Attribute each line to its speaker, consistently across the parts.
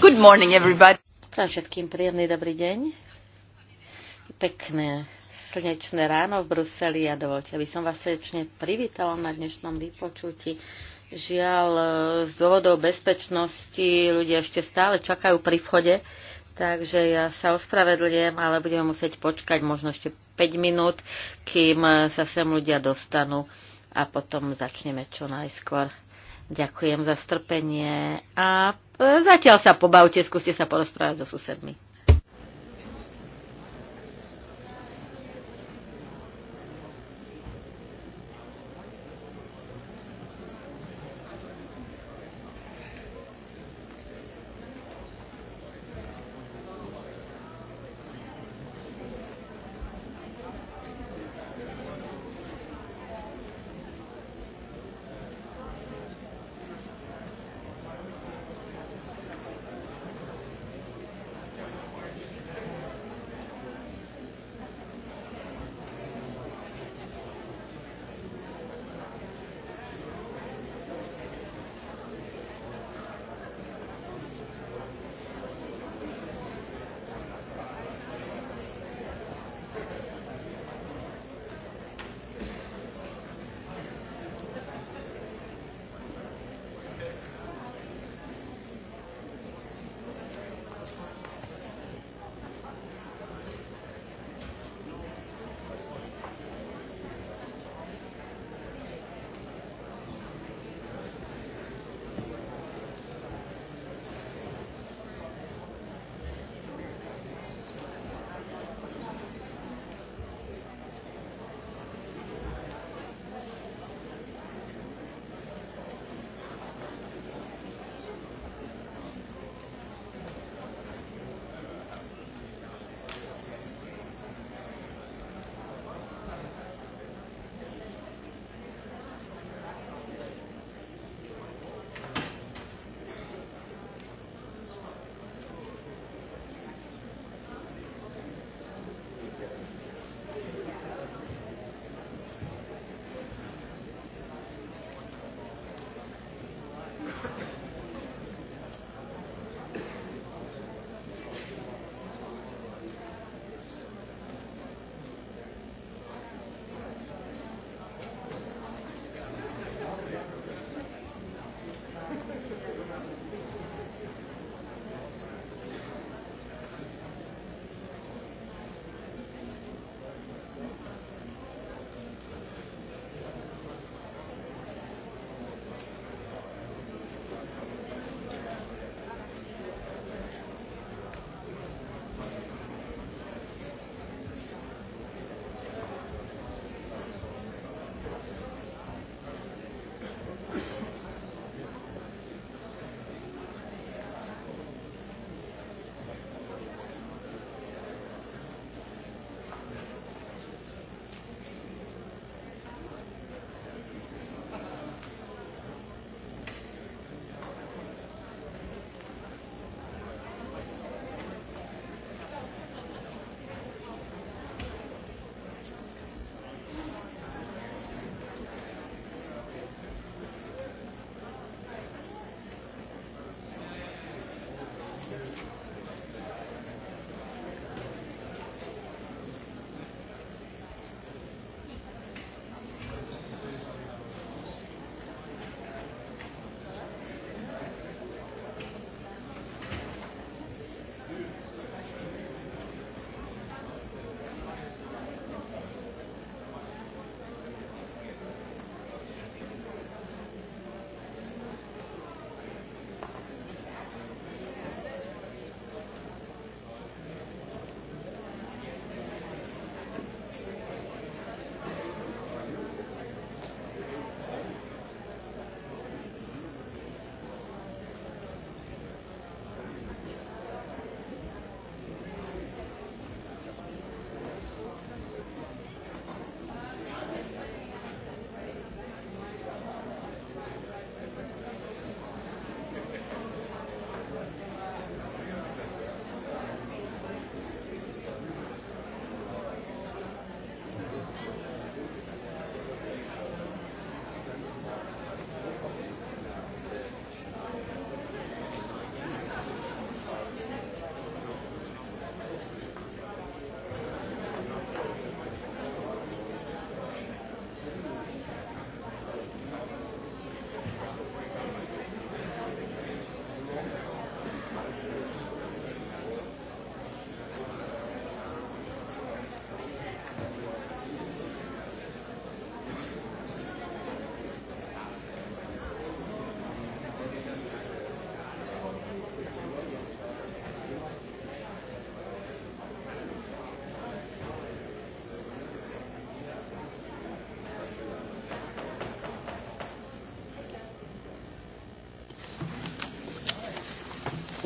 Speaker 1: Good morning, everybody. všetkým príjemný dobrý deň. Pekné slnečné ráno v Bruseli a dovolte, aby som vás srdečne privítala na dnešnom vypočutí. Žiaľ, z dôvodov bezpečnosti ľudia ešte stále čakajú pri vchode, takže ja sa ospravedlňujem, ale budeme musieť počkať možno ešte 5 minút, kým sa sem ľudia dostanú a potom začneme čo najskôr. Ďakujem za strpenie a zatiaľ sa pobavte, skúste sa porozprávať so susedmi.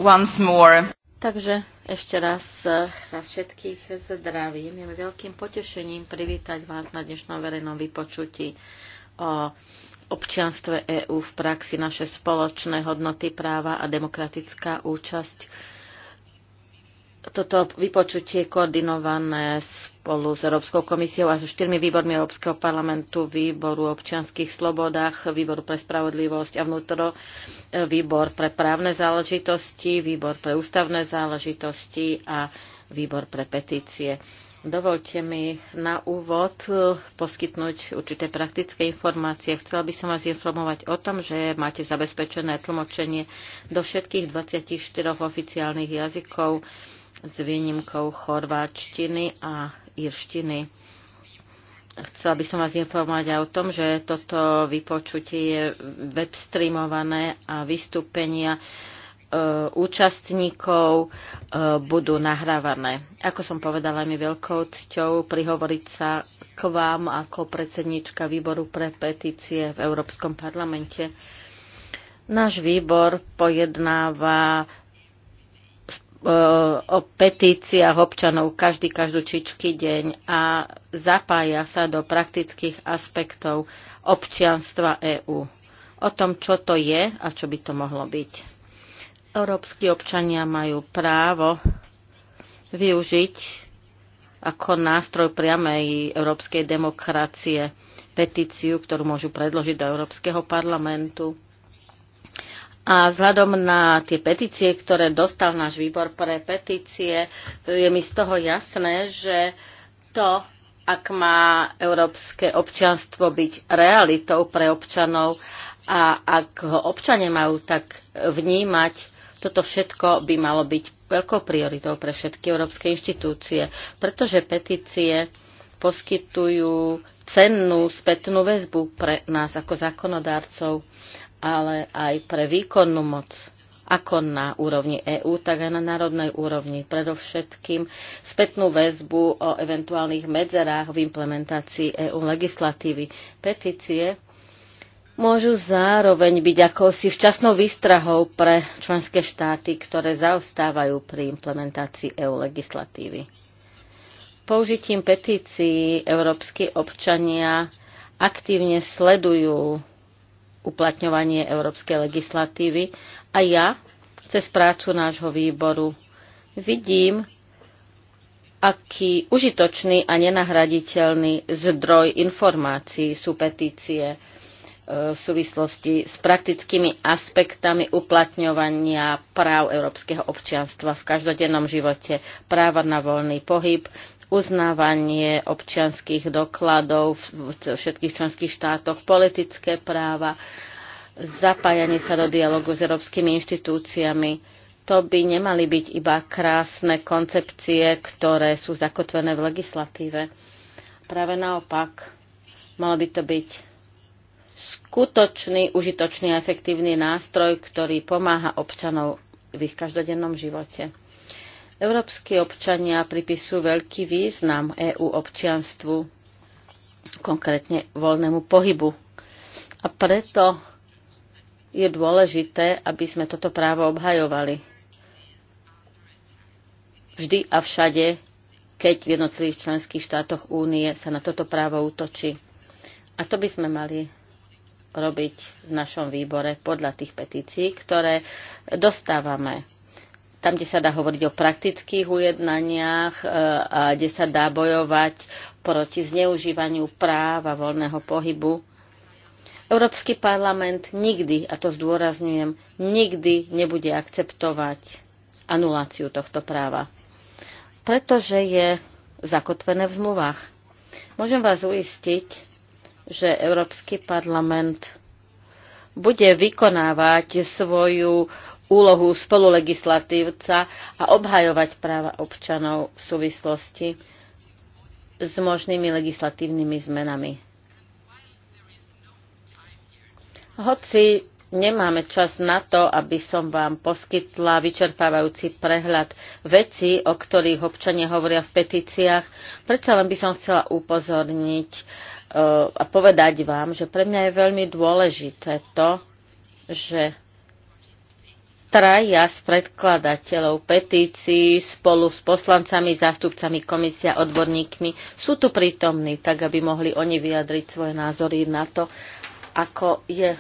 Speaker 2: once more.
Speaker 1: Takže ešte raz eh, vás všetkých zdravím. Je veľkým potešením privítať vás na dnešnom verejnom vypočutí o občianstve EÚ v praxi naše spoločné hodnoty práva a demokratická účasť toto vypočutie koordinované spolu s Európskou komisiou a so štyrmi výbormi Európskeho parlamentu, výboru občianských slobodách, výboru pre spravodlivosť a vnútro, e, výbor pre právne záležitosti, výbor pre ústavné záležitosti a výbor pre petície. Dovolte mi na úvod e, poskytnúť určité praktické informácie. Chcela by som vás informovať o tom, že máte zabezpečené tlmočenie do všetkých 24 oficiálnych jazykov s výnimkou chorváčtiny a írštiny. Chcela by som vás informovať aj o tom, že toto vypočutie je webstreamované a vystúpenia e, účastníkov e, budú nahrávané. Ako som povedala, mi veľkou cťou prihovoriť sa k vám ako predsednička výboru pre petície v Európskom parlamente. Náš výbor pojednáva Eh, o petíciách občanov každý každúčičký deň a zapája sa do praktických aspektov občianstva EÚ. O tom, čo to je a čo by to mohlo byť. Európsky občania majú právo využiť ako nástroj priamej európskej demokracie petíciu, ktorú môžu predložiť do Európskeho parlamentu a vzhľadom na tie petície, ktoré dostal náš výbor pre petície, je mi z toho jasné, že to, ak má európske občianstvo byť realitou pre občanov a ak ho občania majú tak vnímať, toto všetko by malo byť veľkou prioritou pre všetky európske inštitúcie, pretože petície poskytujú cennú spätnú väzbu pre nás ako zákonodárcov ale aj pre výkonnú moc ako na úrovni EÚ, tak aj na národnej úrovni. Predovšetkým spätnú väzbu o eventuálnych medzerách v implementácii EÚ legislatívy. Petície môžu zároveň byť si včasnou výstrahou pre členské štáty, ktoré zaostávajú pri implementácii EÚ legislatívy. Použitím petícií európsky občania aktívne sledujú uplatňovanie európskej legislatívy a ja cez prácu nášho výboru vidím, aký užitočný a nenahraditeľný zdroj informácií sú petície e, v súvislosti s praktickými aspektami uplatňovania práv európskeho občianstva v každodennom živote, práva na voľný pohyb, uznávanie občianských dokladov v všetkých členských štátoch, politické práva, zapájanie sa do dialogu s európskymi inštitúciami. To by nemali byť iba krásne koncepcie, ktoré sú zakotvené v legislatíve. Práve naopak, malo by to byť skutočný, užitočný a efektívny nástroj, ktorý pomáha občanov v ich každodennom živote. Európsky občania pripisujú veľký význam EU občianstvu, konkrétne voľnému pohybu. A preto je dôležité, aby sme toto právo obhajovali. Vždy a všade, keď v jednotlivých členských štátoch únie sa na toto právo útočí. A to by sme mali robiť v našom výbore podľa tých petícií, ktoré dostávame tam, kde sa dá hovoriť o praktických ujednaniach e, a kde sa dá bojovať proti zneužívaniu práva voľného pohybu. Európsky parlament nikdy, a to zdôrazňujem, nikdy nebude akceptovať anuláciu tohto práva, pretože je zakotvené v zmluvách. Môžem vás uistiť, že Európsky parlament bude vykonávať svoju úlohu spolulegislatívca a obhajovať práva občanov v súvislosti s možnými legislatívnymi zmenami. Hoci nemáme čas na to, aby som vám poskytla vyčerpávajúci prehľad veci, o ktorých občania hovoria v petíciách, predsa len by som chcela upozorniť e, a povedať vám, že pre mňa je veľmi dôležité to, že traja z predkladateľov petícií spolu s poslancami, zástupcami komisia, odborníkmi sú tu prítomní, tak aby mohli oni vyjadriť svoje názory na to, ako je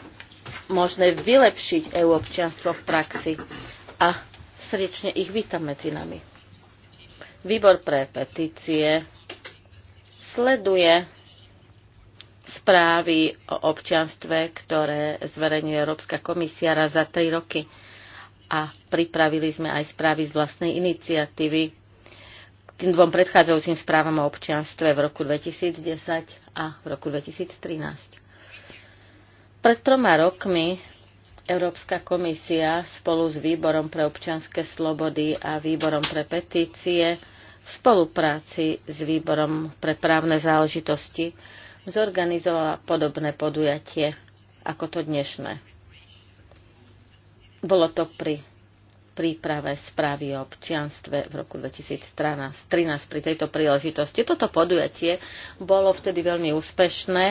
Speaker 1: možné vylepšiť EU občianstvo v praxi. A srdečne ich vítam medzi nami. Výbor pre petície sleduje správy o občianstve, ktoré zverejňuje Európska komisia raz za tri roky a pripravili sme aj správy z vlastnej iniciatívy k tým dvom predchádzajúcim správam o občianstve v roku 2010 a v roku 2013. Pred troma rokmi Európska komisia spolu s Výborom pre občianske slobody a Výborom pre petície v spolupráci s Výborom pre právne záležitosti zorganizovala podobné podujatie ako to dnešné bolo to pri príprave správy o občianstve v roku 2013 13, pri tejto príležitosti. Toto podujatie bolo vtedy veľmi úspešné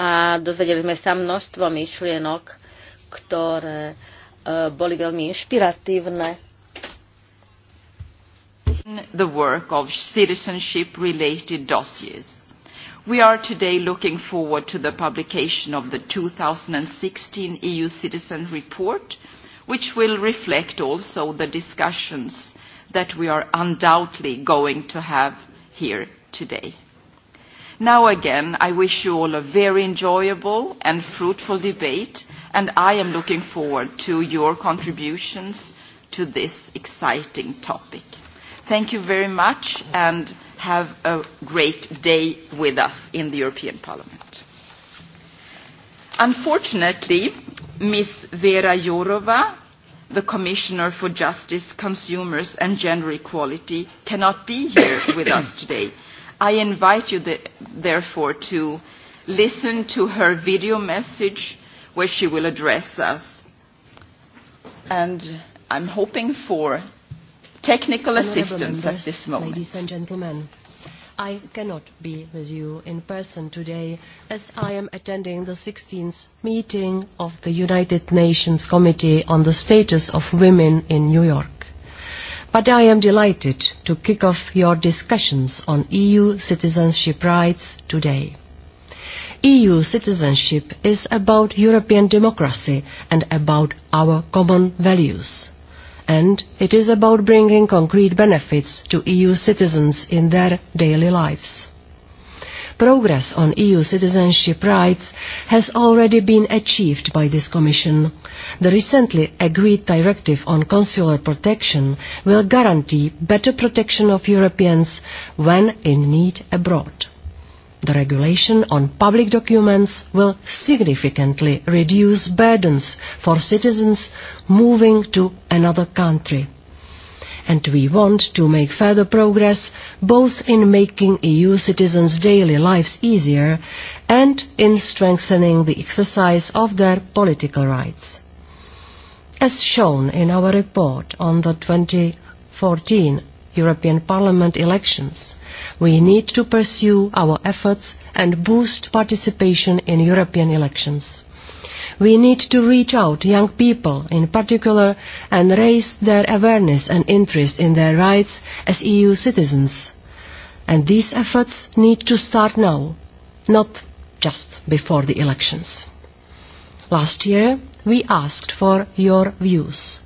Speaker 1: a dozvedeli sme sa množstvo myšlienok, ktoré e, boli veľmi inšpiratívne.
Speaker 2: The work of citizenship related dossiers. We are today looking forward to the publication of the 2016 EU Citizen Report which will reflect also the discussions that we are undoubtedly going to have here today. Now again, I wish you all a very enjoyable and fruitful debate, and I am looking forward to your contributions to this exciting topic. Thank you very much, and have a great day with us in the European Parliament. Unfortunately, Ms. Vera Jourova, the Commissioner for Justice, Consumers and Gender Equality, cannot be here with us today. I invite you, the, therefore, to listen to her video message where she will address us. And I'm hoping for technical assistance members, at this moment. Ladies
Speaker 3: and gentlemen, i cannot be with you in person today as I am attending the 16th meeting of the United Nations Committee on the Status of Women in New York. But I am delighted to kick off your discussions on EU citizenship rights today. EU citizenship is about European democracy and about our common values and it is about bringing concrete benefits to EU citizens in their daily lives. Progress on EU citizenship rights has already been achieved by this Commission. The recently agreed directive on consular protection will guarantee better protection of Europeans when in need abroad. The regulation on public documents will significantly reduce burdens for citizens moving to another country. And we want to make further progress both in making EU citizens' daily lives easier and in strengthening the exercise of their political rights. As shown in our report on the 2014 European Parliament elections. We need to pursue our efforts and boost participation in European elections. We need to reach out to young people in particular and raise their awareness and interest in their rights as EU citizens. And these efforts need to start now, not just before the elections. Last year, we asked for your views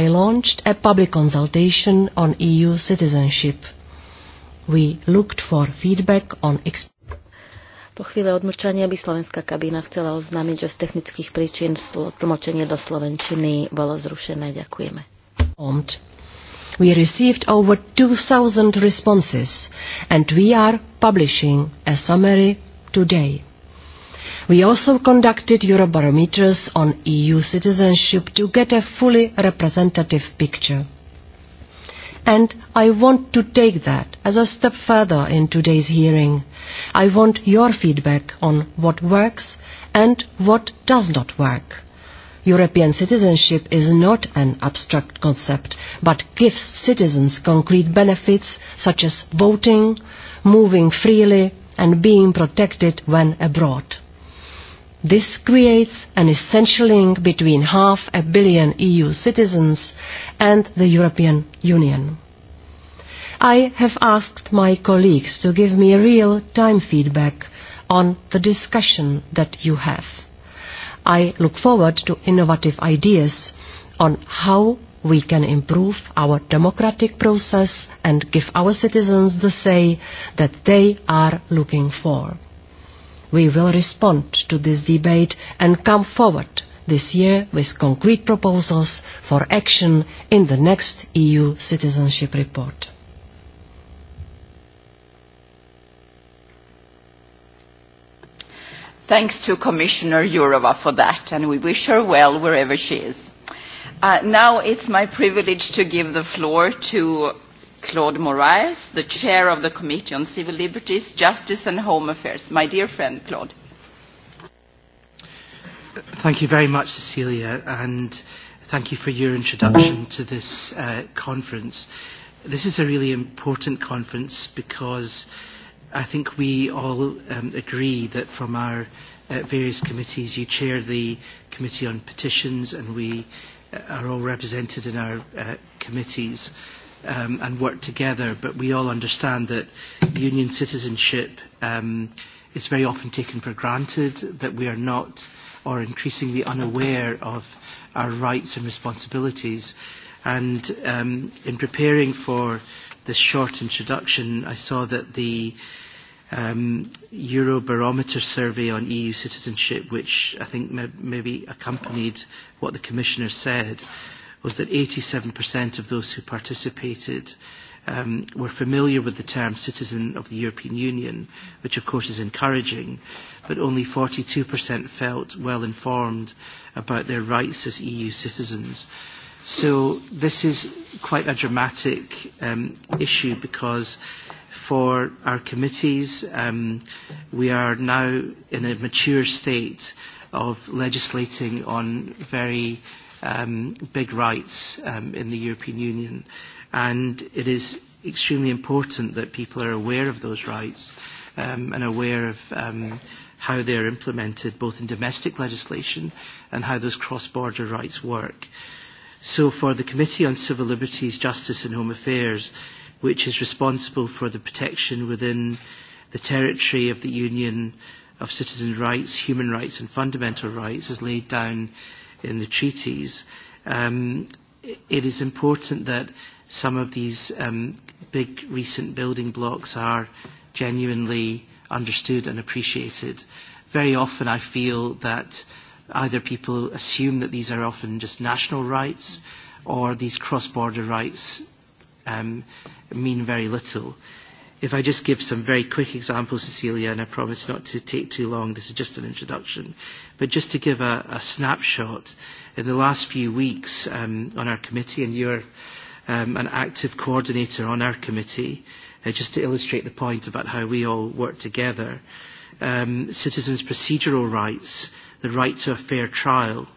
Speaker 3: i launched a public consultation on EU citizenship. We looked for feedback on
Speaker 1: po chvíle odmrčania by slovenská kabína chcela oznámiť, že z technických príčin tlmočenie do slovenčiny bolo zrušené. Ďakujeme.
Speaker 3: We received over 2000 responses and we are publishing a summary today. We also conducted Eurobarometers on EU citizenship to get a fully representative picture. And I want to take that as a step further in today's hearing. I want your feedback on what works and what does not work. European citizenship is not an abstract concept, but gives citizens concrete benefits such as voting, moving freely and being protected when abroad. This creates an essential link between half a billion EU citizens and the European Union. I have asked my colleagues to give me real time feedback on the discussion that you have. I look forward to innovative ideas on how we can improve our democratic process and give our citizens the say that they are looking for we will respond to this debate and come forward this year with concrete proposals for action in the next EU citizenship report.
Speaker 2: Thanks to Commissioner Jourova for that, and we wish her well wherever she is. Uh, now it's my privilege to give the floor to Claude Moraes, the chair of the Committee on Civil Liberties, Justice and Home Affairs. My dear friend, Claude.
Speaker 4: Thank you very much, Cecilia, and thank you for your introduction to this uh, conference. This is a really important conference because I think we all um, agree that from our uh, various committees, you chair the Committee on Petitions, and we uh, are all represented in our uh, committees um, and work together, but we all understand that union citizenship um, is very often taken for granted, that we are not or increasingly unaware of our rights and responsibilities. And um, in preparing for this short introduction, I saw that the um, Eurobarometer survey on EU citizenship, which I think may maybe accompanied what the Commissioner said, was that 87% of those who participated um, were familiar with the term citizen of the European Union, which of course is encouraging, but only 42% felt well informed about their rights as EU citizens. So this is quite a dramatic um, issue because for our committees, um, we are now in a mature state of legislating on very um, big rights um, in the European Union. And it is extremely important that people are aware of those rights um, and aware of um, how they are implemented both in domestic legislation and how those cross-border rights work. So for the Committee on Civil Liberties, Justice and Home Affairs, which is responsible for the protection within the territory of the Union of citizens' rights, human rights and fundamental rights, has laid down in the treaties, um, it is important that some of these um, big recent building blocks are genuinely understood and appreciated. Very often I feel that either people assume that these are often just national rights or these cross-border rights um, mean very little. If I just give some very quick examples, Cecilia, and I promise not to take too long, this is just an introduction, but just to give a, a snapshot, in the last few weeks um, on our committee, and you're um, an active coordinator on our committee, uh, just to illustrate the point about how we all work together, um, citizens' procedural rights, the right to a fair trial,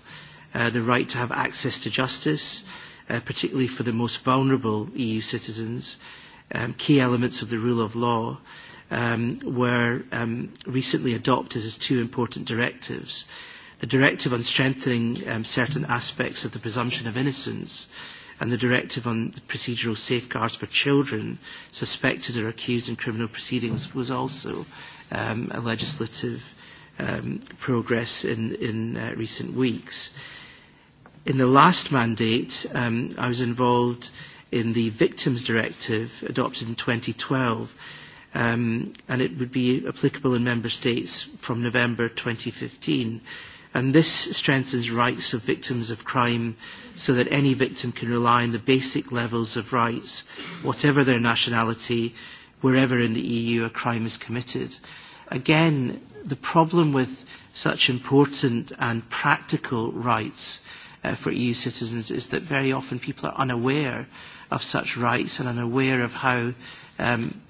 Speaker 4: uh, the right to have access to justice, uh, particularly for the most vulnerable EU citizens, um, key elements of the rule of law um, were um, recently adopted as two important directives. The directive on strengthening um, certain aspects of the presumption of innocence and the directive on the procedural safeguards for children suspected or accused in criminal proceedings was also um, a legislative um, progress in, in uh, recent weeks. In the last mandate, um, I was involved in the Victims Directive adopted in 2012, um, and it would be applicable in Member States from November 2015. And this strengthens rights of victims of crime so that any victim can rely on the basic levels of rights, whatever their nationality, wherever in the EU a crime is committed. Again, the problem with such important and practical rights uh, for EU citizens is that very often people are unaware of such rights, and I'm aware of how um,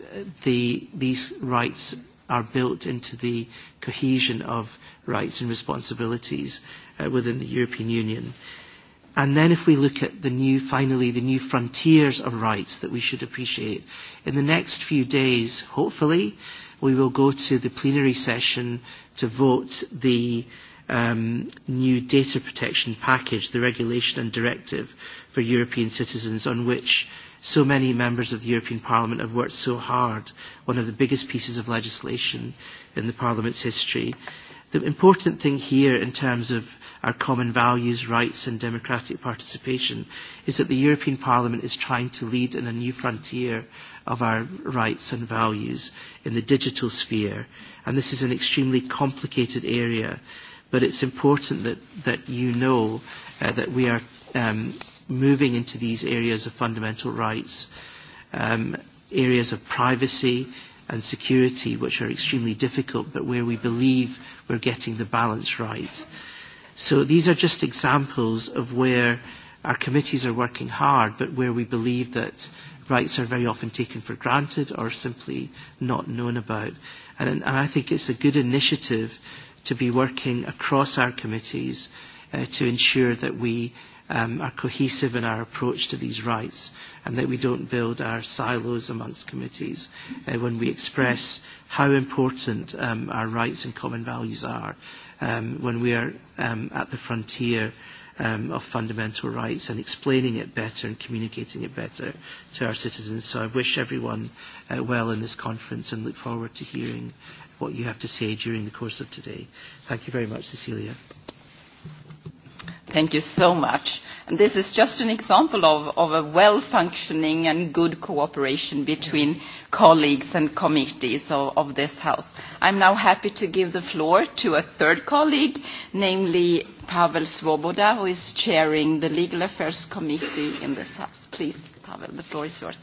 Speaker 4: the, these rights are built into the cohesion of rights and responsibilities uh, within the European Union. And then if we look at the new, finally, the new frontiers of rights that we should appreciate, in the next few days, hopefully, we will go to the plenary session to vote the um, new data protection package, the regulation and directive for European citizens on which so many members of the European Parliament have worked so hard, one of the biggest pieces of legislation in the Parliament's history. The important thing here in terms of our common values, rights and democratic participation is that the European Parliament is trying to lead in a new frontier of our rights and values in the digital sphere. And this is an extremely complicated area, but it's important that, that you know uh, that we are um, moving into these areas of fundamental rights, um, areas of privacy and security, which are extremely difficult, but where we believe we're getting the balance right. So these are just examples of where our committees are working hard, but where we believe that rights are very often taken for granted or simply not known about. And, and I think it's a good initiative to be working across our committees uh, to ensure that we um, are cohesive in our approach to these rights and that we don't build our silos amongst committees uh, when we express how important um, our rights and common values are um, when we are um, at the frontier um, of fundamental rights and explaining it better and communicating it better to our citizens. So I wish everyone uh, well in this conference and look forward to hearing what you have to say during the course of today. Thank you very much, Cecilia.
Speaker 2: Thank you so much. And this is just an example of, of a well-functioning and good cooperation between colleagues and committees of, of this House. I'm now happy to give the floor to a third colleague, namely Pavel Svoboda, who is chairing the Legal Affairs Committee in this House. Please, Pavel, the floor is yours.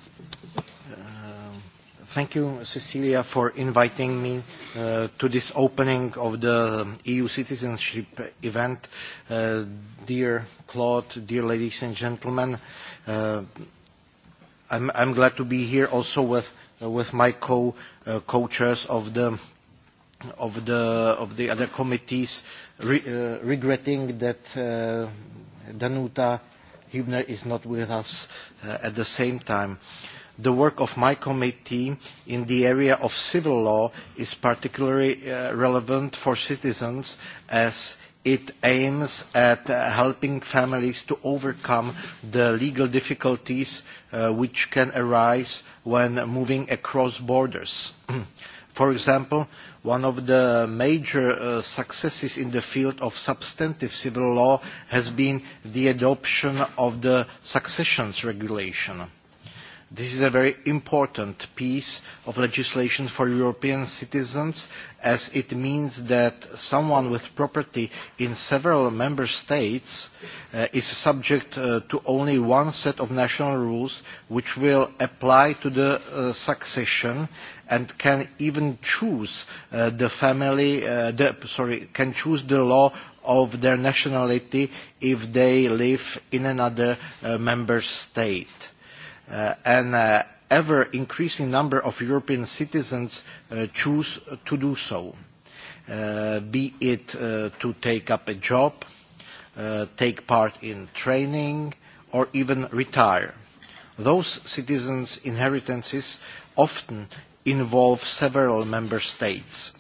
Speaker 2: Uh,
Speaker 5: Thank you, Cecilia, for inviting me uh, to this opening of the EU citizenship event. Uh, dear Claude, dear ladies and gentlemen, uh, I'm, I'm glad to be here also with, uh, with my co, uh, co-chairs of the, of, the, of the other committees, re, uh, regretting that uh, Danuta Hübner is not with us uh, at the same time. Uh, the work of my committee in the area of civil law is particularly uh, relevant for citizens as it aims at uh, helping families to overcome the legal difficulties uh, which can arise when moving across borders. For example, one of the major uh, successes in the field of substantive civil law has been the adoption of the successions regulation This is a very important piece of legislation for European citizens as it means that someone with property in several member states uh, is subject uh, to only one set of national rules which will apply to the uh, succession and can even choose uh, the family uh, the, sorry can choose the law of their nationality if they live in another uh, member state uh, uh, ever increasing number of European citizens uh, choose to do so, uh, be it uh, to take up a job, uh, take part in training, or even retire. Those citizens' inheritances often involve several member states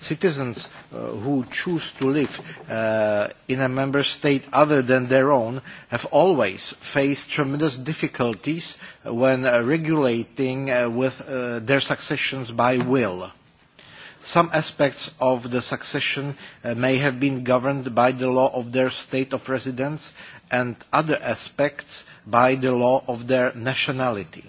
Speaker 5: citizens uh, who choose to live uh, in a member state other than their own have always faced tremendous difficulties when uh, regulating uh, with uh, their successions by will. Some aspects of the succession uh, may have been governed by the law of their state of residence and other aspects by the law of their nationality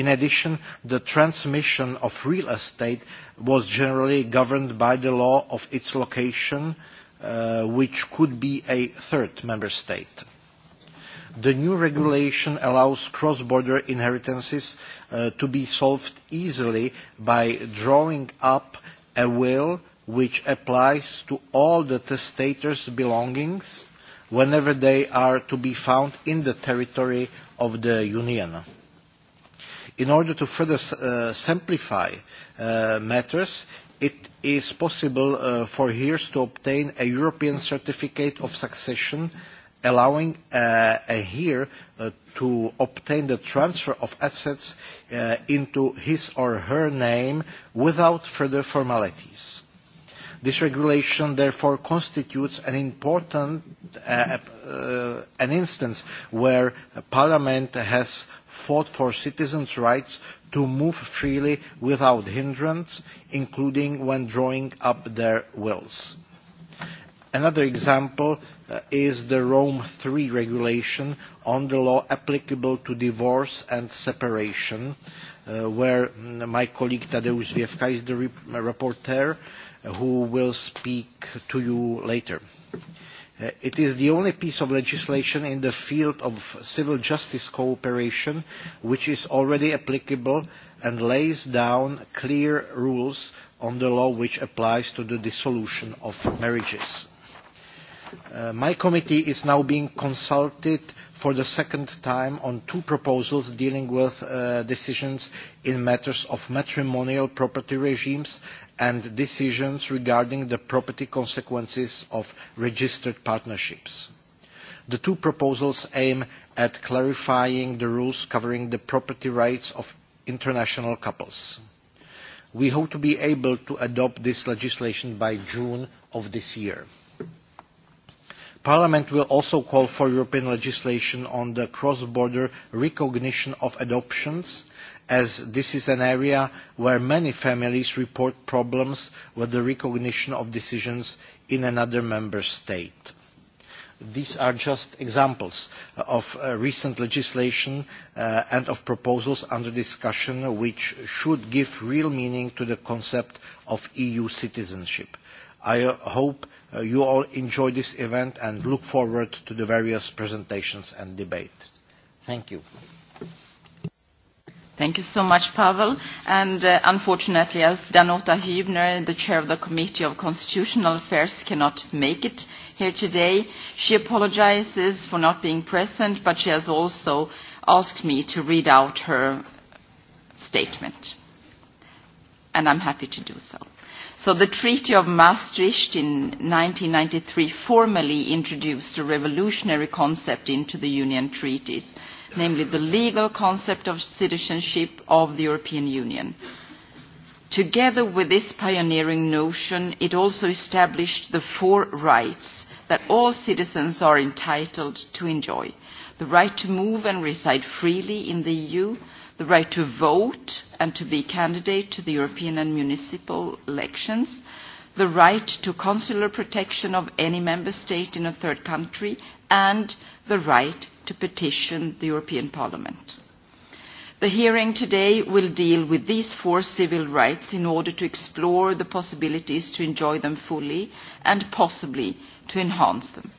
Speaker 5: In addition, the transmission of real estate was generally governed by the law of its location, uh, which could be a third member state. The new regulation allows cross-border inheritances uh, to be solved easily by drawing up a will which applies to all the testator's belongings whenever they are to be found in the territory of the Union in order to further uh, simplify uh, matters, it is possible uh, for heirs to obtain a European certificate of succession allowing uh, a heir uh, to obtain the transfer of assets uh, into his or her name without further formalities. This regulation therefore constitutes an important uh, uh, an instance where Parliament has fought for citizens' rights to move freely without hindrance, including when drawing up their wills. Another example uh, is the Rome III regulation on the law applicable to divorce and separation, uh, where mm, my colleague Tadeusz Wiewka is the re rapporteur, uh, who will speak to you later. Uh, Uh, it is the only piece of legislation in the field of civil justice cooperation which is already applicable and lays down clear rules on the law which applies to the dissolution of marriages. Uh, my committee is now being consulted for the second time on two proposals dealing with uh, decisions in matters of matrimonial property regimes and decisions regarding the property consequences of registered partnerships. The two proposals aim at clarifying the rules covering the property rights of international couples. We hope to be able to adopt this legislation by June of this year. Parliament will also call for European legislation on the cross-border recognition of adoptions, as this is an area where many families report problems with the recognition of decisions in another member state. These are just examples of uh, recent legislation uh, and of proposals under discussion which should give real meaning to the concept of EU citizenship i hope uh, you all enjoy this event and look forward to the various presentations and debates. Thank you.
Speaker 2: Thank you so much, Pavel. And uh, unfortunately, as Danota Hübner, the chair of the Committee of Constitutional Affairs, cannot make it here today, she apologizes for not being present, but she has also asked me to read out her statement. And I'm happy to do so. So the Treaty of Maastricht in ninety three formally introduced a revolutionary concept into the Union treaties, namely the legal concept of citizenship of the European Union. Together with this pioneering notion, it also established the four rights that all citizens are entitled to enjoy. The right to move and reside freely in the EU, the right to vote and to be candidate to the European and municipal elections, the right to consular protection of any member state in a third country, and the right to petition the European Parliament. The hearing today will deal with these four civil rights in order to explore the possibilities to enjoy them fully and possibly to enhance them.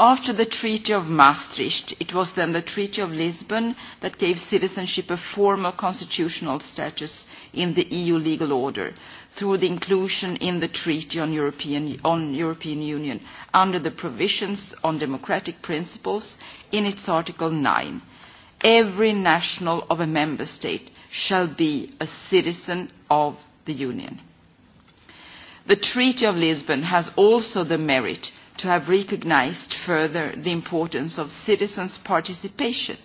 Speaker 2: After the Treaty of Maastricht, it was then the Treaty of Lisbon that gave citizenship a formal constitutional status in the EU legal order through the inclusion in the Treaty on European, on European Union under the provisions on democratic principles in its Article 9. Every national of a member state shall be a citizen of the Union. The Treaty of Lisbon has also the merit to have recognised further the importance of citizens' participation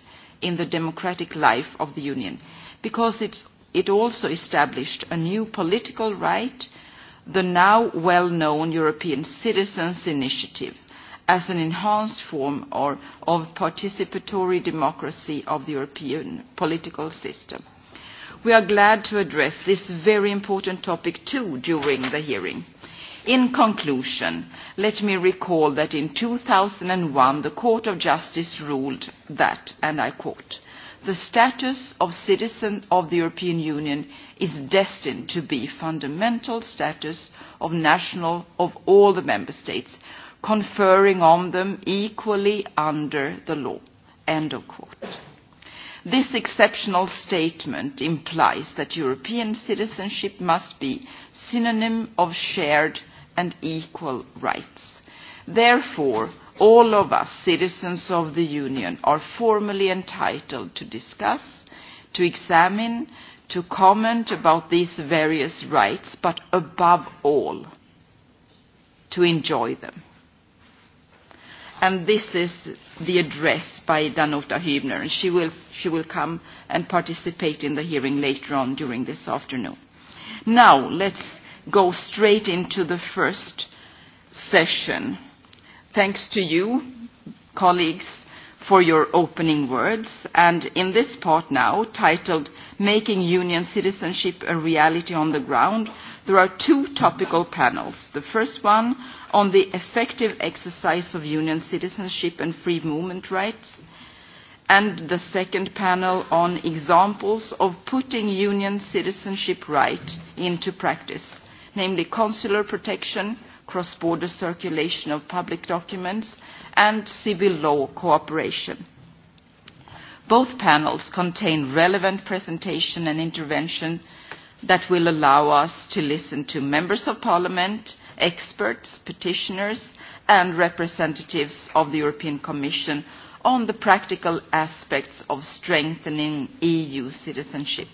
Speaker 2: in the democratic life of the Union, because it's, it also established a new political right, the now well-known European Citizens' Initiative, as an enhanced form or, of participatory democracy of the European political system. We are glad to address this very important topic too during the hearing In conclusion, let me recall that in two thousand one the Court of Justice ruled that, and I quote, the status of citizen of the European Union is destined to be fundamental status of national of all the member states, conferring on them equally under the law. End of quote. This exceptional statement implies that European citizenship must be synonym of shared and equal rights. Therefore, all of us, citizens of the Union, are formally entitled to discuss, to examine, to comment about these various rights, but above all, to enjoy them. And this is the address by Danuta Hübner, and she will, she will come and participate in the hearing later on during this afternoon. Now, let's go straight into the first session. Thanks to you, colleagues, for your opening words. And in this part now, titled Making Union Citizenship a Reality on the Ground, there are two topical panels. The first one on the effective exercise of union citizenship and free movement rights, and the second panel on examples of putting union citizenship right into practice namely consular protection, cross-border circulation of public documents, and civil law cooperation. Both panels contain relevant presentation and intervention that will allow us to listen to members of parliament, experts, petitioners, and representatives of the European Commission on the practical aspects of strengthening EU citizenship.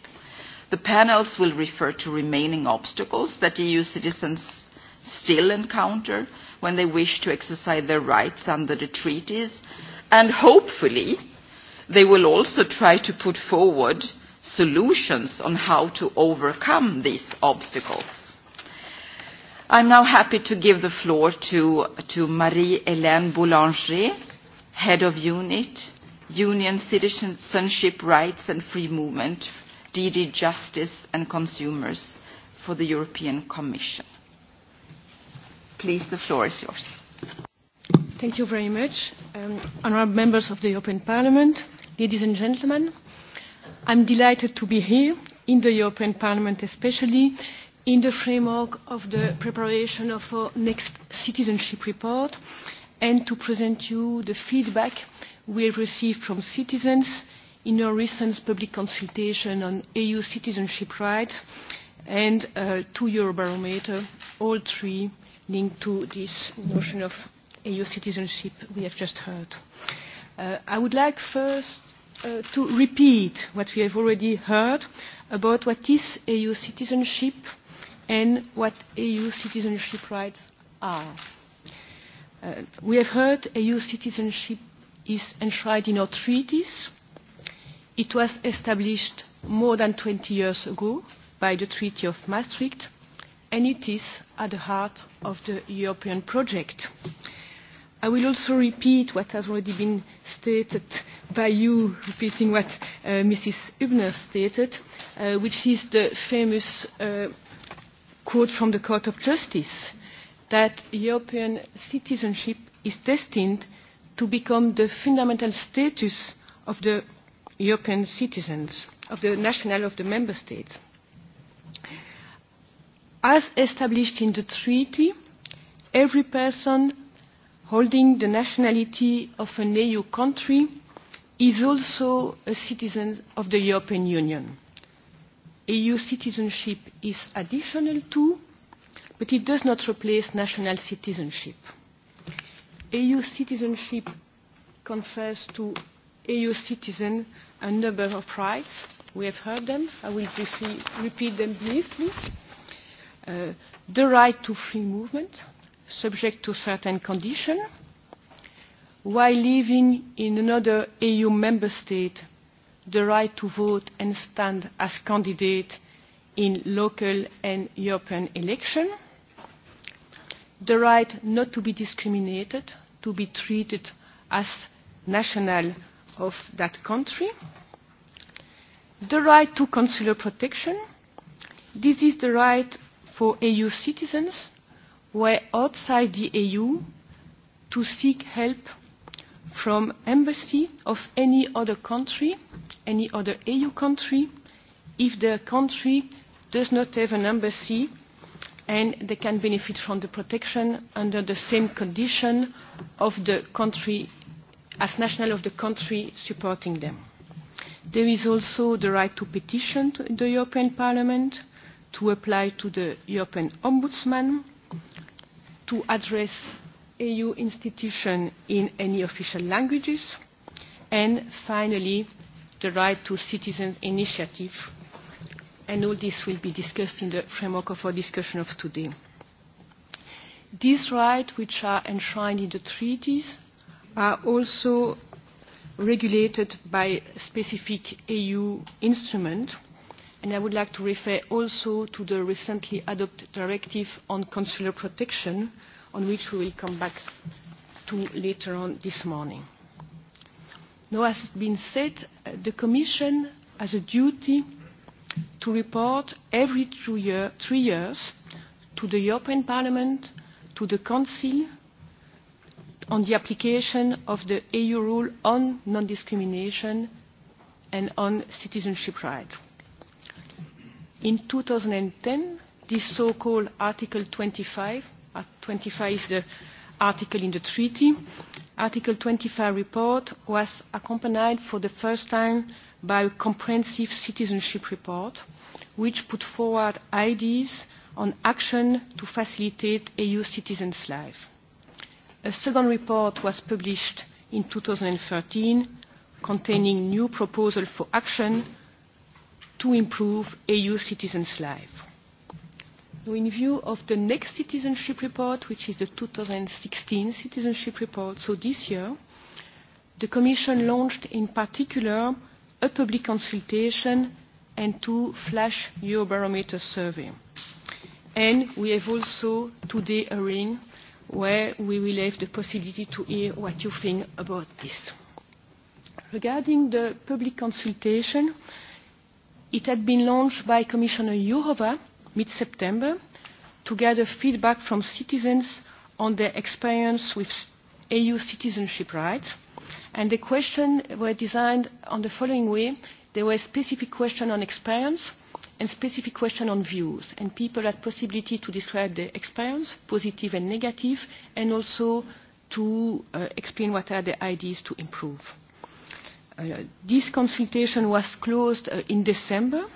Speaker 2: The panels will refer to remaining obstacles that EU e citizens still encounter when they wish to exercise their rights under the treaties and hopefully they will also try to put forward solutions on how to overcome these obstacles. I'm now happy to give the floor to, to Marie-Hélène Boulanger, Head of Unit, Union Citizenship Rights and Free Movement DD Justice and Consumers for the European Commission. Please, the floor is yours.
Speaker 6: Thank you very much. Um, honorable members of the European Parliament, ladies and gentlemen, I'm delighted to be here in the European Parliament especially in the framework of the preparation of our next citizenship report and to present you the feedback we have received from citizens in a recent public consultation on EU citizenship rights and uh, to Eurobarometer, all three linked to this notion of EU citizenship we have just heard. Uh, I would like first uh, to repeat what we have already heard about what is EU citizenship and what EU citizenship rights are. Uh, we have heard EU citizenship is enshrined in our treaties, It was established more than 20 years ago by the Treaty of Maastricht, and it is at the heart of the European project. I will also repeat what has already been stated by you, repeating what uh, Mrs. Hübner stated, uh, which is the famous uh, quote from the Court of Justice that European citizenship is destined to become the fundamental status of the European citizens of the national of the member states. As established in the treaty, every person holding the nationality of an EU country is also a citizen of the European Union. EU citizenship is additional to, but it does not replace national citizenship. EU citizenship confers to EU citizens a number of rights. We have heard them. I will briefly repeat them briefly. Uh, the right to free movement, subject to certain conditions, while living in another EU member state, the right to vote and stand as candidate in local and European elections, the right not to be discriminated, to be treated as national of that country, the right to consular protection. This is the right for EU citizens who are outside the EU to seek help from embassy of any other country, any other EU country, if the country does not have an embassy and they can benefit from the protection under the same condition of the country as national of the country supporting them. There is also the right to petition to the European Parliament, to apply to the European Ombudsman, to address EU institutions in any official languages, and finally, the right to citizen initiative. And all this will be discussed in the framework of our discussion of today. These rights, which are enshrined in the treaties, are also regulated by specific EU instrument. And I would like to refer also to the recently adopted directive on consular protection, on which we will come back to later on this morning. Now, as has been said, uh, the Commission has a duty to report every two year, three years to the European Parliament, to the Council, on the application of the EU rule on non-discrimination and on citizenship rights. In 2010, this so-called Article 25, twenty 25 is the article in the treaty, Article 25 report was accompanied for the first time by a comprehensive citizenship report, which put forward ideas on action to facilitate EU citizens' life. A second report was published in 2013 containing new proposals for action to improve EU citizens' lives. In view of the next citizenship report, which is the 2016 citizenship report, so this year, the Commission launched in particular a public consultation and two flash Eurobarometer surveys. And we have also today a ring where we will have the possibility to hear what you think about this. Regarding the public consultation, it had been launched by Commissioner Jourova mid-September to gather feedback from citizens on their experience with EU citizenship rights. And the questions were designed on the following way. There were specific questions on experience, and specific question on views, and people had possibility to describe their experience, positive and negative, and also to uh, explain what are the ideas to improve. Uh, this consultation was closed uh, in December.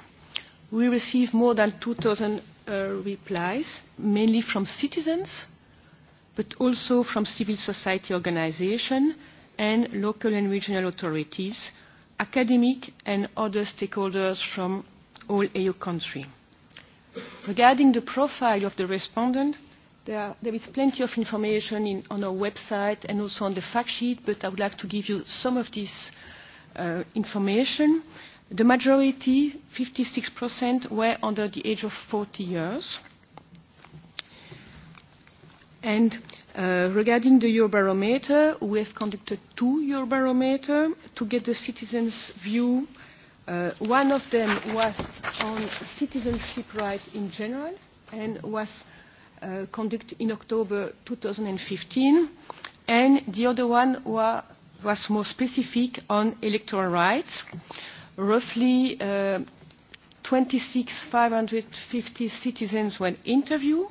Speaker 6: We received more than 2,000 uh, replies, mainly from citizens, but also from civil society organizations and local and regional authorities, academic and other stakeholders from all EU countries. Regarding the profile of the respondent, there, are, there is plenty of information in, on our website and also on the fact sheet, but I would like to give you some of this uh, information. The majority, 56%, were under the age of 40 years. And uh, regarding the Eurobarometer, we have conducted two Eurobarometer to get the citizens' view Uh, one of them was on citizenship rights in general and was uh, conducted in October 2015. And the other one wa was more specific on electoral rights. Roughly uh, 26,550 citizens were interviewed.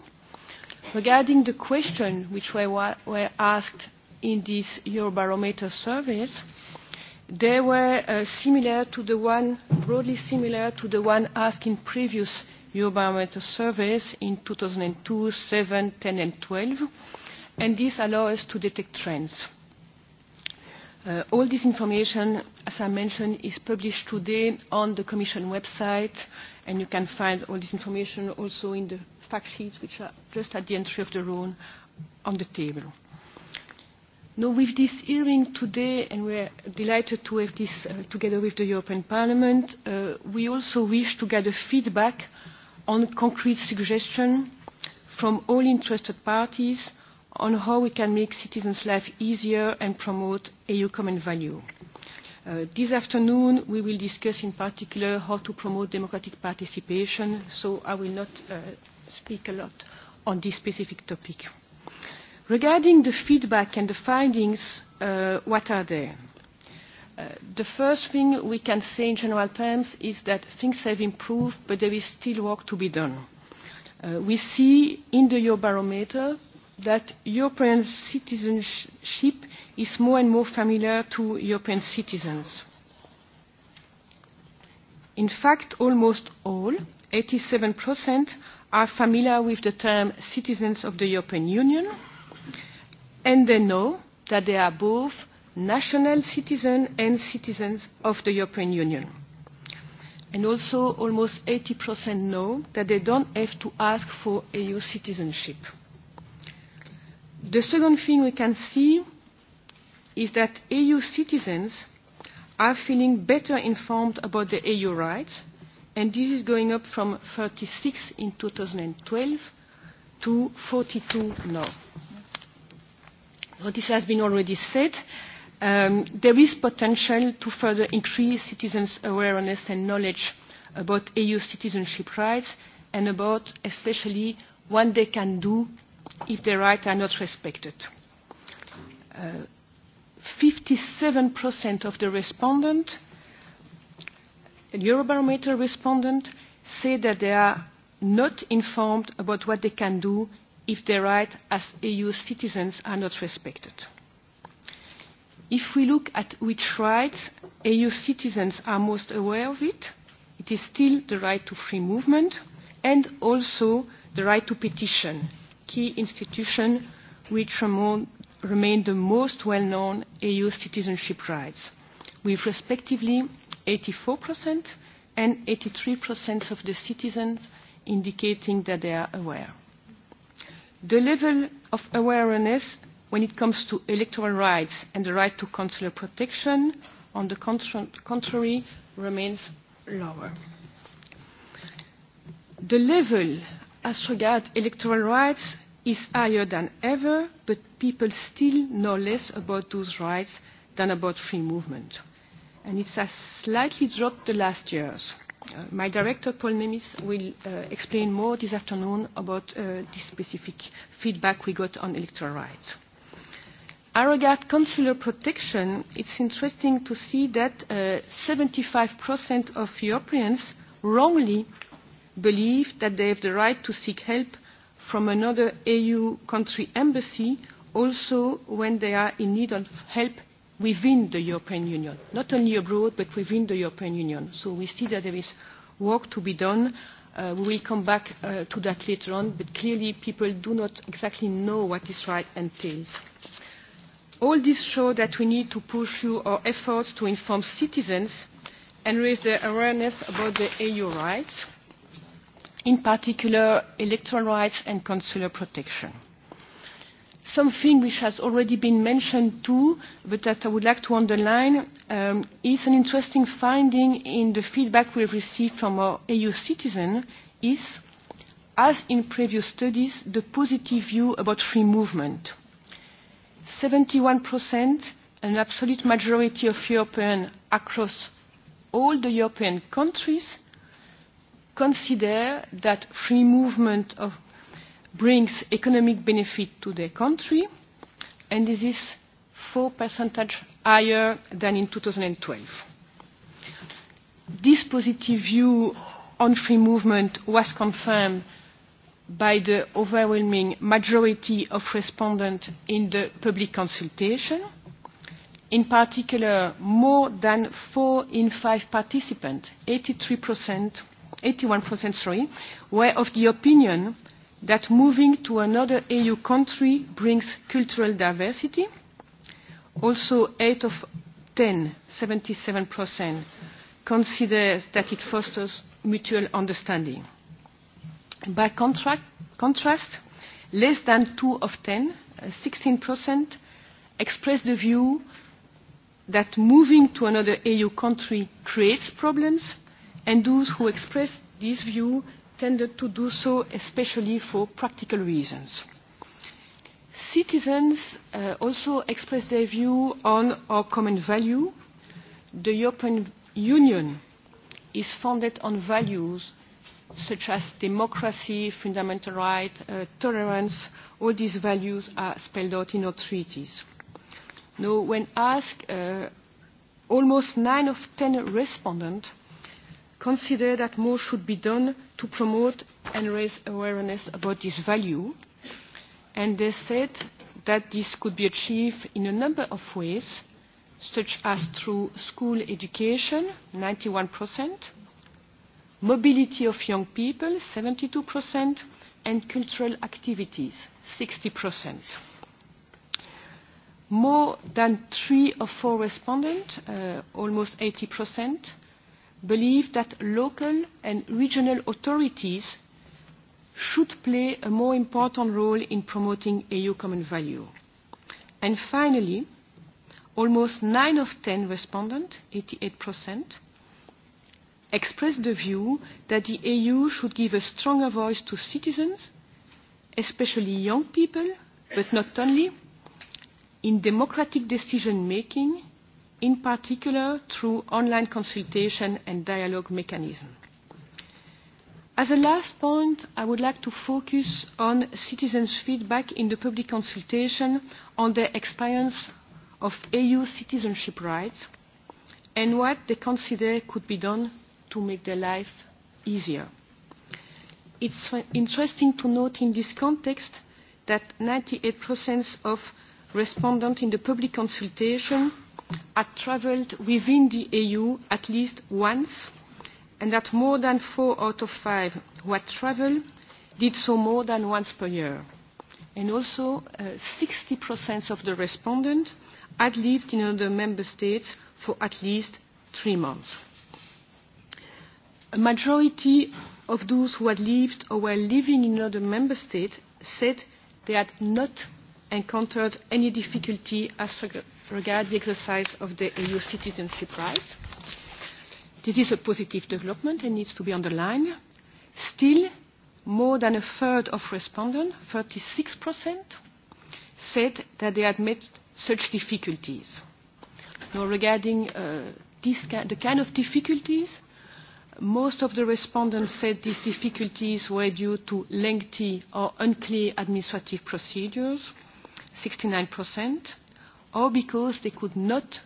Speaker 6: Regarding the question which were, were asked in this Eurobarometer surveys, They were uh, similar to the one, broadly similar to the one asked in previous Eurobarometer surveys in 2002, 7, 10 and 12, and this allows us to detect trends. Uh, all this information, as I mentioned, is published today on the Commission website, and you can find all this information also in the fact sheets, which are just at the entry of the room on the table. No, with this hearing today, and we are delighted to have this uh, together with the European Parliament, uh, we also wish to gather feedback on concrete suggestions from all interested parties on how we can make citizens' life easier and promote EU common value. Uh, this afternoon, we will discuss in particular how to promote democratic participation, so I will not uh, speak a lot on this specific topic. Regarding the feedback and the findings, uh, what are they? Uh, the first thing we can say in general terms is that things have improved, but there is still work to be done. Uh, we see in the Eurobarometer that European citizenship is more and more familiar to European citizens. In fact, almost all, 87%, are familiar with the term citizens of the European Union, and they know that they are both national citizens and citizens of the European Union. And also almost 80% know that they don't have to ask for EU citizenship. The second thing we can see is that EU citizens are feeling better informed about the EU rights, and this is going up from 36 in 2012 to 42 now this has been already said. Um, there is potential to further increase citizens' awareness and knowledge about EU citizenship rights and about especially what they can do if their rights are not respected. Uh, 57% of the respondents, Eurobarometer respondents, say that they are not informed about what they can do if their rights as EU citizens are not respected. If we look at which rights EU citizens are most aware of it, it is still the right to free movement and also the right to petition, key institution which remain, the most well-known EU citizenship rights, with respectively 84% and 83% of the citizens indicating that they are aware. The level of awareness when it comes to electoral rights and the right to consular protection, on the contrary, remains lower. The level as regards electoral rights is higher than ever, but people still know less about those rights than about free movement. And it has slightly dropped the last years. Uh, my director, Paul Nemis, will uh, explain more this afternoon about uh, the specific feedback we got on electoral rights. As regards consular protection, it's interesting to see that uh, 75% of Europeans wrongly believe that they have the right to seek help from another EU country embassy also when they are in need of help within the European Union, not only abroad, but within the European Union. So we see that there is work to be done. Uh, we will come back uh, to that later on, but clearly people do not exactly know what this right entails. All this shows that we need to pursue our efforts to inform citizens and raise their awareness about the EU rights, in particular electoral rights and consular protection something which has already been mentioned too, but that I would like to underline, um, is an interesting finding in the feedback we received from our EU citizens is, as in previous studies, the positive view about free movement. 71%, an absolute majority of Europeans across all the European countries, consider that free movement of brings economic benefit to their country, and this is 4 percentage higher than in 2012. This positive view on free movement was confirmed by the overwhelming majority of respondents in the public consultation. In particular, more than four in five participants, 83%, 81%, sorry, were of the opinion that moving to another EU country brings cultural diversity. Also, 8 of 10, 77%, consider that it fosters mutual understanding. By contract, contrast, less than 2 of 10, 16%, uh, express the view that moving to another EU country creates problems, and those who express this view intended to do so especially for practical reasons. Citizens uh, also expressed their view on our common value. The European Union is founded on values such as democracy, fundamental rights, uh, tolerance. All these values are spelled out in our treaties. Now, when asked, uh, almost nine of ten respondents consider that more should be done to promote and raise awareness about this value. And they said that this could be achieved in a number of ways, such as through school education, 91%, mobility of young people, 72%, and cultural activities, 60%. More than three of four respondents, uh, almost believe that local and regional authorities should play a more important role in promoting EU common value. And finally, almost 9 of 10 respondents, 88%, expressed the view that the EU should give a stronger voice to citizens, especially young people, but not only, in democratic decision making in particular through online consultation and dialogue mechanisms. As a last point, I would like to focus on citizens' feedback in the public consultation on their experience of EU citizenship rights and what they consider could be done to make their life easier. It's interesting to note in this context that 98% of respondents in the public consultation had travelled within the EU at least once and that more than four out of five who had travelled did so more than once per year. And also, uh, 60% of the respondents had lived in other member states for at least three months. A majority of those who had lived or were living in other member states said they had not encountered any difficulty as regards the exercise of the EU citizenship rights. This is a positive development and needs to be underlined. Still, more than a third of respondents, 36%, said that they had met such difficulties. Now, regarding uh, this ki the kind of difficulties, most of the respondents said these difficulties were due to lengthy or unclear administrative procedures, 69% or because they could not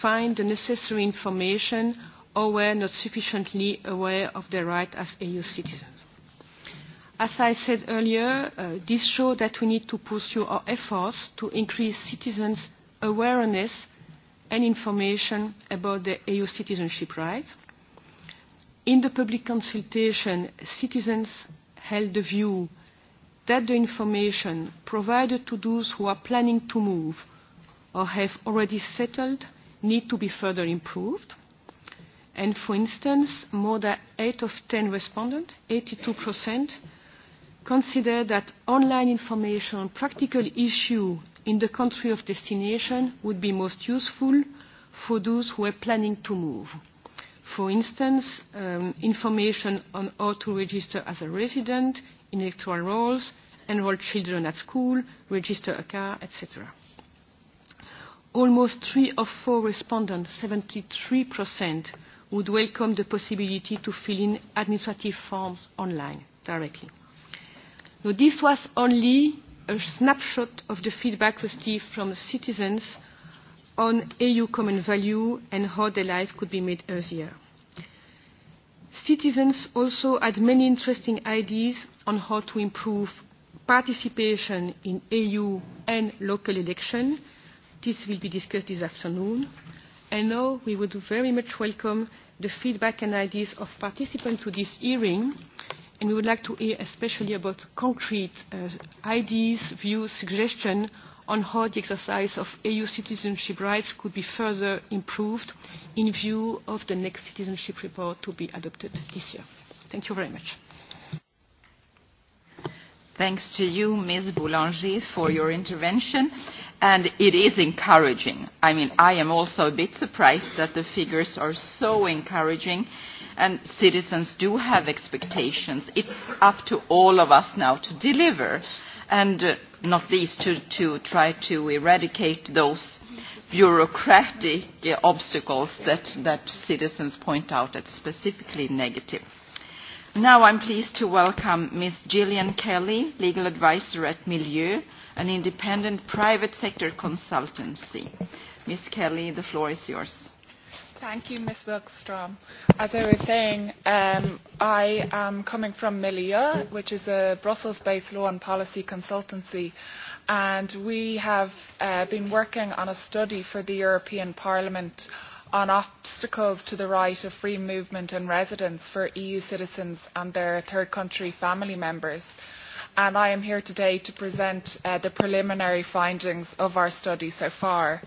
Speaker 6: find the necessary information or were not sufficiently aware of their rights as EU citizens. As I said earlier, uh, this shows that we need to pursue our efforts to increase citizens' awareness and information about their EU citizenship rights. In the public consultation, citizens held the view that the information provided to those who are planning to move or have already settled need to be further improved. And for instance, more than 8 of 10 respondents, 82%, consider that online information on practical issues in the country of destination would be most useful for those who are planning to move. For instance, um, information on how to register as a resident, in electoral rolls, enroll children at school, register a car, etc almost three of four respondents, 73%, would welcome the possibility to fill in administrative forms online directly. Now, this was only a snapshot of the feedback received from citizens on EU common value and how their life could be made easier. Citizens also had many interesting ideas on how to improve participation in EU and local elections This will be discussed this afternoon. And now we would very much welcome the feedback and ideas of participants to this hearing. And we would like to hear especially about concrete uh, ideas, views, suggestions on how the exercise of EU citizenship rights could be further improved in view of the next citizenship report to be adopted this year. Thank you very much.
Speaker 2: Thanks to you, Ms. Boulanger, for your intervention and it is encouraging. I mean, I am also a bit surprised that the figures are so encouraging, and citizens do have expectations. It's up to all of us now to deliver, and uh, not least to, to try to eradicate those bureaucratic uh, obstacles that, that citizens point out as specifically negative. Now I'm pleased to welcome Ms. Gillian Kelly, Legal Advisor at Milieu, an independent private sector consultancy. Ms. Kelly, the floor is yours.
Speaker 7: Thank you, Ms. Wilkstrom. As I was saying, um, I am coming from Milieu, which is a Brussels-based law and policy consultancy, and we have uh, been working on a study for the European Parliament on obstacles to the right of free movement and residence for EU citizens and their third country family members and I am here today to present uh, the preliminary findings of our study so far.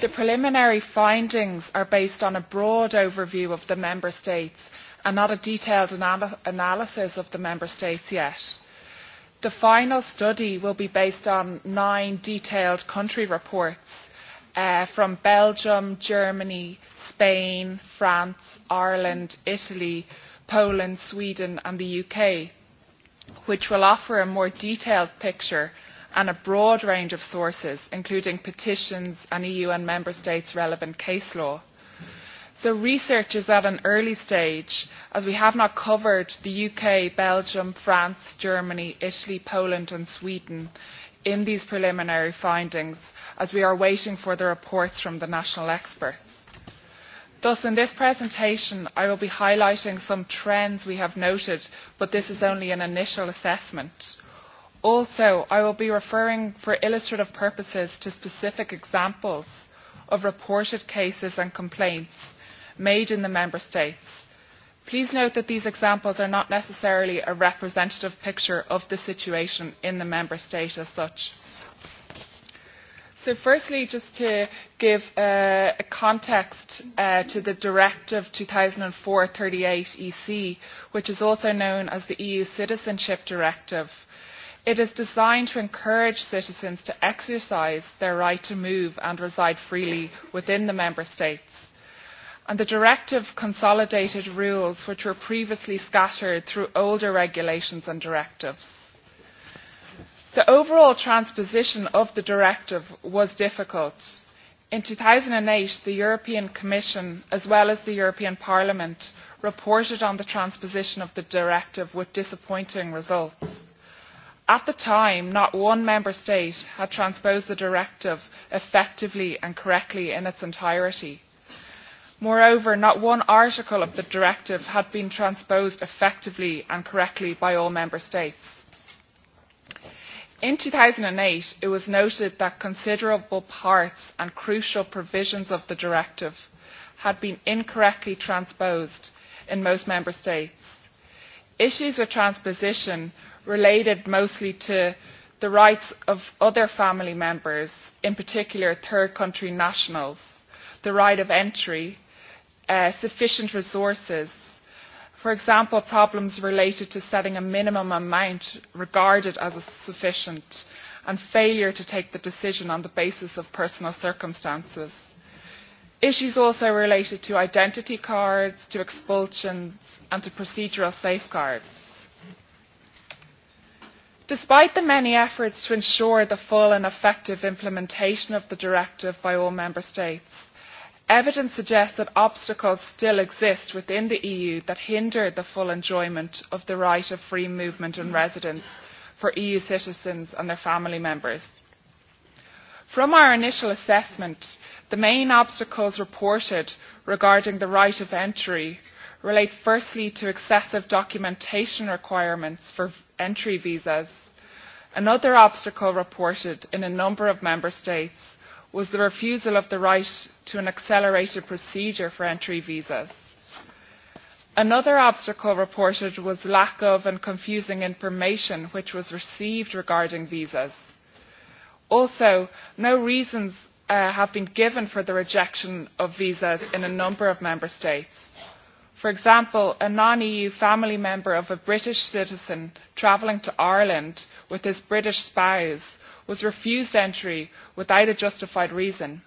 Speaker 7: The preliminary findings are based on a broad overview of the Member States and not a detailed anal analysis of the Member States yet. The final study will be based on nine detailed country reports uh, from Belgium, Germany, Spain, France, Ireland, Italy, Poland, Sweden and the UK which will offer a more detailed picture and a broad range of sources, including petitions and EU and Member States relevant case law. So research is at an early stage as we have not covered the UK, Belgium, France, Germany, Italy, Poland and Sweden in these preliminary findings as we are waiting for the reports from the national experts Thus, in this presentation, I will be highlighting some trends we have noted, but this is only an initial assessment. Also, I will be referring for illustrative purposes to specific examples of reported cases and complaints made in the Member States. Please note that these examples are not necessarily a representative picture of the situation in the Member State as such. So firstly, just to give uh, a context uh, to the Directive 2004-38 EC, which is also known as the EU Citizenship Directive. It is designed to encourage citizens to exercise their right to move and reside freely within the Member States. And the directive consolidated rules which were previously scattered through older regulations and directives the overall transposition of the directive was difficult. in two thousand and eight the european commission as well as the european parliament reported on the transposition of the directive with disappointing results. at the time not one member state had transposed the directive effectively and correctly in its entirety. moreover not one article of the directive had been transposed effectively and correctly by all member states in two thousand and eight it was noted that considerable parts and crucial provisions of the directive had been incorrectly transposed in most member states. issues with transposition related mostly to the rights of other family members in particular third country nationals the right of entry uh, sufficient resources for example problems related to setting a minimum amount regarded as sufficient and failure to take the decision on the basis of personal circumstances. Issues also related to identity cards, to expulsions and to procedural safeguards. Despite the many efforts to ensure the full and effective implementation of the directive by all Member States, evidence suggests that obstacles still exist within the eu that hinder the full enjoyment of the right of free movement and residence for eu citizens and their family members. from our initial assessment the main obstacles reported regarding the right of entry relate firstly to excessive documentation requirements for entry visas another obstacle reported in a number of member states was the refusal of the right to an accelerated procedure for entry visas. Another obstacle reported was lack of and confusing information which was received regarding visas. Also, no reasons uh, have been given for the rejection of visas in a number of member states. For example, a non-EU family member of a British citizen travelling to Ireland with his British spouse was refused entry without a justified reason.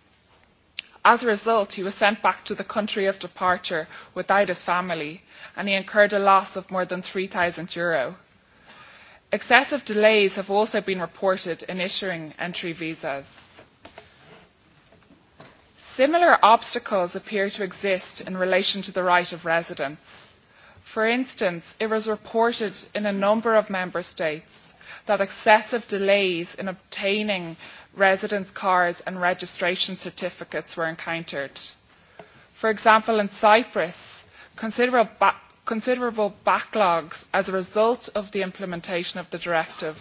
Speaker 7: As a result, he was sent back to the country of departure without his family, and he incurred a loss of more than €3,000. Excessive delays have also been reported in issuing entry visas. Similar obstacles appear to exist in relation to the right of residence. For instance, it was reported in a number of member states that excessive delays in obtaining residence cards and registration certificates were encountered. For example, in Cyprus, considerable, ba considerable backlogs as a result of the implementation of the directive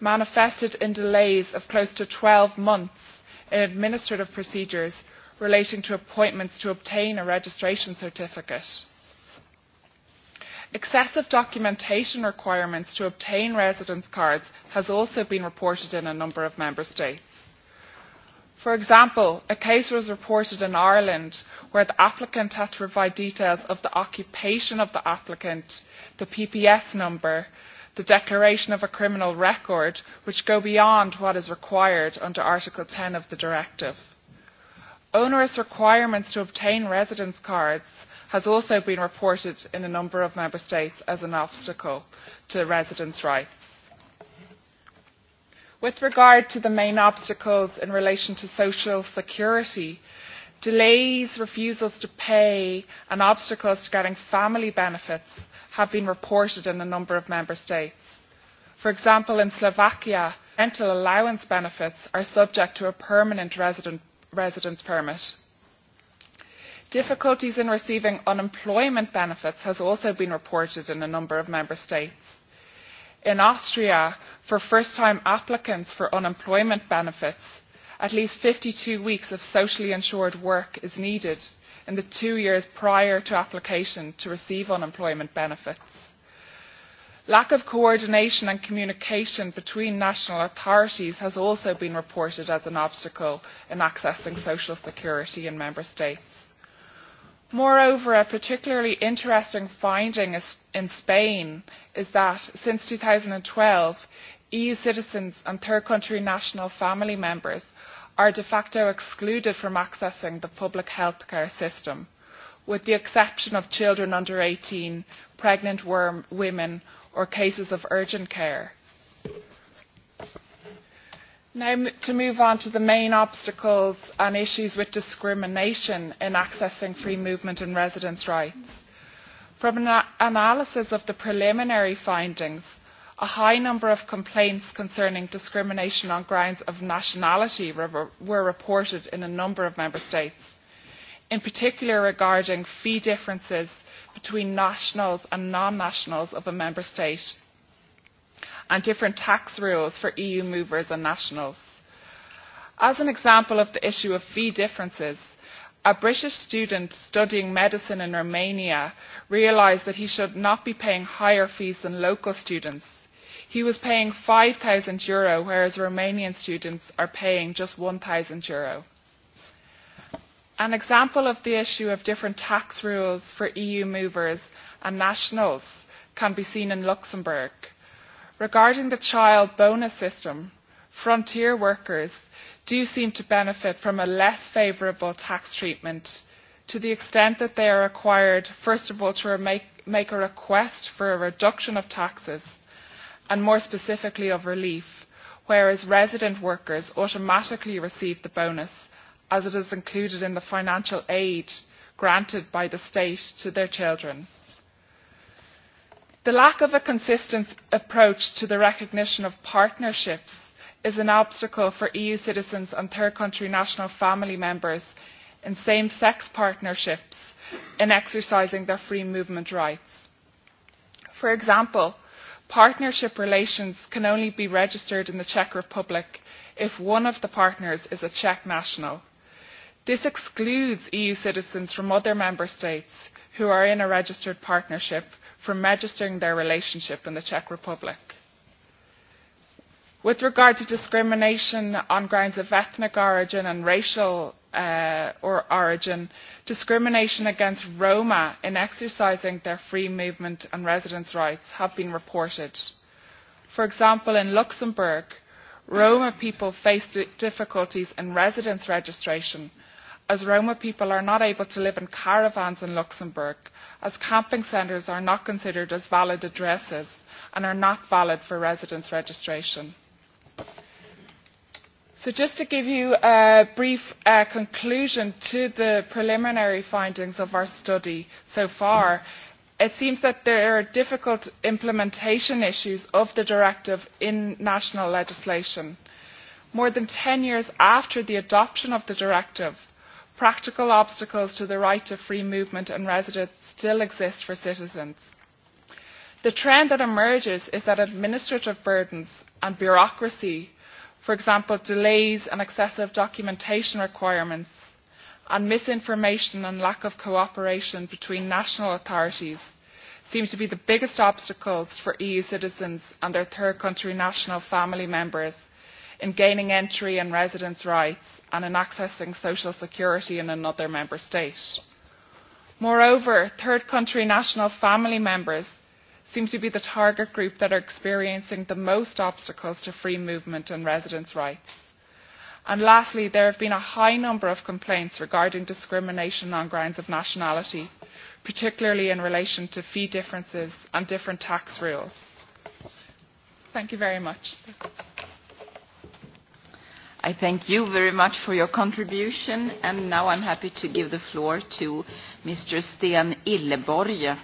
Speaker 7: manifested in delays of close to 12 months in administrative procedures relating to appointments to obtain a registration certificate excessive documentation requirements to obtain residence cards has also been reported in a number of member states. For example, a case was reported in Ireland where the applicant had to provide details of the occupation of the applicant, the PPS number, the declaration of a criminal record, which go beyond what is required under Article 10 of the directive. Onerous requirements to obtain residence cards has also been reported in a number of member states as an obstacle to residents' rights. With regard to the main obstacles in relation to social security, delays, refusals to pay and obstacles to getting family benefits have been reported in a number of member states. For example, in Slovakia, rental allowance benefits are subject to a permanent resident, residence permit difficulties in receiving unemployment benefits has also been reported in a number of member states. in austria for first time applicants for unemployment benefits at least fifty two weeks of socially insured work is needed in the two years prior to application to receive unemployment benefits. lack of coordination and communication between national authorities has also been reported as an obstacle in accessing social security in member states Moreover, a particularly interesting finding is, in Spain is that since 2012, EU citizens and third country national family members are de facto excluded from accessing the public healthcare system, with the exception of children under 18, pregnant worm, women, or cases of urgent care. Now to move on to the main obstacles and issues with discrimination in accessing free movement and residence rights. From an analysis of the preliminary findings, a high number of complaints concerning discrimination on grounds of nationality were reported in a number of member states, in particular regarding fee differences between nationals and non-nationals of a member state and different tax rules for EU movers and nationals. As an example of the issue of fee differences, a British student studying medicine in Romania realised that he should not be paying higher fees than local students. He was paying €5,000, whereas Romanian students are paying just €1,000. An example of the issue of different tax rules for EU movers and nationals can be seen in Luxembourg regarding the child bonus system frontier workers do seem to benefit from a less favourable tax treatment to the extent that they are required first of all to make, make a request for a reduction of taxes and more specifically of relief whereas resident workers automatically receive the bonus as it is included in the financial aid granted by the state to their children the lack of a consistent approach to the recognition of partnerships is an obstacle for eu citizens and third country national family members in same sex partnerships in exercising their free movement rights. for example partnership relations can only be registered in the czech republic if one of the partners is a czech national. this excludes eu citizens from other member states who are in a registered partnership from registering their relationship in the Czech Republic. With regard to discrimination on grounds of ethnic origin and racial uh, or origin, discrimination against Roma in exercising their free movement and residence rights have been reported. For example, in Luxembourg, Roma people face difficulties in residence registration as Roma people are not able to live in caravans in Luxembourg, as camping centres are not considered as valid addresses and are not valid for residence registration. So just to give you a brief uh, conclusion to the preliminary findings of our study so far, it seems that there are difficult implementation issues of the directive in national legislation. More than 10 years after the adoption of the directive, practical obstacles to the right to free movement and residence still exist for citizens. The trend that emerges is that administrative burdens and bureaucracy, for example, delays and excessive documentation requirements, and misinformation and lack of cooperation between national authorities seem to be the biggest obstacles for EU citizens and their third country national family members in gaining entry and residence rights and in accessing social security in another member state. Moreover, third country national family members seem to be the target group that are experiencing the most obstacles to free movement and residence rights. And lastly, there have been a high number of complaints regarding discrimination on grounds of nationality, particularly in relation to fee differences and different tax rules. Thank you very much.
Speaker 2: I thank you very much for your contribution, and now I'm happy to give the floor to Mr. Sten Illeborg,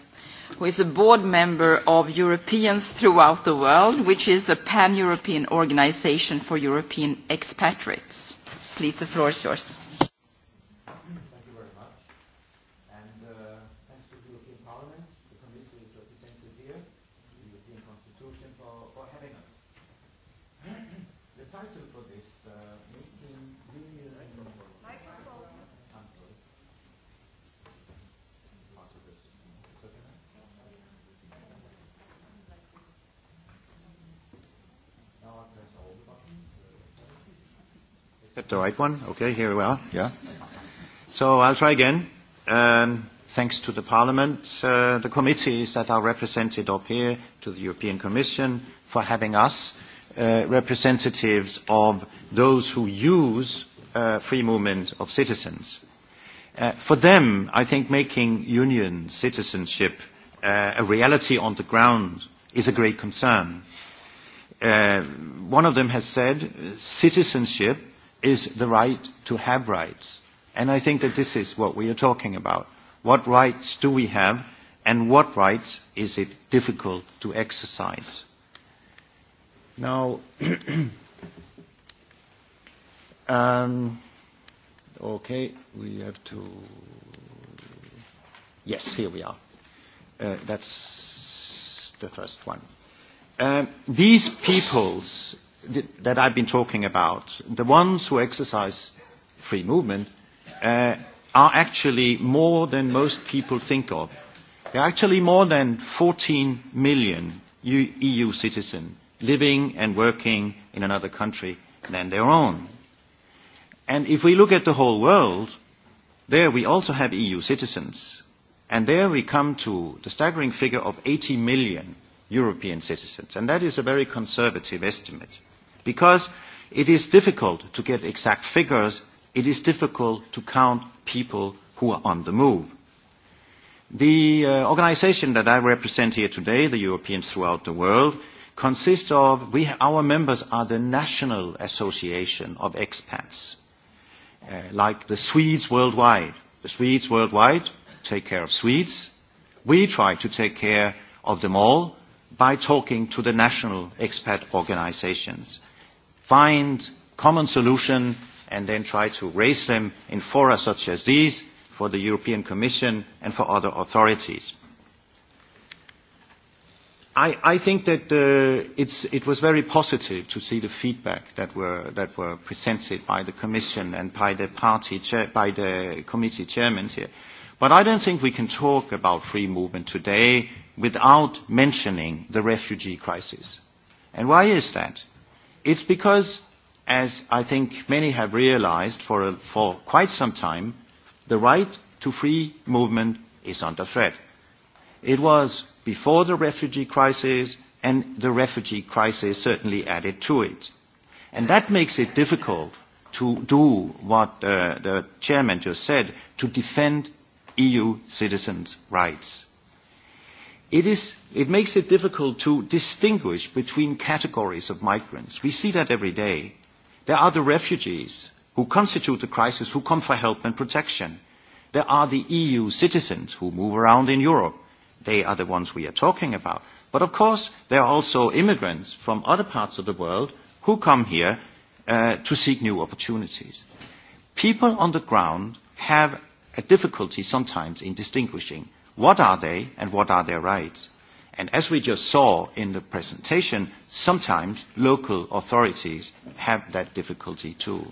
Speaker 2: who is a board member of Europeans Throughout the World, which is a pan-European organization for European expatriates. Please, the floor is yours.
Speaker 8: the right one? Okay, here we are. Yeah. So I'll try again. Um, thanks to the Parliament, uh, the committees that are represented up here, to the European Commission for having us, uh, representatives of those who use uh, free movement of citizens. Uh, for them, I think making union citizenship uh, a reality on the ground is a great concern. Uh, one of them has said citizenship is the right to have rights. And I think that this is what we are talking about. What rights do we have and what rights is it difficult to exercise? Now, um, okay, we have to. Yes, here we are. Uh, that's the first one. Um, these peoples that I've been talking about, the ones who exercise free movement, uh, are actually more than most people think of. There are actually more than 14 million EU citizens living and working in another country than their own. And if we look at the whole world, there we also have EU citizens. And there we come to the staggering figure of 80 million European citizens. And that is a very conservative estimate. Because it is difficult to get exact figures, it is difficult to count people who are on the move. The uh, organization that I represent here today, the Europeans throughout the world, consists of, we, our members are the National Association of Expats, uh, like the Swedes worldwide. The Swedes worldwide take care of Swedes. We try to take care of them all by talking to the national expat organizations find common solutions and then try to raise them in fora such as these for the European Commission and for other authorities. I, I think that uh, it's, it was very positive to see the feedback that were, that were presented by the Commission and by the, party chair, by the committee chairman here. But I don't think we can talk about free movement today without mentioning the refugee crisis. And why is that? It's because, as I think many have realized for, a, uh, for quite some time, the right to free movement is under threat. It was before the refugee crisis, and the refugee crisis certainly added to it. And that makes it difficult to do what uh, the chairman just said, to defend EU citizens' rights it, is, it makes it difficult to distinguish between categories of migrants. We see that every day. There are the refugees who constitute the crisis, who come for help and protection. There are the EU citizens who move around in Europe. They are the ones we are talking about. But of course, there are also immigrants from other parts of the world who come here uh, to seek new opportunities. People on the ground have a difficulty sometimes in distinguishing What are they and what are their rights? And as we just saw in the presentation, sometimes local authorities have that difficulty too.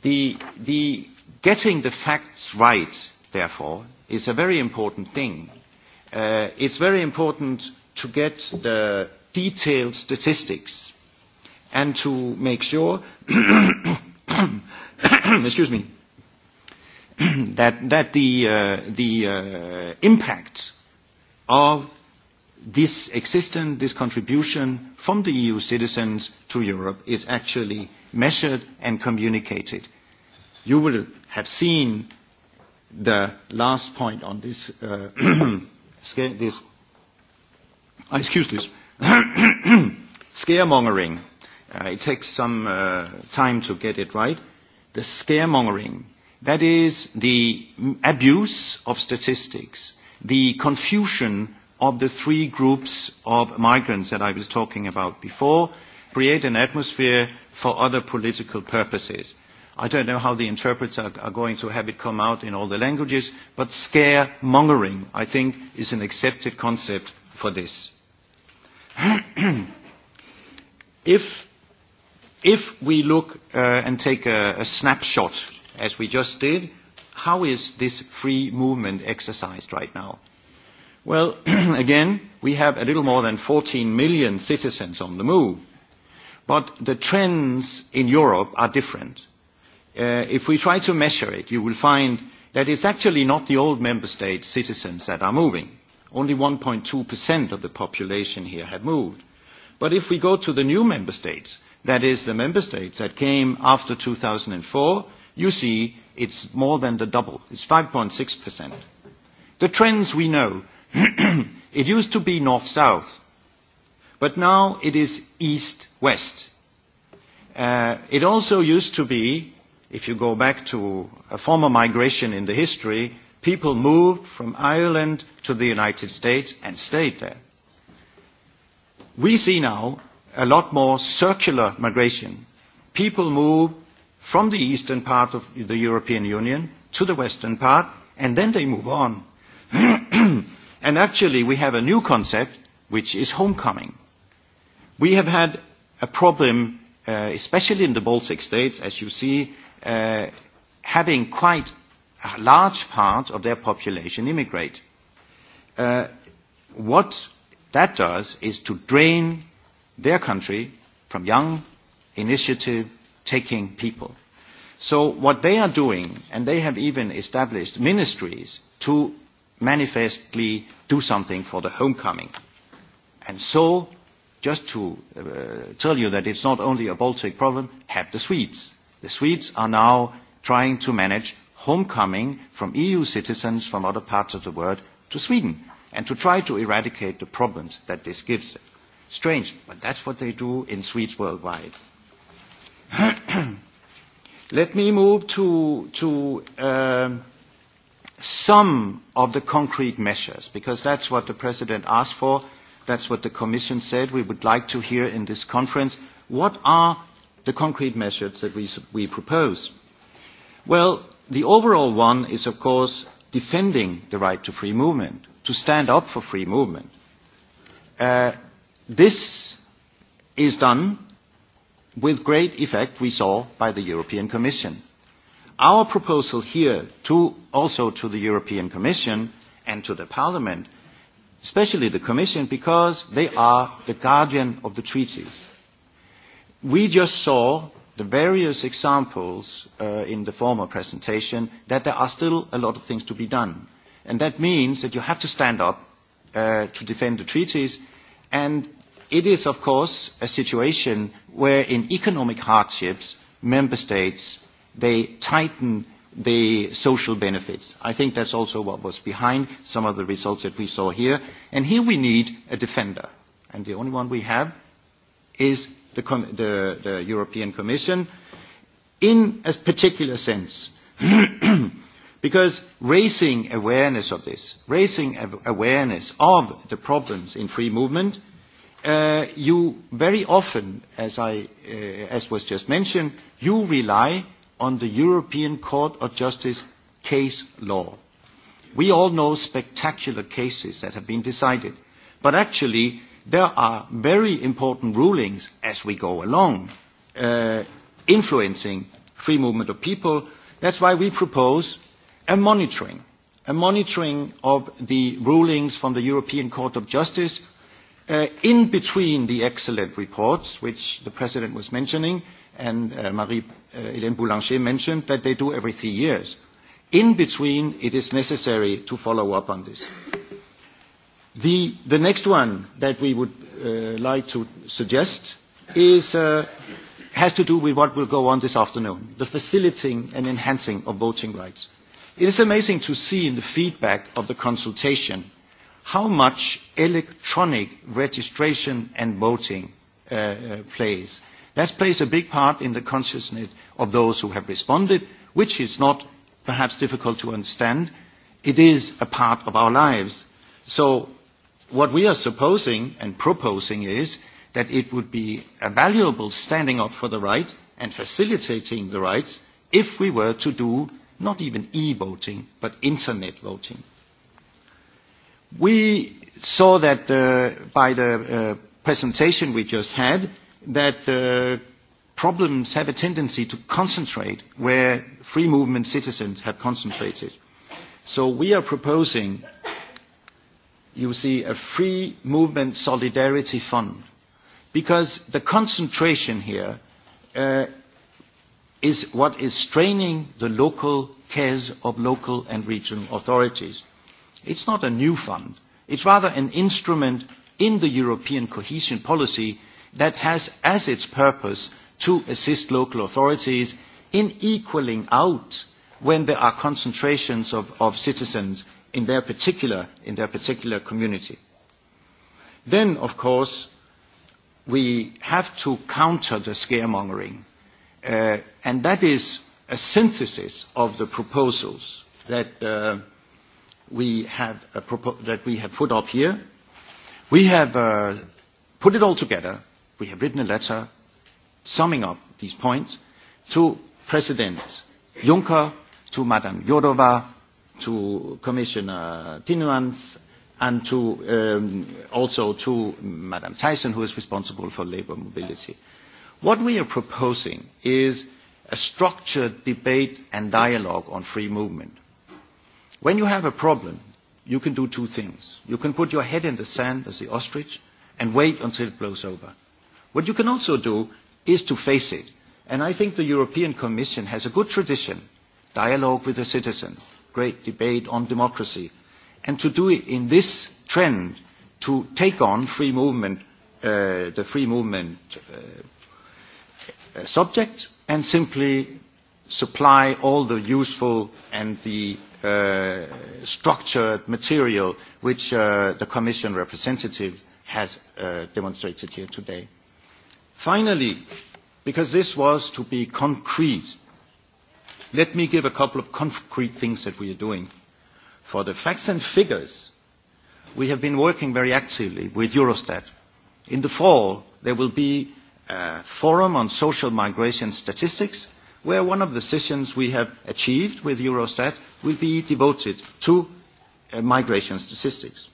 Speaker 8: The, the getting the facts right, therefore, is a very important thing. Uh, it's very important to get the detailed statistics and to make sure excuse me, that, that the, uh, the uh, impact of this existence, this contribution from the EU citizens to Europe is actually measured and communicated. You will have seen the last point on this, uh, scare, this uh, excuse this, scaremongering. Uh, it takes some uh, time to get it right. The scaremongering That is the abuse of statistics, the confusion of the three groups of migrants that I was talking about before, create an atmosphere for other political purposes. I don't know how the interpreters are, are going to have it come out in all the languages, but scaremongering, I think, is an accepted concept for this. if, if we look uh, and take a, a snapshot as we just did, how is this free movement exercised right now? Well, again, we have a little more than 14 million citizens on the move. But the trends in Europe are different. Uh, if we try to measure it, you will find that it's actually not the old member state citizens that are moving. Only 1.2% of the population here have moved. But if we go to the new member states, that is the member states that came after 2004, you see it's more than the double. It's 5.6%. The trends we know. it used to be north-south, but now it is east-west. Uh, it also used to be, if you go back to a former migration in the history, people moved from Ireland to the United States and stayed there. We see now a lot more circular migration. People move from the eastern part of the European Union to the western part, and then they move on. and actually, we have a new concept, which is homecoming. We have had a problem, uh, especially in the Baltic states, as you see, uh, having quite a large part of their population immigrate. Uh, what that does is to drain their country from young, initiative, taking people. So what they are doing, and they have even established ministries to manifestly do something for the homecoming. And so, just to uh, tell you that it's not only a Baltic problem, have the Swedes. The Swedes are now trying to manage homecoming from EU citizens from other parts of the world to Sweden and to try to eradicate the problems that this gives them. Strange, but that's what they do in Swedes worldwide. Let me move to, to um, some of the concrete measures, because that's what the President asked for. That's what the Commission said we would like to hear in this conference. What are the concrete measures that we, we propose? Well, the overall one is, of course, defending the right to free movement, to stand up for free movement. Uh, this is done with great effect we saw by the European Commission. Our proposal here to also to the European Commission and to the Parliament, especially the Commission, because they are the guardian of the treaties. We just saw the various examples uh, in the former presentation that there are still a lot of things to be done. And that means that you have to stand up uh, to defend the treaties and It is, of course, a situation where in economic hardships, member states, they tighten the social benefits. I think that's also what was behind some of the results that we saw here. And here we need a defender. And the only one we have is the, com- the, the European Commission in a particular sense. because raising awareness of this, raising awareness of the problems in free movement – uh, you very often, as, I, uh, as was just mentioned, you rely on the European Court of Justice case law. We all know spectacular cases that have been decided, but actually there are very important rulings as we go along uh, influencing free movement of people. That's why we propose a monitoring, a monitoring of the rulings from the European Court of Justice Uh, in between the excellent reports, which the President was mentioning, and uh, Marie-Hélène uh, Boulanger mentioned, that they do every three years. In between, it is necessary to follow up on this. The, the next one that we would uh, like to suggest is, uh, has to do with what will go on this afternoon, the facilitating and enhancing of voting rights. It is amazing to see in the feedback of the consultation how much electronic registration and voting uh, uh, plays. That plays a big part in the consciousness of those who have responded, which is not perhaps difficult to understand. It is a part of our lives. So what we are supposing and proposing is that it would be a valuable standing up for the right and facilitating the rights if we were to do not even e-voting, but internet voting. We saw that uh, by the uh, presentation we just had that uh, problems have a tendency to concentrate where free movement citizens have concentrated. So we are proposing, you see, a free movement solidarity fund because the concentration here uh, is what is straining the local cares of local and regional authorities. It's not a new fund. It's rather an instrument in the European cohesion policy that has as its purpose to assist local authorities in equaling out when there are concentrations of, of citizens in their particular, in their particular community. Then, of course, we have to counter the scaremongering. Uh, and that is a synthesis of the proposals that uh, we have a uh, that we have put up here. We have uh, put it all together. We have written a letter summing up these points to President Juncker, to Madame Jourova, to Commissioner Timmermans, and to, um, also to Madame Tyson, who is responsible for labour mobility. What we are proposing is a structured debate and dialogue on free movement When you have a problem, you can do two things. You can put your head in the sand as the ostrich and wait until it blows over. What you can also do is to face it. And I think the European Commission has a good tradition, dialogue with the citizen, great debate on democracy, and to do it in this trend to take on free movement, uh, the free movement uh, subject and simply supply all the useful and the uh, structured material which uh, the Commission representative has uh, demonstrated here today. Finally, because this was to be concrete, let me give a couple of concrete things that we are doing. For the facts and figures, we have been working very actively with Eurostat. In the fall, there will be a forum on social migration statistics, where one of the decisions we have achieved with Eurostat will be devoted to uh, migration statistics.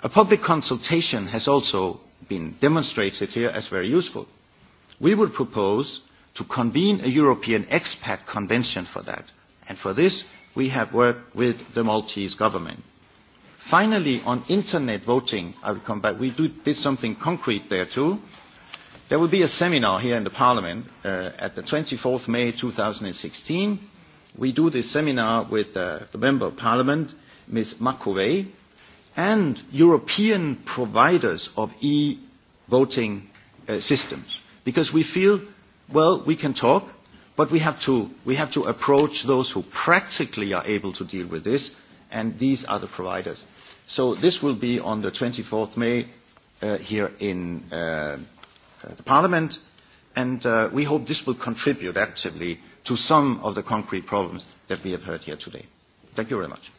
Speaker 8: A public consultation has also been demonstrated here as very useful. We would propose to convene a European expat convention for that, and for this we have worked with the Maltese government. Finally, on internet voting, I will come back. We do, did something concrete there too. There will be a seminar here in the Parliament uh, at the 24th May 2016 we do this seminar with uh, the Member of Parliament, Ms. McAvey, and European providers of e-voting uh, systems. Because we feel, well, we can talk, but we have, to, we have to approach those who practically are able to deal with this, and these are the providers. So this will be on the 24th May uh, here in uh, uh, the Parliament, and uh, we hope this will contribute actively to some of the concrete problems that we have heard here today. Thank you very much.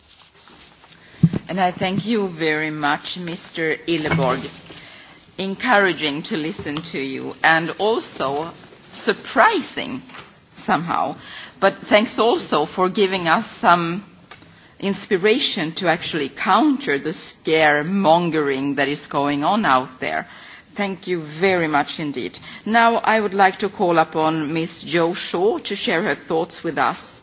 Speaker 2: And I thank you very much, Mr. Illeborg. Encouraging to listen to you and also surprising somehow. But thanks also for giving us some inspiration to actually counter the scaremongering that is going on out there Thank you very much indeed. Now I would like to call upon Ms. Jo Shaw to share her thoughts
Speaker 9: with us.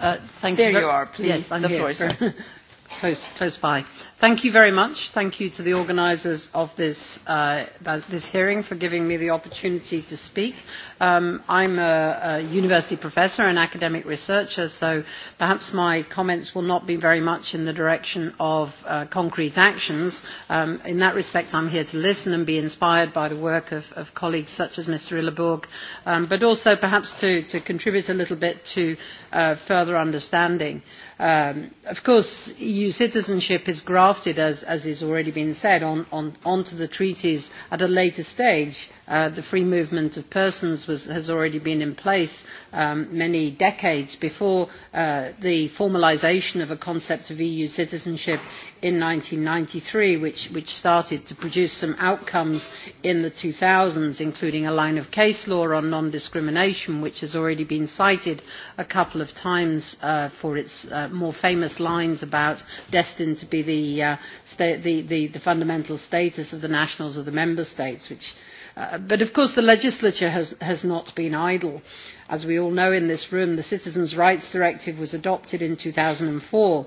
Speaker 9: Uh, thank there you, you are, please. Yes, I'm the here. floor is close, close by. Thank you very much. Thank you to the organisers of this, uh, this hearing for giving me the opportunity to speak. Um, I'm a, a university professor and academic researcher, so perhaps my comments will not be very much in the direction of uh, concrete actions. Um, in that respect, I'm here to listen and be inspired by the work of, of colleagues such as Mr. Illeborg, um, but also perhaps to, to contribute a little bit to uh, further understanding. Um, of course, EU citizenship is growing drafted, as, as has already been said, on, on, onto the treaties at a later stage. Uh, the free movement of persons was, has already been in place um, many decades before uh, the formalisation of a concept of EU citizenship in 1993, which, which started to produce some outcomes in the 2000s, including a line of case law on non-discrimination, which has already been cited a couple of times uh, for its uh, more famous lines about destined to be the, uh, sta- the, the, the fundamental status of the nationals of the member states, which uh, but of course the legislature has, has not been idle. Uh, As we all know in this room, the Citizens' Rights Directive was adopted in two thousand and four.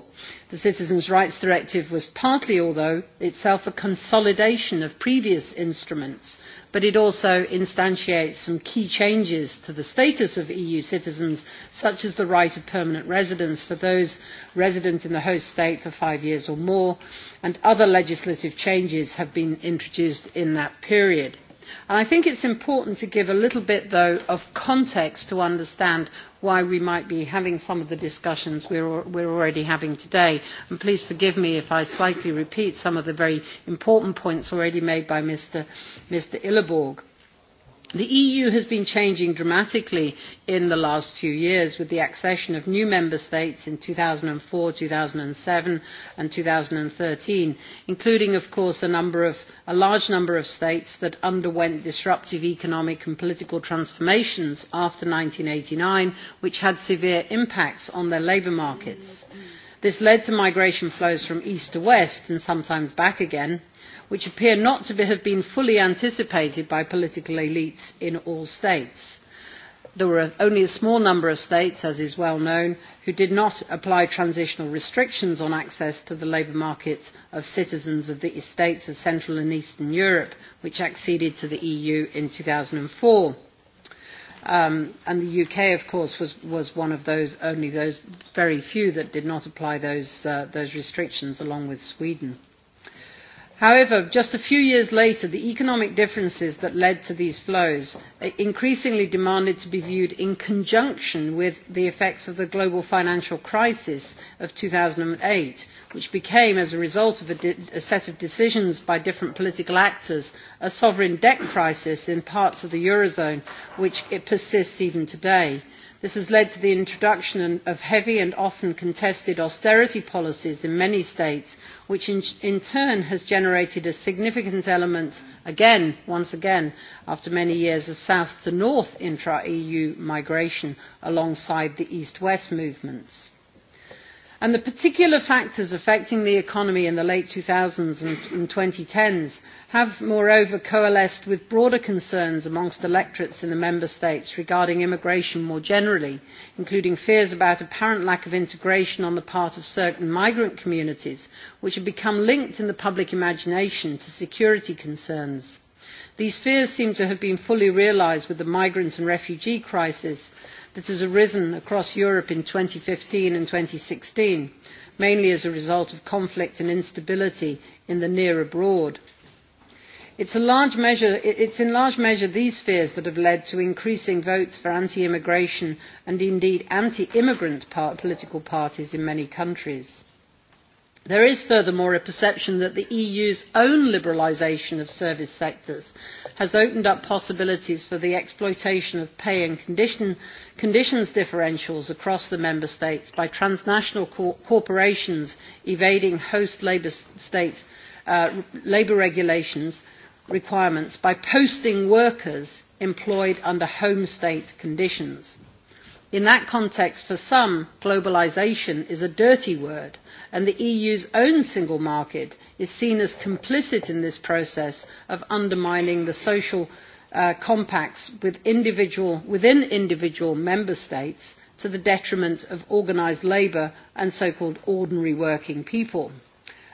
Speaker 9: The Citizens' Rights Directive was partly, although itself a consolidation of previous instruments, but it also instantiates some key changes to the status of EU citizens, such as the right of permanent residence for those resident in the host state for five years or more, and other legislative changes have been introduced in that period i think it is important to give a little bit, of context to understand why we might be having some of the discussions we are already having today. And please forgive me if I slightly repeat some of the very important points already made by Mr. Mr. Illeborg. The EU has been changing dramatically in the last few years with the accession of new member states in two thousand and four, two thousand and seven and thirteen, including of course a, number of, a large number of states that underwent disruptive economic and political transformations after eighty nine, which had severe impacts on their labour markets. This led to migration flows from east to west and sometimes back again which appear not to have been fully anticipated by political elites in all states. There were only a small number of states, as is well known, who did not apply transitional restrictions on access to the labour market of citizens of the states of Central and Eastern Europe, which acceded to the EU in two 2004. Um, and the UK, of course, was, was one of those, only those very few that did not apply those, uh, those restrictions, along with Sweden however just a few years later the economic differences that led to these flows increasingly demanded to be viewed in conjunction with the effects of the global financial crisis of two thousand and eight which became as a result of a, a set of decisions by different political actors a sovereign debt crisis in parts of the eurozone which persists even today. This has led to the introduction of heavy and often contested austerity policies in many states, which in, in turn has generated a significant element, again, once again, after many years of south to north intra-EU migration alongside the east-west movements and the particular factors affecting the economy in the late two thousands and two thousand and ten s have moreover coalesced with broader concerns amongst electorates in the member states regarding immigration more generally including fears about apparent lack of integration on the part of certain migrant communities which have become linked in the public imagination to security concerns. these fears seem to have been fully realised with the migrant and refugee crisis and It has arisen across Europe in fifteen and sixteen, mainly as a result of conflict and instability in the near abroad. It is in large measure these fears that have led to increasing votes for anti-immigration and indeed anti-immigrant political parties in many countries There is furthermore a perception that the EU's own liberalisation of service sectors has opened up possibilities for the exploitation of pay and condition, conditions differentials across the member states by transnational co corporations evading host labour state uh, labour regulations requirements by posting workers employed under home state conditions. In that context, for some, globalisation is a dirty word – and the eu's own single market is seen as complicit in this process of undermining the social uh, compacts with individual, within individual member states to the detriment of organised labour and so-called ordinary working people.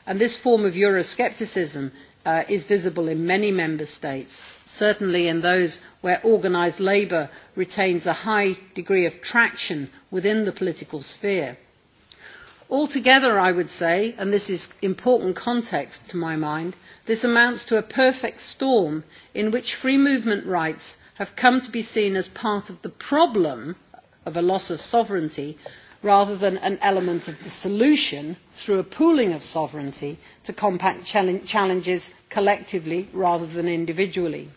Speaker 9: And this form of Euroscepticism Uh, is visible in many member states, certainly in those where organised labour retains a high degree of traction within the political sphere. Altogether, I would say, and this is important context to my mind, this amounts to a perfect storm in which free movement rights have come to be seen as part of the problem of a loss of sovereignty rather than an element of the solution through a pooling of sovereignty to combat challenges collectively rather than individually.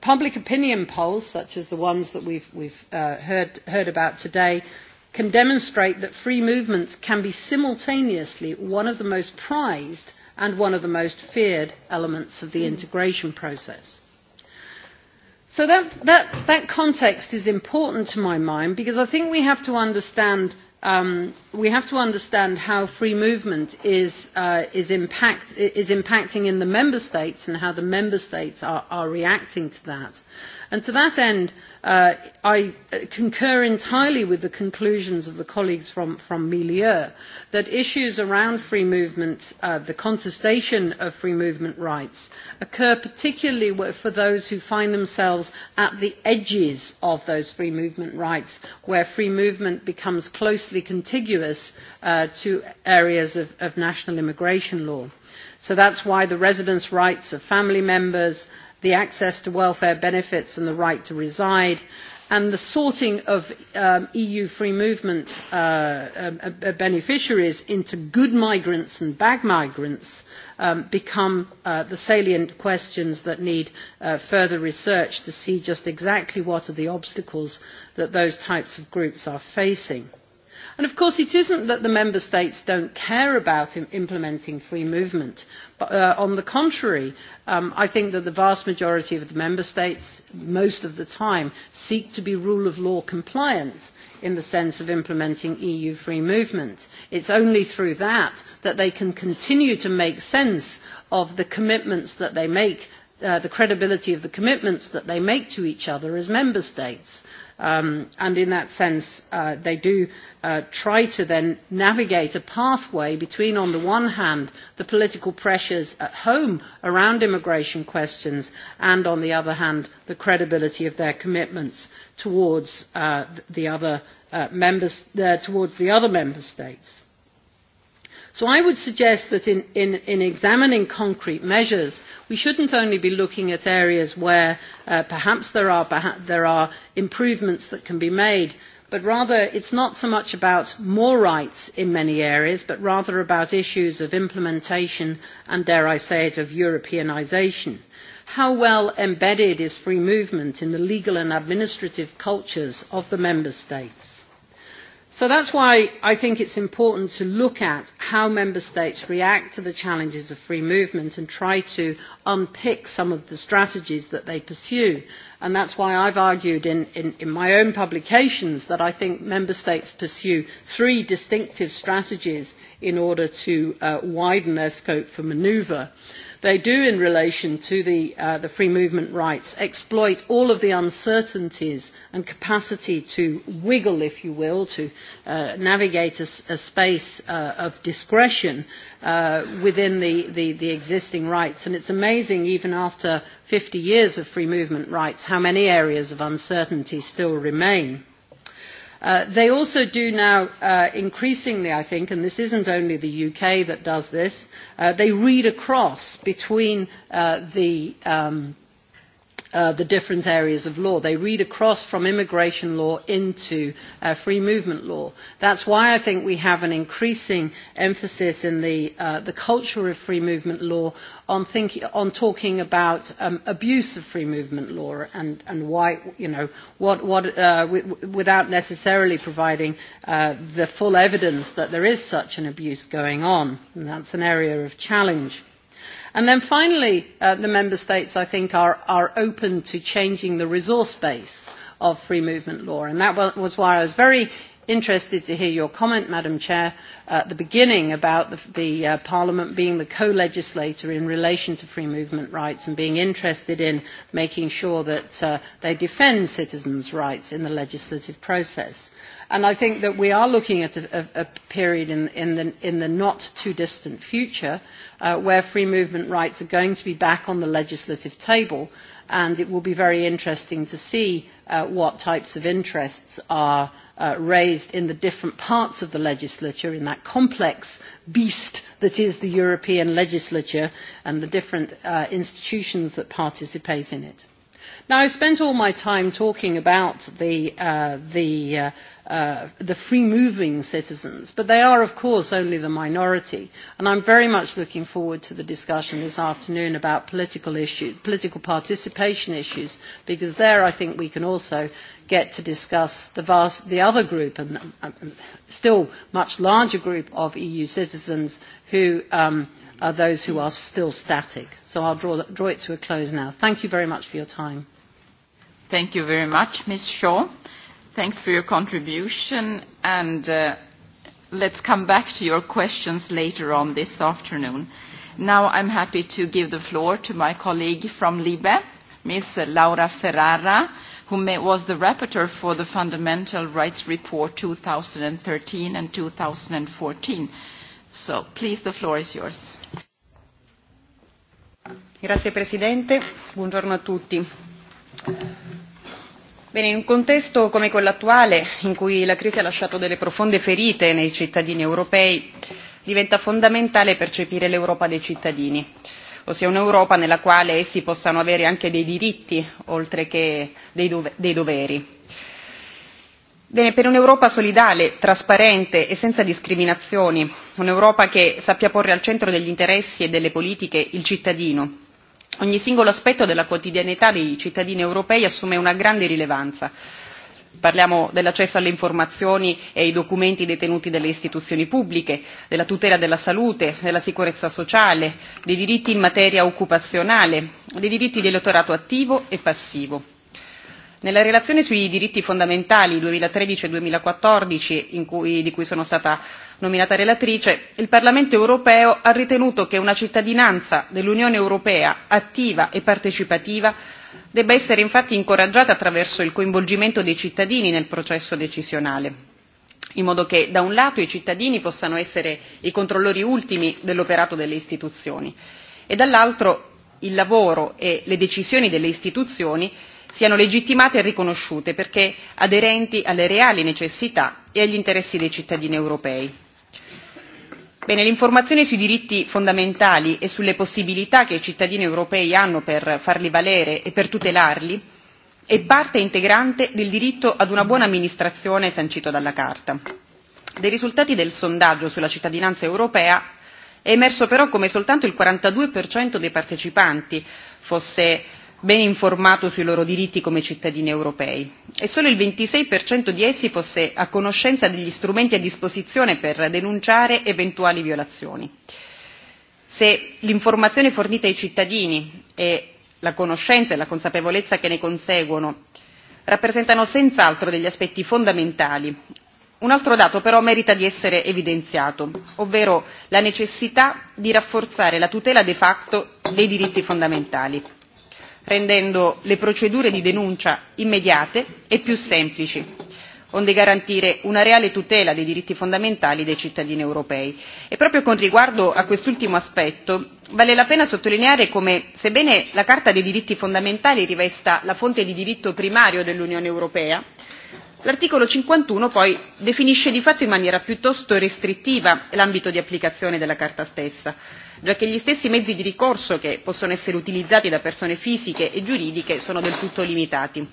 Speaker 9: Public opinion polls, such as the ones that we've, we've uh, heard, heard about today, can demonstrate that free movements can be simultaneously one of the most prized and one of the most feared elements of the hmm. integration process. So that, that, that context is important to my mind because I think we have to understand, um, we have to understand how free movement is, uh, is, impact, is impacting in the member states and how the member states are, are reacting to that to that end, uh, I concur entirely with the conclusions of the colleagues from, from Milieu that issues around free movement, uh, the contestation of free movement rights, occur particularly for those who find themselves at the edges of those free movement rights, where free movement becomes closely contiguous uh, to areas of, of national immigration law. So that is why the residence rights of family members the access to welfare benefits and the right to reside, and the sorting of um, EU free movement uh, um, uh, uh, beneficiaries into good migrants and bad migrants um, become uh, the salient questions that need uh, further research to see just exactly what are the obstacles that those types of groups are facing. And of course it is not that the member states do not care about implementing free movement but, uh, on the contrary um, i think that the vast majority of the member states most of the time seek to be rule of law compliant in the sense of implementing eu free movement. it is only through that that they can continue to make sense of the commitments that they make uh, the credibility of the commitments that they make to each other as member states Um, and in that sense, uh, they do uh, try to then navigate a pathway between, on the one hand, the political pressures at home around immigration questions, and on the other hand, the credibility of their commitments towards uh, the other uh, members, uh, towards the other member states. So I would suggest that in, in, in examining concrete measures, we should not only be looking at areas where uh, perhaps there are, there are improvements that can be made, but rather it is not so much about more rights in many areas, but rather about issues of implementation and, dare I say it, of Europeanisation. How well embedded is free movement in the legal and administrative cultures of the member states? So that is why I think it is important to look at how member states react to the challenges of free movement and try to unpick some of the strategies that they pursue. And is why I have argued in, in, in my own publications that I think member states pursue three distinctive strategies in order to uh, widen their scope for manoeuvre they do in relation to the, uh, the free movement rights exploit all of the uncertainties and capacity to wiggle, if you will, to uh, navigate a, a space uh, of discretion uh, within the, the, the existing rights. And it's amazing, even after 50 years of free movement rights, how many areas of uncertainty still remain. Uh, they also do now uh, increasingly, I think, and this isn't only the UK that does this, uh, they read across between uh, the um, Uh, the different areas of law. They read across from immigration law into uh, free movement law. That's why I think we have an increasing emphasis in the, uh, the culture of free movement law on, think, on talking about um, abuse of free movement law and, and why, you know, what, what, uh, w- without necessarily providing uh, the full evidence that there is such an abuse going on. And that's an area of challenge then finally, uh, the member states, I think, are, are open to changing the resource base of free movement law. And that was why I was very interested to hear your comment, Madam Chair, uh, at the beginning about the, the uh, Parliament being the co-legislator in relation to free movement rights and being interested in making sure that they defend citizens' rights in the legislative process. And I think that we are looking at a, a, a period in, in, the, in the not too distant future uh, where free movement rights are going to be back on the legislative table and it will be very interesting to see uh, what types of interests are uh, raised in the different parts of the legislature, in that complex beast that is the European legislature and the different uh, institutions that participate in it i I spent all my time talking about uh, uh, uh, the, free moving citizens but they are of course only the minority and i am very much looking forward to the discussion this afternoon about political issues political participation issues because there i think we can also get to discuss the vast the other group and um, still much larger group of eu citizens who um, are those who are still static so i draw, draw it to a close now thank you very much for your time Thank you very much,
Speaker 2: Ms. Shaw. Thanks for your contribution, and uh, let's come back to your questions later on this afternoon. Now I'm happy to give the floor to my colleague from LIBE, Ms. Laura Ferrara, who may, was the rapporteur for the Fundamental Rights Report 2013 and 2014. So please, the floor is yours.
Speaker 10: Grazie Presidente, buongiorno a tutti Bene, in un contesto come quello attuale, in cui la crisi ha lasciato delle profonde ferite nei cittadini europei, diventa fondamentale percepire l'Europa dei cittadini, ossia un'Europa nella quale essi possano avere anche dei diritti, oltre che dei, dei doveri. Bene, per un'Europa solidale, trasparente e senza discriminazioni, un'Europa che sappia porre al centro degli interessi e delle politiche il cittadino, ogni singolo aspetto della quotidianità dei cittadini europei assume una grande rilevanza parliamo dell'accesso alle informazioni e ai documenti detenuti dalle istituzioni pubbliche della tutela della salute della sicurezza sociale dei diritti in materia occupazionale dei diritti elettorato attivo e passivo. Nella relazione sui diritti fondamentali 2013-2014 in cui, di cui sono stata nominata relatrice il parlamento europeo ha ritenuto che una cittadinanza dell'unione europea attiva e partecipativa debba essere infatti incoraggiata attraverso il coinvolgimento dei cittadini nel processo decisionale in modo che da un lato i cittadini possano essere i controllori ultimi dell'operato delle istituzioni e dall'altro il lavoro e le decisioni delle istituzioni siano legittimate e riconosciute perché aderenti alle reali necessità e agli interessi dei cittadini europei. Bene, l'informazione sui diritti fondamentali e sulle possibilità che i cittadini europei hanno per farli valere e per tutelarli è parte integrante del diritto ad una buona amministrazione sancito dalla Carta. Dei risultati del sondaggio sulla cittadinanza europea è emerso però come soltanto il 42% dei partecipanti fosse ben informato sui loro diritti come cittadini europei e solo il ventisei di essi fosse a conoscenza degli strumenti a disposizione per denunciare eventuali violazioni. se l'informazione fornita ai cittadini e la conoscenza e la consapevolezza che ne conseguono rappresentano senz'altro degli aspetti fondamentali un altro dato però merita di essere evidenziato ovvero la necessità di rafforzare la tutela de facto dei diritti fondamentali rendendo le procedure di denuncia immediate e più semplici onde garantire una reale tutela dei diritti fondamentali dei cittadini europei. E proprio con riguardo a quest'ultimo aspetto vale la pena sottolineare come sebbene la Carta dei diritti fondamentali rivesta la fonte di diritto primario dell'Unione europea, l'articolo cinquantuno poi definisce di fatto in maniera piuttosto restrittiva l'ambito di applicazione della Carta stessa giacché gli stessi mezzi di ricorso che possono essere utilizzati da persone fisiche e giuridiche sono del tutto limitati.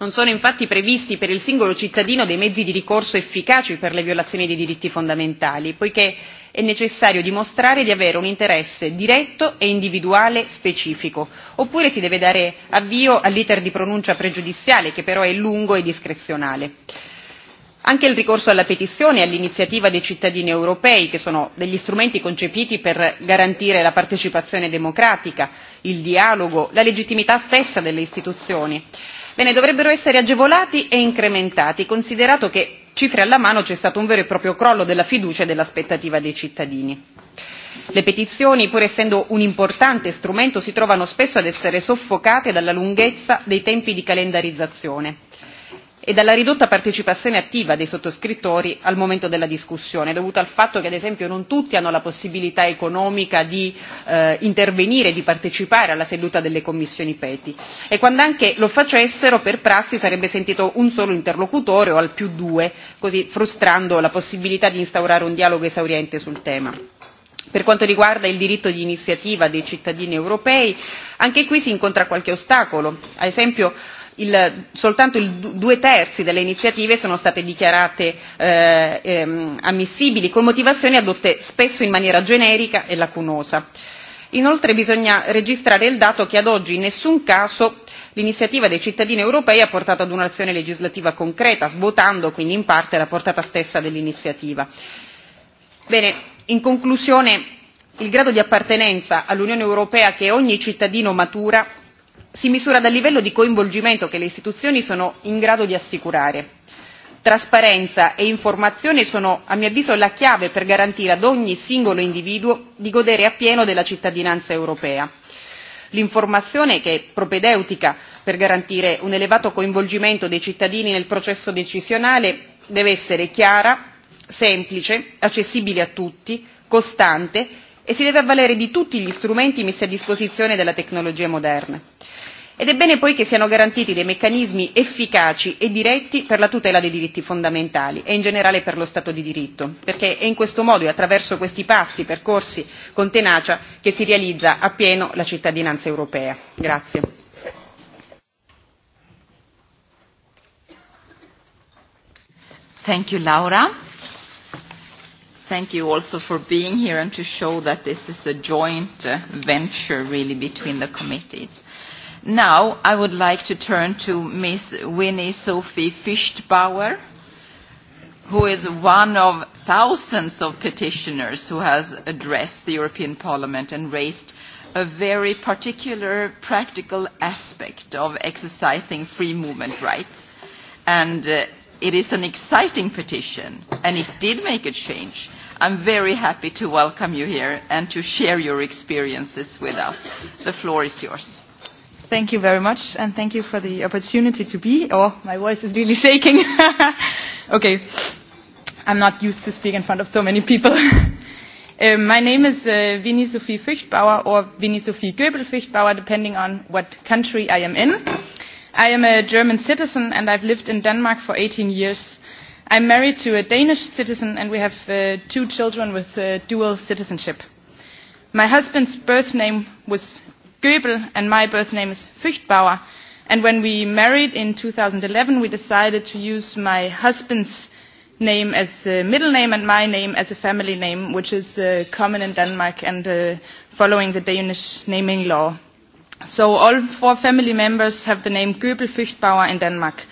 Speaker 10: Non sono infatti previsti per il singolo cittadino dei mezzi di ricorso efficaci per le violazioni dei diritti fondamentali, poiché è necessario dimostrare di avere un interesse diretto e individuale specifico, oppure si deve dare avvio all'iter di pronuncia pregiudiziale, che però è lungo e discrezionale anche il ricorso alla petizione e all'iniziativa dei cittadini europei che sono degli strumenti concepiti per garantire la partecipazione democratica il dialogo la legittimità stessa delle istituzioni dovrebbero essere agevolati e incrementati considerato che cifre alla mano c'è stato un vero e proprio crollo della fiducia e dell'aspettativa dei cittadini. le petizioni pur essendo un importante strumento si trovano spesso ad essere soffocate dalla lunghezza dei tempi di calendarizzazione e dalla ridotta partecipazione attiva dei sottoscrittori al momento della discussione dovuta al fatto che ad esempio non tutti hanno la possibilità economica di eh, intervenire di partecipare alla seduta delle commissioni peti e quand'anche lo facessero per prassi sarebbe sentito un solo interlocutore o al più due così frustrando la possibilità di instaurare un dialogo esauriente sul tema. Per quanto riguarda il diritto di iniziativa dei cittadini europei, anche qui si incontra qualche ostacolo. Ad esempio, il, soltanto il, due terzi delle iniziative sono state dichiarate eh, ehm, ammissibili, con motivazioni adotte spesso in maniera generica e lacunosa. Inoltre bisogna registrare il dato che ad oggi in nessun caso l'iniziativa dei cittadini europei ha portato ad un'azione legislativa concreta, svuotando quindi in parte la portata stessa dell'iniziativa. Bene, in conclusione, il grado di appartenenza all'Unione europea che ogni cittadino matura si misura dal livello di coinvolgimento che le istituzioni sono in grado di assicurare. trasparenza e informazione sono a mio avviso la chiave per garantire ad ogni singolo individuo di godere appieno della cittadinanza europea. l'informazione che è propedeutica per garantire un elevato coinvolgimento dei cittadini nel processo decisionale deve essere chiara semplice accessibile a tutti costante e si deve avvalere di tutti gli strumenti messi a disposizione della tecnologia moderna ed è bene poi che siano garantiti dei meccanismi efficaci e diretti per la tutela dei diritti fondamentali e in generale per lo stato di diritto perché è in questo modo e attraverso questi passi percorsi con tenacia che si realizza appieno la cittadinanza europea. Grazie. Thank you, Laura
Speaker 2: thank you also for being here and to show that this is a joint uh, venture really between the committees. Now I would like to turn to Ms. Winnie Sophie Fichtbauer, who is one of thousands of petitioners who has addressed the European Parliament and raised a very particular practical aspect of exercising free movement rights. And uh, it is an exciting petition, and it did make a change. I'm very happy to welcome you here and to share your experiences with us. The floor is yours.
Speaker 11: Thank you very much, and thank you for the opportunity to be. Oh, my voice is really shaking. okay, I'm not used to speaking in front of so many people. um, my name is uh, Winnie Sophie Fichtbauer, or Winnie Sophie Goebel Fichtbauer, depending on what country I am in. I am a German citizen, and I've lived in Denmark for 18 years i am married to a danish citizen and we have uh, two children with uh, dual citizenship. my husband's birth name was goebel and my birth name is Fuchtbauer, and when we married in 2011, eleven we decided to use my husband's name as a middle name and my name as a family name which is uh, common in denmark and uh, following the danish naming law. so all four family members have the name goebel Fuchtbauer in denmark.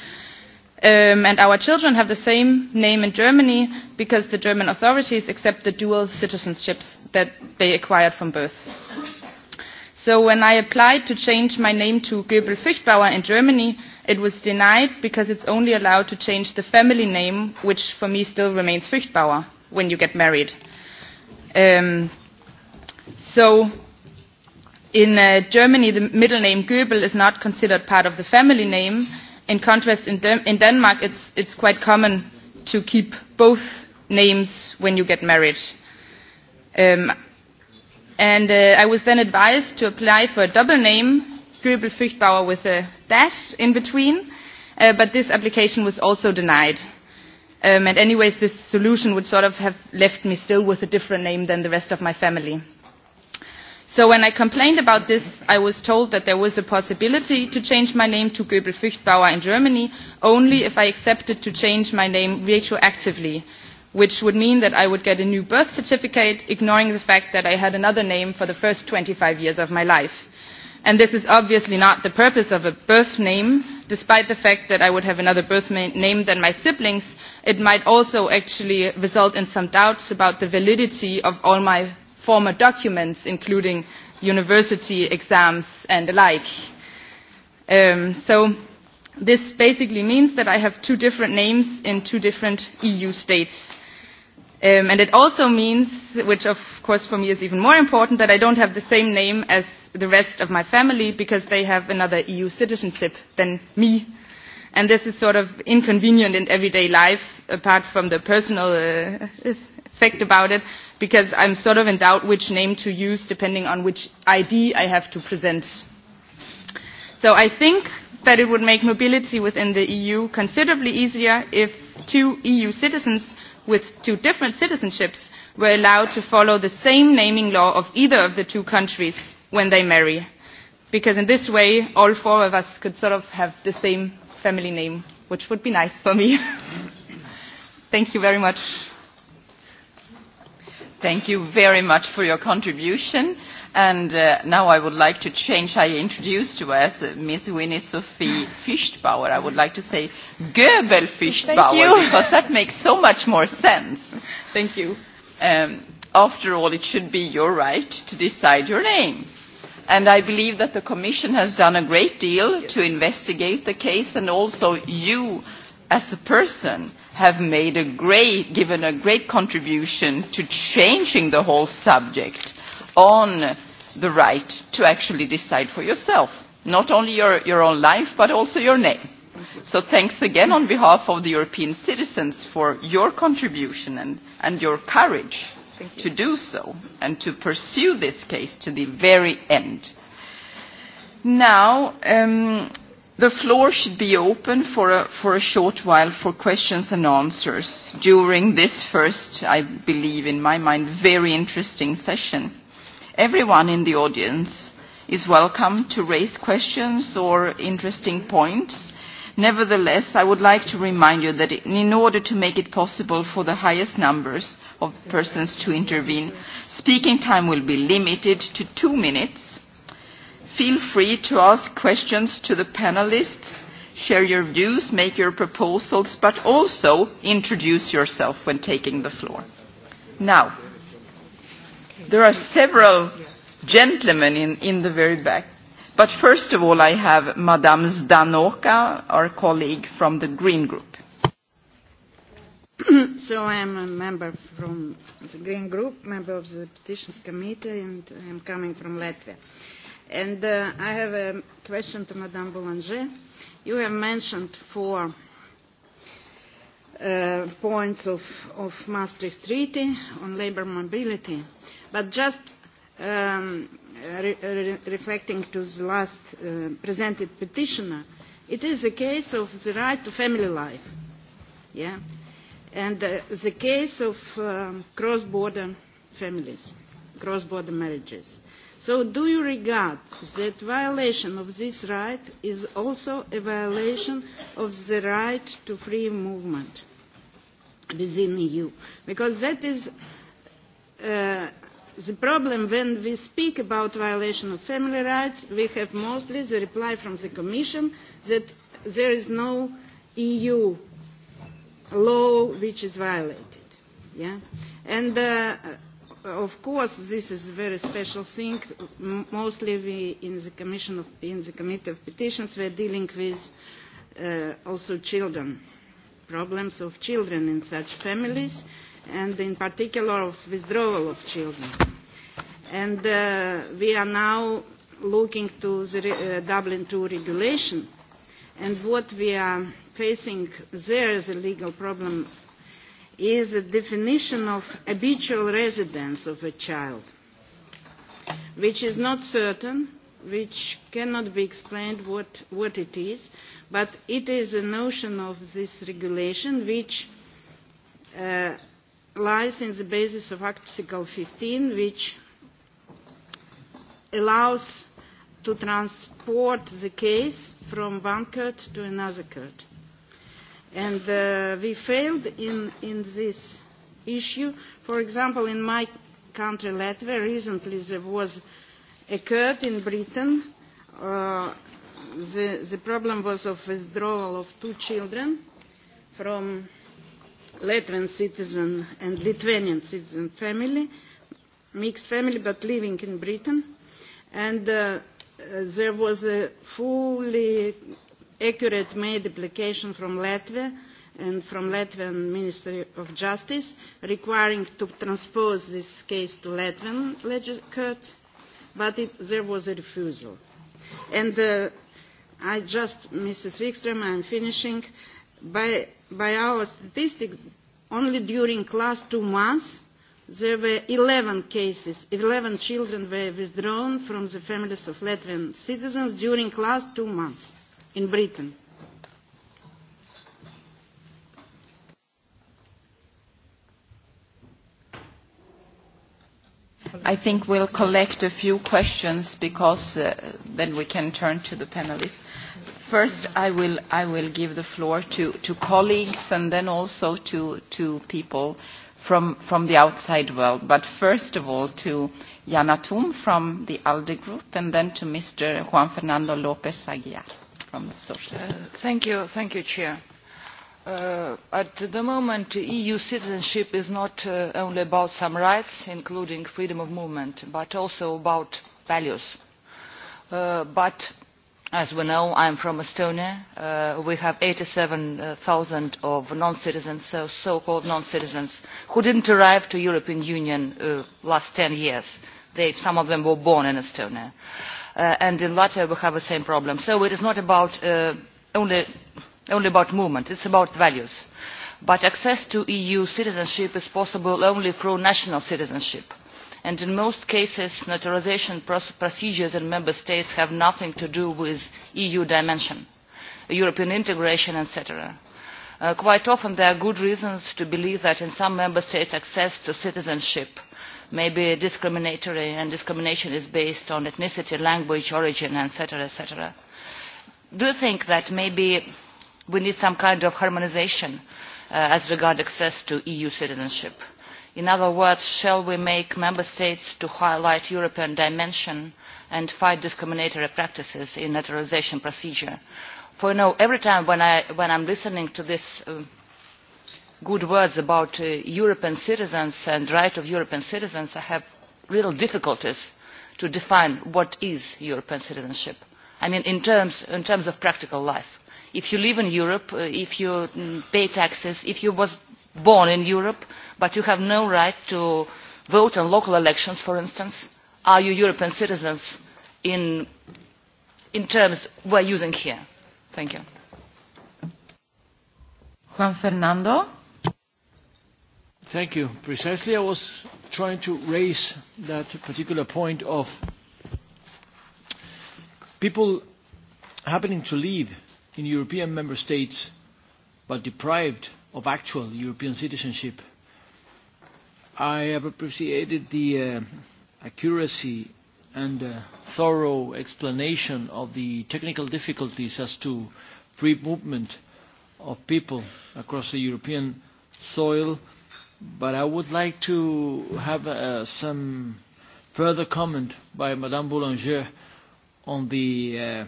Speaker 11: Um, and our children have the same name in Germany because the German authorities accept the dual citizenships that they acquired from birth. So when I applied to change my name to Göbel Furchtbauer in Germany, it was denied because it's only allowed to change the family name, which for me still remains Furchtbauer when you get married. Um, so in uh, Germany, the middle name Goebel is not considered part of the family name, in contrast, in, in Denmark, it's, it's quite common to keep both names when you get married. Um, and uh, I was then advised to apply for a double name, Goebel Fürchtbauer with a dash in between, uh, but this application was also denied. Um, and anyways, this solution would sort of have left me still with a different name than the rest of my family so when i complained about this i was told that there was a possibility to change my name to goebel furchtbauer in germany only if i accepted to change my name retroactively which would mean that i would get a new birth certificate ignoring the fact that i had another name for the first twenty five years of my life and this is obviously not the purpose of a birth name despite the fact that i would have another birth name than my siblings it might also actually result in some doubts about the validity of all my former documents including university exams and the like. Um, so this basically means that I have two different names in two different EU states. Um, and it also means, which of course for me is even more important, that I don't have the same name as the rest of my family because they have another EU citizenship than me. And this is sort of inconvenient in everyday life, apart from the personal uh, fact about it because I'm sort of in doubt which name to use depending on which ID I have to present. So I think that it would make mobility within the EU considerably easier if two EU citizens with two different citizenships were allowed to follow the same naming law of either of the two countries when they marry. Because in this way, all four of us could sort of have the same family name, which would be nice for me. Thank you very much.
Speaker 2: Thank you very much for your contribution. And uh, now I would like to change, I introduced to us uh, Ms. Winnie Sophie Fischbauer. I would like to say Goebel you. because that makes so much more sense. Thank you. Um, after all, it should be your right to decide your name. And I believe that the Commission has done a great deal yes. to investigate the case and also you as a person have made a great, given a great contribution to changing the whole subject on the right to actually decide for yourself, not only your, your own life, but also your name. So thanks again on behalf of the European citizens for your contribution and, and your courage you. to do so and to pursue this case to the very end. Now, um, The floor should be open for a, for a short while for questions and answers during this first, I believe, in my mind, very interesting session. Everyone in the audience is welcome to raise questions or interesting points. Nevertheless, I would like to remind you that in order to make it possible for the highest numbers of persons to intervene, speaking time will be limited to two minutes Feel free to ask questions to the panelists, share your views, make your proposals, but also introduce yourself when taking the floor. Now, there are several gentlemen in, in the very back. But first of all, I have Madame Zdanoka, our colleague from the Green Group.
Speaker 12: so I am a member from the Green Group, member of the Petitions Committee, and I am coming from Latvia. Uh, And uh, I have a question to Madame Boulanger. You have mentioned four uh, points of, of Maastricht Treaty on labour mobility, but just um, re re reflecting to the last uh, presented petitioner, it is a case of the right to family life. Yeah? And uh, the case of um, cross-border families, cross-border marriages. So do you regard that violation of this right is also a violation of the right to free movement within the EU? Because that is uh, the problem when we speak about violation of family rights, we have mostly the reply from the Commission that there is no EU law which is violated. Yeah? And uh, Uh, of course, this is a very special thing. Mostly we in the Commission, of, in the Committee of Petitions, were dealing with uh, also children, problems of children in such families, and in particular of withdrawal of children. And uh, we are now looking to the uh, Dublin II regulation, and what we are facing there is a legal problem is a definition of habitual residence of a child, which is not certain, which cannot be explained what, what it is, but it is a notion of this regulation which uh, lies in the basis of Article 15, which allows to transport the case from one court to another court And uh, we failed in, in this issue. For example, in my country, Latvia, recently there was occurred in Britain. Uh, the, the problem was of withdrawal of two children from Latvian citizen and Lithuanian citizen family, mixed family, but living in Britain. And uh, there was a fully accurate made application from Latvia and from Latvian Ministry of Justice requiring to transpose this case to Latvian court, but it, there was a refusal. And uh, I just, Mrs. Wikström, I'm finishing. By, by our statistics, only during last two months, there were 11 cases, 11 children were withdrawn from the families of Latvian citizens during last two months in britain.
Speaker 2: I think we'll collect a few questions because uh, then we can turn to the panelists. First, I will, I will give the floor to, to colleagues and then also to, to people from, from the outside world. But first of all, to Jana Thum from the ALDE group and then to Mr. Juan Fernando López Aguiar. Uh,
Speaker 13: uh, at the moment, EU citizenship is not uh, only about some rights, including freedom of movement, but also about values. but as we know, I am from Estonia. we have eighty seven of non-citizens, so called non-citizens, who did not arrive to European Union the last ten years. some of them were born in Estonia uh, and in latvia we have the same problem. so it is not about, uh, only, only about movement it is about values. but access to eu citizenship is possible only through national citizenship and in most cases naturalisation procedures in member states have nothing to do with the eu dimension european integration etc. Uh, quite often there are good reasons to believe that in some member states access to citizenship maybe discriminatory and discrimination is based on ethnicity, language, origin, etc., etc. Do you think that maybe we need some kind of harmonization uh, as regards access to EU citizenship? In other words, shall we make member states to highlight European dimension and fight discriminatory practices in naturalization procedure? For you know, every time when, I, when I'm listening to this uh, good words about uh, european citizens and the right of european citizens i have real difficulties to define what is european citizenship i mean in terms, in terms of practical life. if you live in europe uh, if you mm, pay taxes if you were born in europe but you have no right to vote in local elections for instance are you european citizens in, in terms we are using here? Thank you.
Speaker 14: Juan Fernando. Thank you. Precisely, I was trying to raise that particular point of people happening to live in European member states but deprived of actual European citizenship. I have appreciated the uh, accuracy and uh, thorough explanation of the technical difficulties as to free movement of people across the European soil But I would like to have uh, some further comment by Madame Boulanger on the, uh,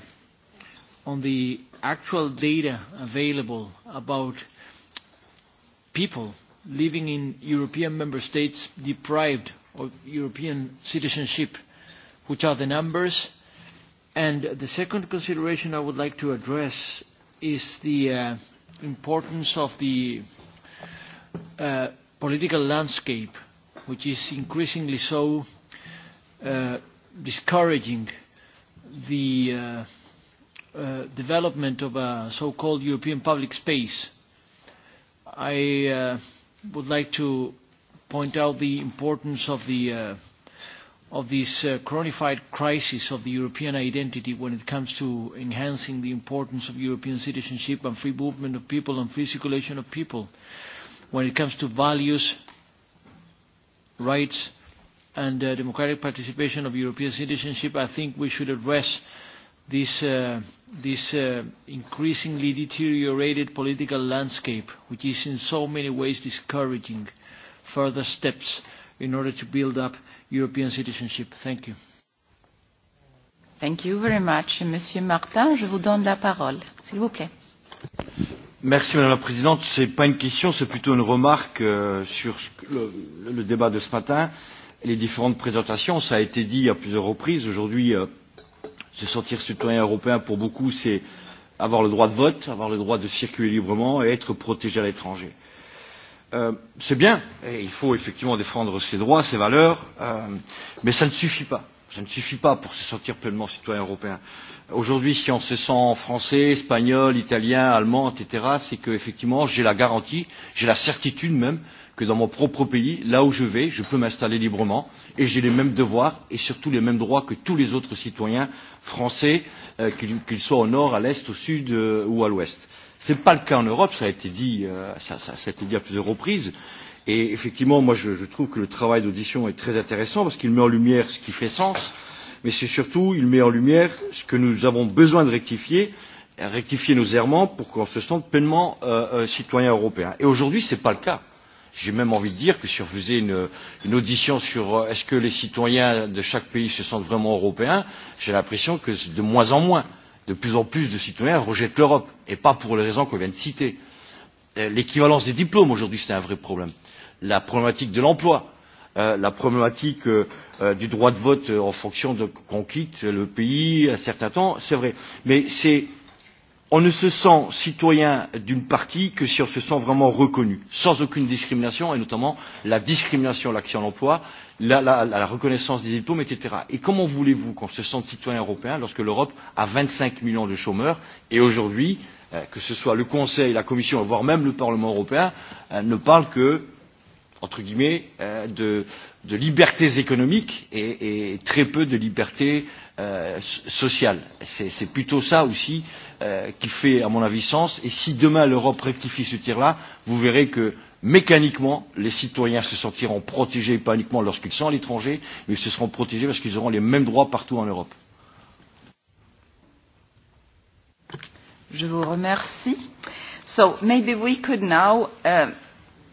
Speaker 14: on the actual data available about people living in European member states deprived of European citizenship, which are the numbers. And the second consideration I would like to address is the uh, importance of the uh, political landscape, which is increasingly so uh, discouraging the uh, uh, development of a so-called European public space. I uh, would like to point out the importance of the uh, of this uh, chronified crisis of the European identity when it comes to enhancing the importance of European citizenship and free movement of people and free circulation of people. Uh, when it comes to values, rights, and uh, democratic participation of European citizenship, I think we should address this, uh, this uh, increasingly deteriorated political landscape, which is in so many ways discouraging further steps in order to build up European citizenship. Thank you.
Speaker 2: Thank you very much. Monsieur Martin, je vous donne la parole, s'il vous plaît.
Speaker 15: Merci Madame la Présidente. Ce n'est pas une question, c'est plutôt une remarque euh, sur le, débat de ce matin. et Les différentes présentations, Cela a été dit à plusieurs reprises. Aujourd'hui, euh, se sentir citoyen européen pour beaucoup, c'est avoir le droit de vote, avoir le droit de circuler librement et être protégé à l'étranger. Euh, c'est bien, et il faut effectivement défendre ses droits, ses valeurs, mais cela ne suffit pas. Ça ne suffit pas pour se sentir pleinement citoyen européen. Aujourd'hui, si on se sent français, espagnol, italien, allemand, etc., c'est qu'effectivement, j'ai la garantie, j'ai la certitude même que dans mon propre pays, là où je vais, je peux m'installer librement et j'ai les mêmes devoirs et surtout les mêmes droits que tous les autres citoyens français, euh, qu'ils soient au nord, à l'est, au sud euh, ou à l'ouest. Ce n'est pas le cas en Europe, ça a été dit, euh, ça, ça, ça a été dit à plusieurs reprises. Et effectivement, moi, je, je trouve que le travail d'audition est très intéressant parce qu'il met en lumière ce qui fait sens, mais c'est surtout, il met en lumière ce que nous avons besoin de rectifier, rectifier nos errements pour qu'on se sente pleinement euh, euh citoyen européen. Et aujourd'hui, ce n'est pas le cas. J'ai même envie de dire que si on faisait une, une audition sur euh, est-ce que les citoyens de chaque pays se sentent vraiment européens, j'ai l'impression que de moins en moins, de plus en plus de citoyens rejettent l'Europe, et pas pour les raisons qu'on vient de citer. Euh, l'équivalence des diplômes aujourd'hui, c'est un vrai problème la problématique de l'emploi, euh, la problématique euh, euh du droit de vote euh, en fonction de qu'on quitte le pays un certain temps, c'est vrai. Mais c'est on ne se sent citoyen d'une partie que si on se sent vraiment reconnu, sans aucune discrimination, et notamment la discrimination, l'accès à l'emploi, la, la, la reconnaissance des diplômes, etc. Et comment voulez-vous qu'on se sente citoyen européen lorsque l'Europe a 25 millions de chômeurs et aujourd'hui, euh, que ce soit le Conseil, la Commission, voire même le Parlement européen, ne parle que entre guillemets, euh, de, de libertés économiques et, et très peu de libertés euh, sociales. C'est plutôt ça aussi euh, qui fait, à mon avis, sens. Et si demain l'Europe rectifie ce tir-là, vous verrez que mécaniquement, les citoyens se sentiront protégés, pas uniquement lorsqu'ils sont à l'étranger, mais ils se seront protégés parce qu'ils auront les mêmes droits partout en Europe.
Speaker 2: Je vous remercie. So maybe we could now uh,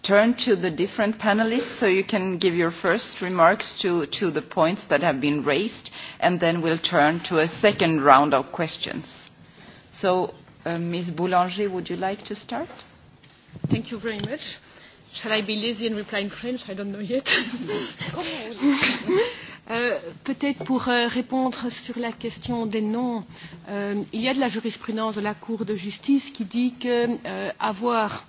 Speaker 2: turn to the different panelists so you can give your first remarks to, to the points that have been raised, and then we'll turn to a second round of questions. So, uh, Ms. Boulanger, would you like to start?
Speaker 6: Thank you very much. Shall I be lazy and reply in French? I don't know yet. Euh, peut-être pour euh, répondre sur la question des noms, euh, il y a de la jurisprudence de la Cour de justice qui dit que euh, avoir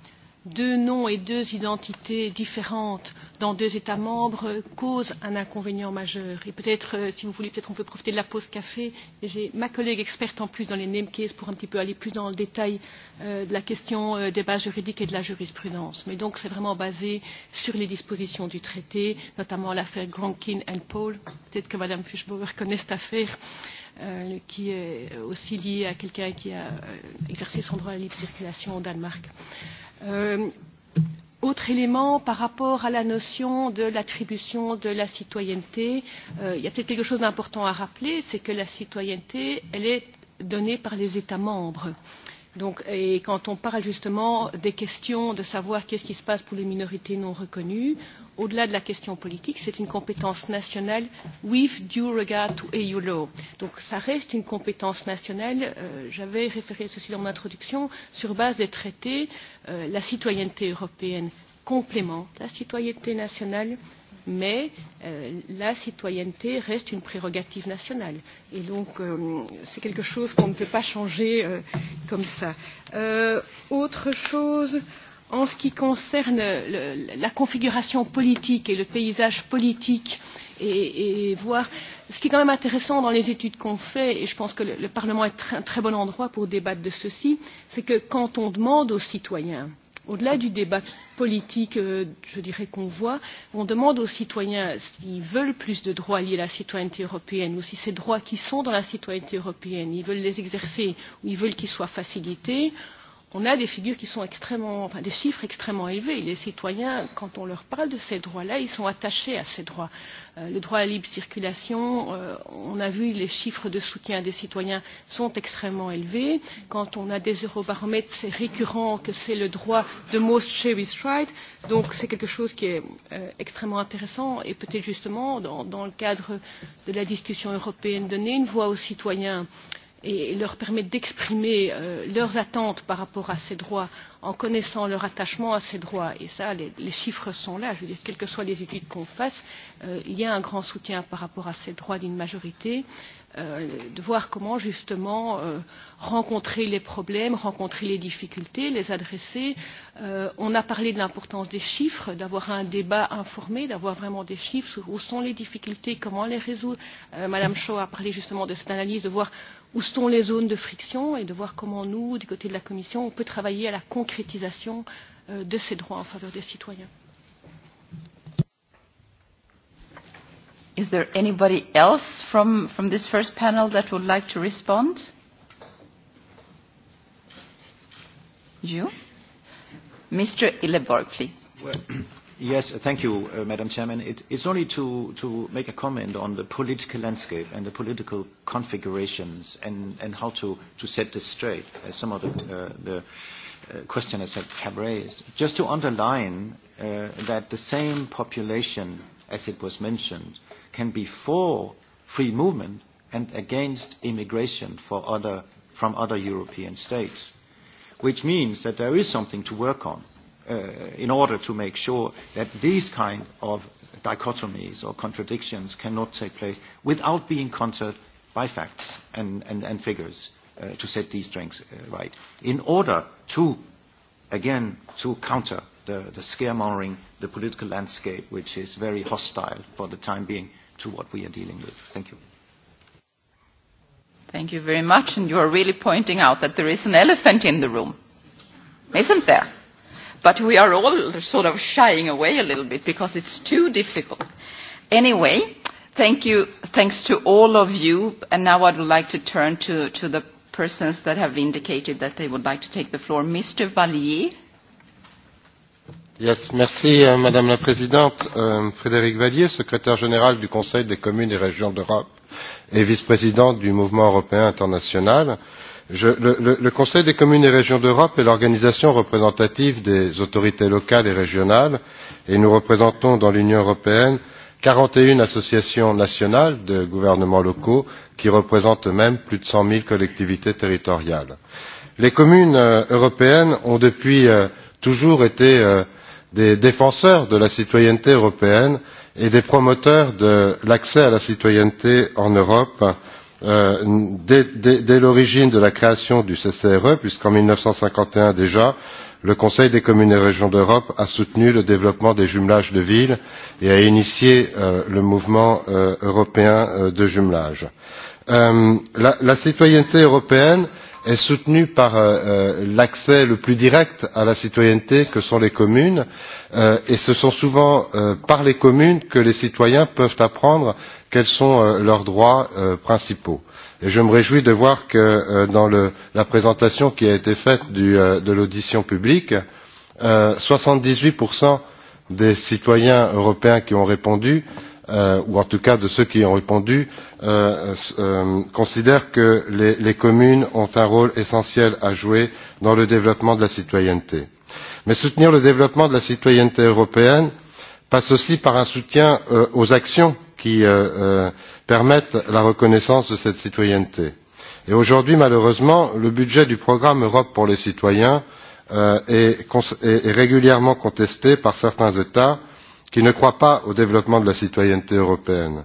Speaker 6: deux noms et deux identités différentes dans deux états membres cause un inconvénient majeur et peut être euh, si vous voulez peut être on peut profiter de la pause café j'ai ma collègue experte en plus dans les name cases pour un petit peu aller plus dans le détail euh, de la question euh, des bases juridiques et de la jurisprudence mais donc c'est vraiment basé sur les dispositions du traité notamment l'affaire Gronkin and Paul peut être que madame Fischbauer connaît cette affaire euh, qui est aussi liée à quelqu'un qui a exercé son droit à la libre circulation au Danemark. Euh, Euh, autre élément par rapport à la notion de l'attribution de la citoyenneté, euh, il y a peut-être quelque chose d'important à rappeler, c'est que la citoyenneté, est donnée par les États membres. Donc, et quand on parle justement des questions de savoir qu'est-ce qui se passe pour les minorités non reconnues, au-delà de la question politique, c'est une compétence nationale with due regard to EU law. Donc ça reste une compétence nationale. Euh, J'avais référé ceci dans mon introduction. Sur base des traités, euh, la citoyenneté européenne complémente la citoyenneté nationale mais euh, la citoyenneté reste une prérogative nationale. Et donc, euh, c'est quelque chose qu'on ne peut pas changer euh, comme ça. Euh, autre chose. En ce qui concerne le, la configuration politique et le paysage politique, et, et voir ce qui est quand même intéressant dans les études qu'on fait, et je pense que le, le Parlement est un très, très bon endroit pour débattre de ceci, c'est que quand on demande aux citoyens au delà du débat politique euh, je dirais qu'on voit on demande aux citoyens s'ils veulent plus de droits liés à la citoyenneté européenne ou si ces droits qui sont dans la citoyenneté européenne ils veulent les exercer ou ils veulent qu'ils soient facilités on a des figures qui sont extrêmement, enfin des chiffres extrêmement élevés. Les citoyens, quand on leur parle de ces droits-là, ils sont attachés à ces droits. Euh, le droit à la libre circulation, euh, on a vu les chiffres de soutien des citoyens sont extrêmement élevés. Quand on a des eurobaromètres, c'est récurrent que c'est le droit de most cherished right. Donc c'est quelque chose qui est euh, extrêmement intéressant et peut-être justement dans, dans le cadre de la discussion européenne donner une voix aux citoyens. Euh, et leur permettre d'exprimer euh, leurs attentes par rapport à ces droits en connaissant leur attachement à ces droits. Et ça, les, les chiffres sont là. Je veux dire, quelles que soient les études qu'on fasse, euh, il y a un grand soutien par rapport à ces droits d'une majorité. Euh, de voir comment justement euh, rencontrer les problèmes, rencontrer les difficultés, les adresser. Euh, on a parlé de l'importance des chiffres, d'avoir un débat informé, d'avoir vraiment des chiffres sur où sont les difficultés, comment les résoudre. Euh, Madame Shaw a parlé justement de cette analyse, de voir euh, où sont les zones de friction et de voir comment nous, du côté de la Commission, on peut travailler à la concrétisation euh, de ces droits en faveur des citoyens.
Speaker 2: Is there anybody else from, from this first panel that would like to respond? You? Mr. Illeborg, please. Well,
Speaker 8: Yes, thank you, uh, Madam Chairman. It, it's only to, to make a comment on the political landscape and the political configurations and, and how to, to set this straight, as some of the, uh, the uh, questioners have, have raised. Just to underline uh, that the same population, as it was mentioned, can be for free movement and against immigration for other, from other European states, which means that there is something to work on uh, in order to make sure that these kind of dichotomies or contradictions cannot take place without being countered by facts and, and, and figures uh, to set these strengths uh, right. In order to, again, to counter the, the scaremongering, the political landscape, which is very hostile for the time being to what we are dealing with. Thank you.
Speaker 2: Thank you very much. And you are really pointing out that there is an elephant in the room, isn't there? but we are all sort of shying away a little bit because it's too difficult. Anyway, thank you, thanks to all of you. And now I would like to turn to, to the persons that have indicated that they would like to take the floor. Mr.
Speaker 1: Vallier.
Speaker 16: Yes, merci euh, Madame la Présidente. Euh, Frédéric Vallier, secrétaire général du Conseil des communes et régions d'Europe et vice-président du Mouvement européen international. Euh, le, Conseil des communes et régions d'Europe est l'organisation représentative des autorités locales et régionales et nous représentons dans l'Union européenne quarante et une associations nationales de gouvernements locaux qui représentent eux mêmes plus de cent zéro collectivités territoriales. les communes euh, européennes ont depuis euh, toujours été euh, des défenseurs de la citoyenneté européenne et des promoteurs de l'accès à la citoyenneté en europe Euh, dès, dès, dès l'origine de la création du CCRE, puisqu'en 1951 déjà, le Conseil des communes et régions d'Europe a soutenu le développement des jumelages de villes et a initié euh, le mouvement euh, européen euh, de jumelage. Euh, la, la citoyenneté européenne est soutenue par euh, euh l'accès le plus direct à la citoyenneté que sont les communes euh, et ce sont souvent euh, par les communes que les citoyens peuvent apprendre quels sont euh, leurs droits euh, principaux. Et je me réjouis de voir que euh, dans le, la présentation qui a été faite du, euh, de l'audition publique, euh, soixante dix huit des citoyens européens qui ont répondu euh, ou en tout cas de ceux qui ont répondu euh, euh, considèrent que les, les communes ont un rôle essentiel à jouer dans le développement de la citoyenneté. Mais soutenir le développement de la citoyenneté européenne passe aussi par un soutien euh, aux actions qui euh, euh, permettent la reconnaissance de cette citoyenneté. Et aujourd'hui, malheureusement, le budget du programme Europe pour les citoyens euh, est, est, est régulièrement contesté par certains États qui ne croient pas au développement de la citoyenneté européenne.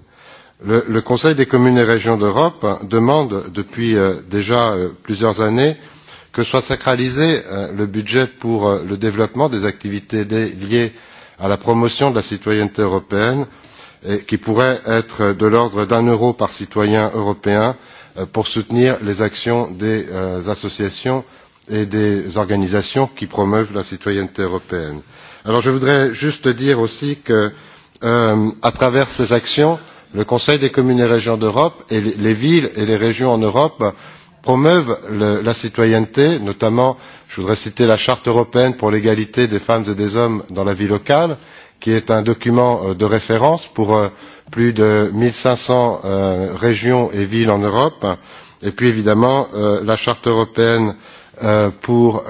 Speaker 16: Le, le Conseil des communes et régions d'Europe demande depuis euh, déjà euh, plusieurs années que soit sacralisé euh, le budget pour euh, le développement des activités liées à la promotion de la citoyenneté européenne qui pourrait être de l'ordre d'un euro par citoyen européen euh, pour soutenir les actions des euh, associations et des organisations qui promeuvent la citoyenneté européenne. Alors je voudrais juste dire aussi que euh, à travers ces actions, le Conseil des communes et régions d'Europe et les villes et les régions en Europe promeuvent le, la citoyenneté, notamment je voudrais citer la charte européenne pour l'égalité des femmes et des hommes dans la vie locale, euh, qui est un document euh, de référence pour euh, plus de un cinq cents euh, régions et villes en europe et puis évidemment la charte européenne pour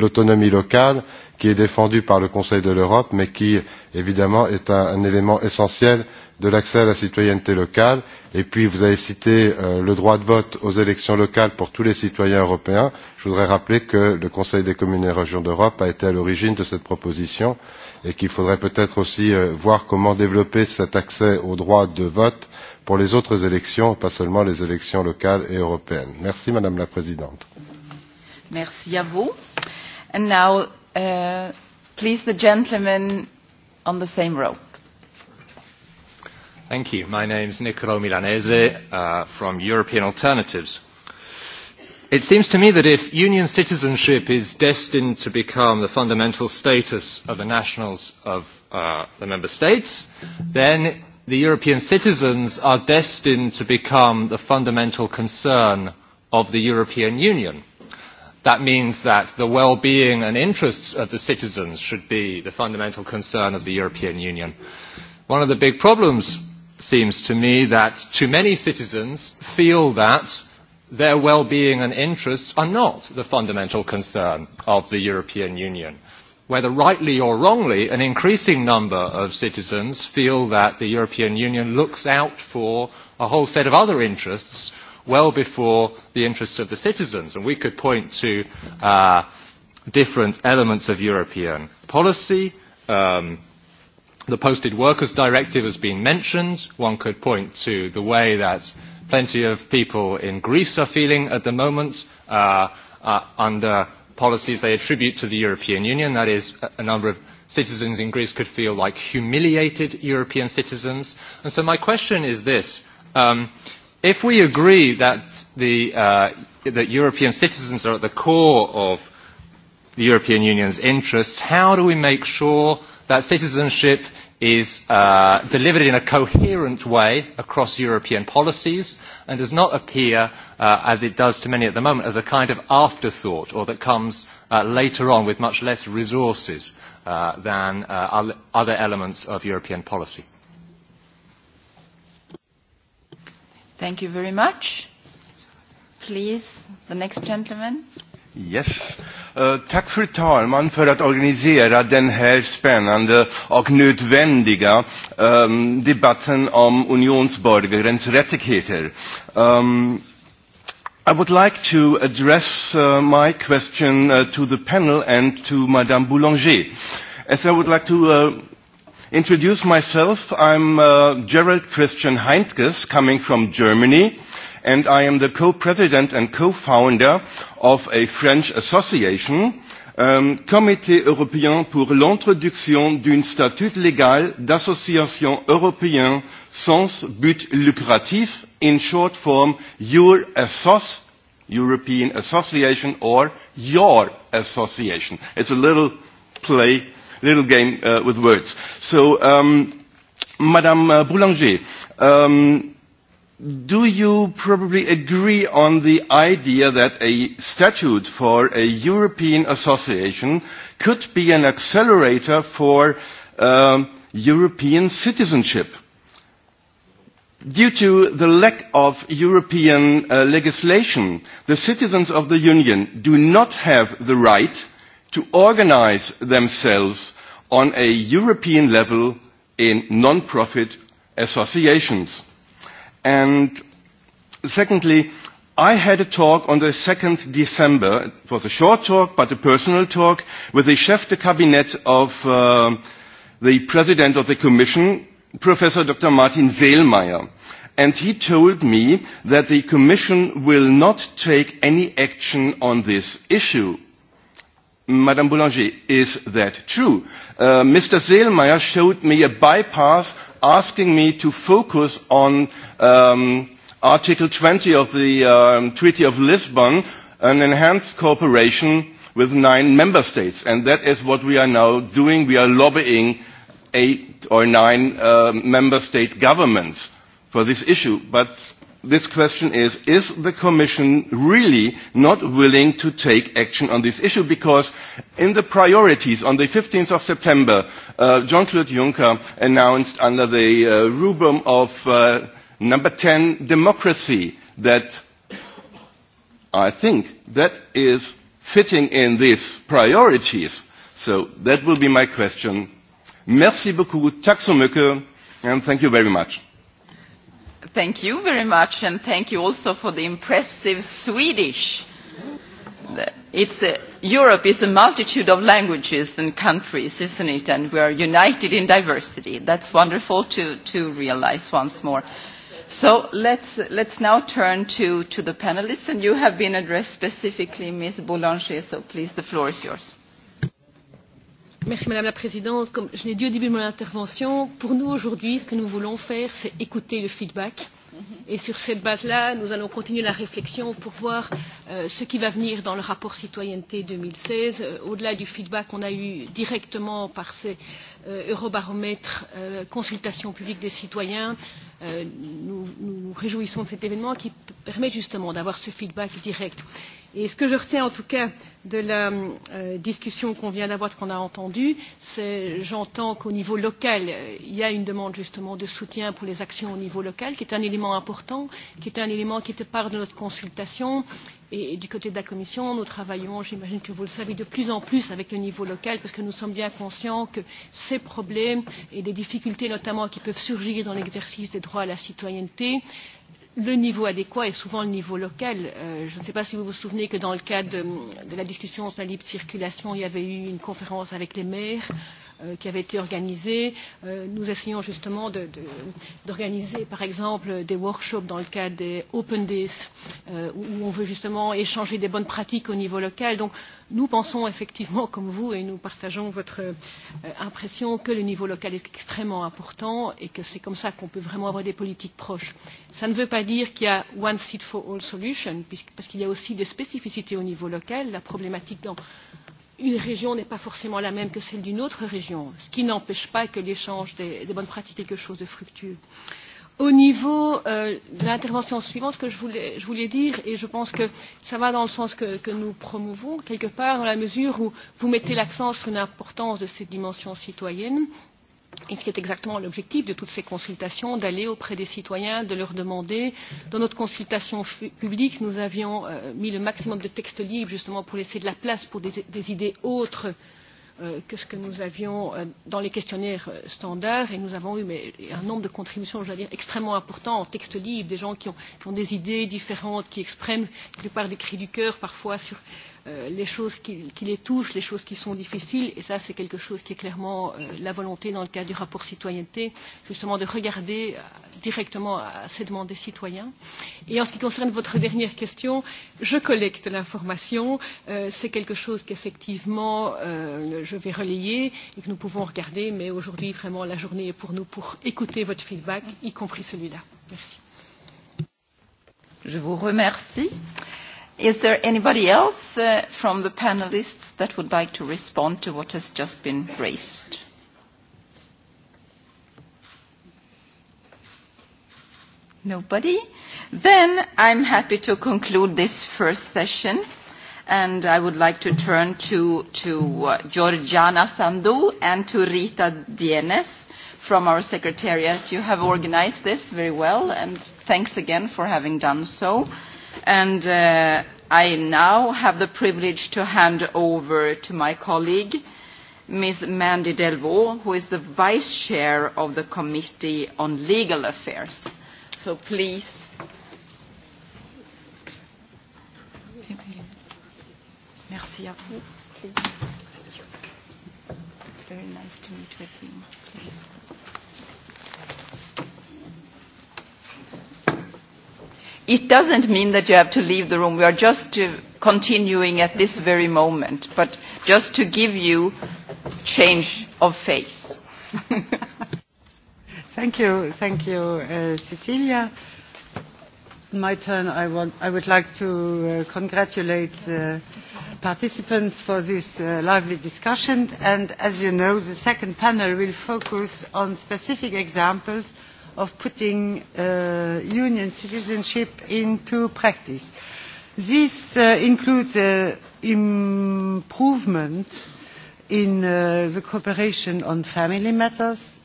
Speaker 16: l'autonomie locale qui est défendue par le conseil de l'europe mais qui évidemment est un, un élément essentiel de l'accès à la citoyenneté locale et puis vous avez cité euh, le droit de vote aux élections locales pour tous les citoyens européens. je voudrais rappeler que le conseil des communes et régions d'europe a été à l'origine de cette proposition et et qu'il faudrait peut-être aussi euh, voir comment développer cet accès au droit de vote pour les autres élections, pas seulement les élections locales et européennes. Merci Madame la Présidente.
Speaker 2: Merci à vous. And now, uh, please the gentleman on the same row.
Speaker 17: Thank you. My name is Niccolo Milanese uh, from European Alternatives It seems to me that if union citizenship is destined to become the fundamental status of the nationals of uh, the member states, then the European citizens are destined to become the fundamental concern of the European Union. That means that the well-being and interests of the citizens should be the fundamental concern of the European Union. One of the big problems seems to me that too many citizens feel that their well-being and interests are not the fundamental concern of the European Union. Whether rightly or wrongly, an increasing number of citizens feel that the European Union looks out for a whole set of other interests well before the interests of the citizens. And we could point to uh, different elements of European policy. Um, the Posted Workers Directive has been mentioned. One could point to the way that plenty of people in Greece are feeling at the moment uh, uh, under policies they attribute to the European Union. That is, a number of citizens in Greece could feel like humiliated European citizens. And so my question is this. Um, if we agree that, the, uh, that European citizens are at the core of the European Union's interests, how do we make sure that citizenship is uh, delivered in a coherent way across European policies and does not appear, uh, as it does to many at the moment, as a kind of afterthought or that comes uh, later on with much less resources uh, than uh, other elements of European policy.
Speaker 2: Thank you very much. Please, the next gentleman.
Speaker 18: Yes. Uh, tack fru talman för att organisera den här spännande och nödvändiga um, debatten om unionsborgarens rättigheter. Um, I would like to address uh, my question uh, to the panel and to Madame Boulanger. As I would like to uh, introduce myself, I'm uh, Gerald Christian Heintges, coming from Germany and I am the co-president and co-founder of a French association, um, Comité européen pour l'introduction d'un statut légal d'association européenne sans but lucratif, in short form, your assos, European Association or your association. It's a little play, little game uh, with words. So, um, Madame Boulanger, um, do you probably agree on the idea that a statute for a European association could be an accelerator for um, European citizenship? Due to the lack of European uh, legislation, the citizens of the Union do not have the right to organize themselves on a European level in non-profit associations And secondly, I had a talk on the 2nd December. It was a short talk, but a personal talk, with the chef de cabinet of uh, the president of the commission, Professor Dr. Martin Seelmeier. And he told me that the commission will not take any action on this issue. Madame Boulanger, is that true? Uh, Mr. Seelmeier showed me a bypass asking me to focus on um, Article 20 of the um, Treaty of Lisbon, an enhanced cooperation with nine member states. And that is what we are now doing. We are lobbying eight or nine uh, member state governments for this issue. But this question is, is the Commission really not willing to take action on this issue? Because in the priorities on the 15th of September, uh, Jean-Claude Juncker announced under the uh, rubrum of uh, number 10, democracy, that I think that is fitting in these priorities. So that will be my question. Merci beaucoup, taxomücke, and thank you very much.
Speaker 2: Thank you very much, and thank you also for the impressive Swedish. It's a, Europe is a multitude of languages and countries, isn't it? And we are united in diversity. That's wonderful to, to realize once more. So let's, let's now turn to, to the panelists, and you have been addressed specifically, Ms. Boulanger, so please, the floor is yours.
Speaker 6: Merci Madame la Présidente. Comme je l'ai dit au début de mon intervention, pour nous aujourd'hui, ce que nous voulons faire, c'est écouter le feedback. Et sur cette base-là, nous allons continuer la réflexion pour voir euh, ce qui va venir dans le rapport citoyenneté 2016, euh, au-delà du feedback qu'on a eu directement par ces euh, eurobaromètres euh, consultation publique des citoyens. Euh, nous, nous réjouissons de cet événement qui permet justement d'avoir ce feedback direct. Et ce que je retiens en tout cas de la euh, discussion qu'on vient d'avoir, qu'on a entendue, c'est j'entends qu'au niveau local, il y a une demande justement de soutien pour les actions au niveau local, qui est un élément important, qui est un élément qui était part de notre consultation. Et, et du côté de la Commission, nous travaillons, j'imagine que vous le savez, de plus en plus avec le niveau local, parce que nous sommes bien conscients que ces problèmes et des difficultés notamment qui peuvent surgir dans l'exercice des droits à la citoyenneté, le niveau adéquat est souvent le niveau local. Euh, je ne sais pas si vous vous souvenez que dans le cadre de, euh, de la discussion sur la libre circulation, il y avait eu une conférence avec les maires. Euh, Euh, qui avaient été organisées. Euh, nous essayons justement d'organiser, par exemple, des workshops dans le cadre des Open Days, euh, où on veut justement échanger des bonnes pratiques au niveau local. Donc, nous pensons effectivement, comme vous, et nous partageons votre impression, que le niveau local est extrêmement important et que c'est comme ça qu'on peut vraiment avoir des politiques proches. Ça ne veut pas dire qu'il y a one seat for all solution, parce qu'il y a aussi des spécificités au niveau local. La problématique dans une région n'est pas forcément la même que celle d'une autre région, ce qui n'empêche pas que l'échange des, des bonnes pratiques est quelque chose de fructueux. Au niveau euh, de l'intervention suivante, ce que je voulais, je voulais dire, et je pense que ça va dans le sens que, que nous promouvons, quelque part dans la mesure où vous mettez l'accent sur l'importance de cette dimension citoyenne, euh, Et ce qui est exactement l'objectif de toutes ces consultations, d'aller auprès des citoyens, de leur demander. Dans notre consultation publique, nous avions euh, mis le maximum de textes libres justement pour laisser de la place pour des, des idées autres euh, que ce que nous avions euh, dans les questionnaires euh, standards. Et nous avons eu mais, un nombre de contributions, je veux dire, extrêmement important en textes libres, des gens qui ont, qui ont des idées différentes, qui expriment quelque part des cris du cœur parfois sur, euh, Euh, les choses qui, qui les touchent, les choses qui sont difficiles, et ça c'est quelque chose qui est clairement euh, la volonté dans le cadre du rapport citoyenneté, justement de regarder euh, directement à ces demandes des citoyens. Et en ce qui concerne votre dernière question, je collecte l'information, euh, c'est quelque chose qu'effectivement euh, je vais relayer et que nous pouvons regarder, mais aujourd'hui vraiment la journée est pour nous pour
Speaker 2: écouter votre feedback, y compris celui-là. Merci. Je vous remercie. Euh, Is there anybody else uh, from the panelists that would like to respond to what has just been raised? Nobody? Then I'm happy to conclude this first session, and I would like to turn to, to uh, Georgiana Sandu and to Rita Dienes from our secretariat. You have organized this very well, and thanks again for having done so and uh, I now have the privilege to hand over to my colleague, Ms. Mandy Delvaux, who is the Vice Chair of the Committee on Legal Affairs. So please. Merci à vous. Please. Very nice to meet with you. Please. it doesn't mean that you have to leave the room. We are just uh, continuing at this very moment, but just
Speaker 19: to give you change of face. thank you, thank you, uh, Cecilia. My turn. I, want, I would like to uh, congratulate the uh, participants for this uh, lively discussion. And as you know, the second panel will focus on specific examples of putting uh, union citizenship into practice. This uh, includes uh, improvement in uh, the cooperation on family matters,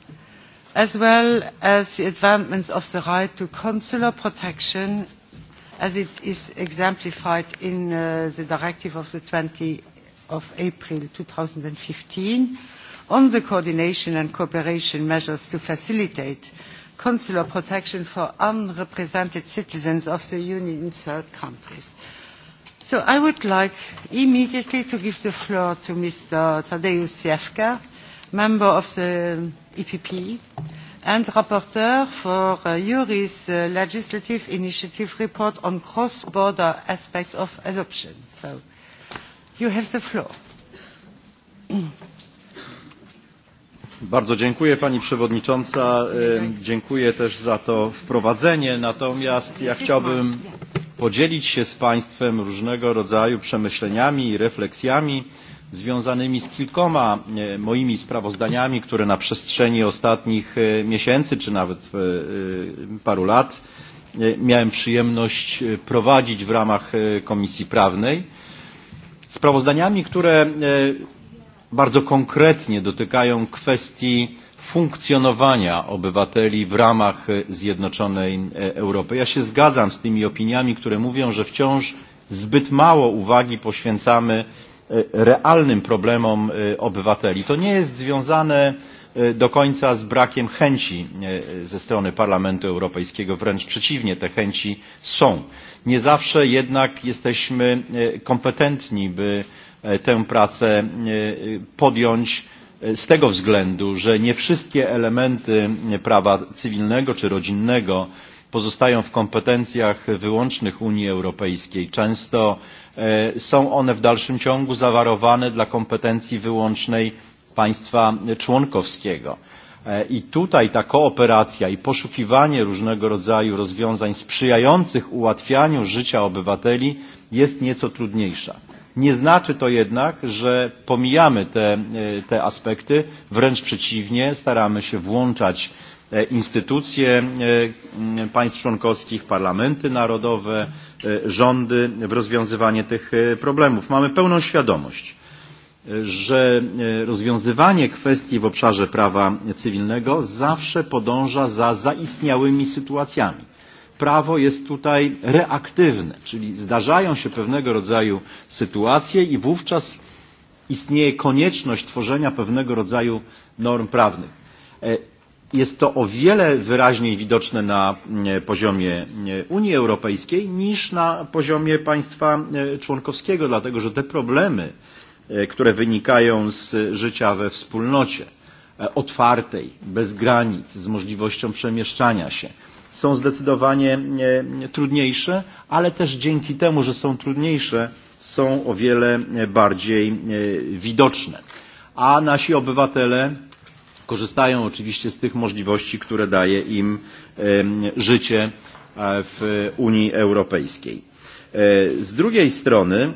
Speaker 19: as well as the advancements of the right to consular protection as it is exemplified in uh, the directive of the 20 of April 2015 on the coordination and cooperation measures to facilitate consular protection for unrepresented citizens of the Union in third countries. So I would like immediately to give the floor to Mr. Tadeusz Siewka, member of the EPP and rapporteur for uh, Yuri's uh, legislative initiative report on cross-border aspects of adoption. So you have the floor.
Speaker 20: Bardzo dziękuję Pani Przewodnicząca. Dziękuję też za to wprowadzenie. Natomiast ja chciałbym podzielić się z Państwem różnego rodzaju przemyśleniami i refleksjami związanymi z kilkoma e, moimi sprawozdaniami, które na przestrzeni ostatnich e, miesięcy czy nawet e, paru lat miałem przyjemność prowadzić w ramach Komisji Prawnej. Sprawozdaniami, które bardzo konkretnie dotykają kwestii funkcjonowania obywateli w ramach zjednoczonej e, Europy. Ja się zgadzam z tymi opiniami, które mówią, że wciąż zbyt mało uwagi poświęcamy e, realnym problemom e, obywateli. To nie jest związane do końca z brakiem chęci ze strony Parlamentu Europejskiego, wręcz przeciwnie, te chęci są. Nie zawsze jednak jesteśmy kompetentni, by E, tę pracę e, podjąć e, z tego względu, że nie wszystkie elementy prawa cywilnego czy rodzinnego pozostają w kompetencjach wyłącznych Unii Europejskiej. Często są one w dalszym ciągu zawarowane dla kompetencji wyłącznej państwa członkowskiego. I tutaj ta kooperacja i poszukiwanie różnego rodzaju rozwiązań sprzyjających ułatwianiu życia obywateli jest nieco trudniejsza. Nie znaczy to jednak, że pomijamy te, e, te aspekty, wręcz przeciwnie, staramy się włączać e, instytucje e, państw członkowskich, parlamenty narodowe, rządy w rozwiązywanie tych problemów. Mamy pełną świadomość, że rozwiązywanie kwestii w obszarze prawa cywilnego zawsze podąża za zaistniałymi sytuacjami prawo jest tutaj reaktywne, czyli zdarzają się pewnego rodzaju sytuacje i wówczas istnieje konieczność tworzenia pewnego rodzaju norm prawnych. E, jest to o wiele wyraźniej widoczne na poziomie Unii Europejskiej niż na poziomie państwa członkowskiego, dlatego że te problemy, e, które wynikają z życia we wspólnocie, e, otwartej, bez granic, z możliwością przemieszczania się, są zdecydowanie trudniejsze, ale też dzięki temu, że są trudniejsze, są o wiele e, bardziej e, widoczne. A nasi obywatele korzystają oczywiście z tych możliwości, które daje im e, życie w Unii Europejskiej. Z drugiej strony,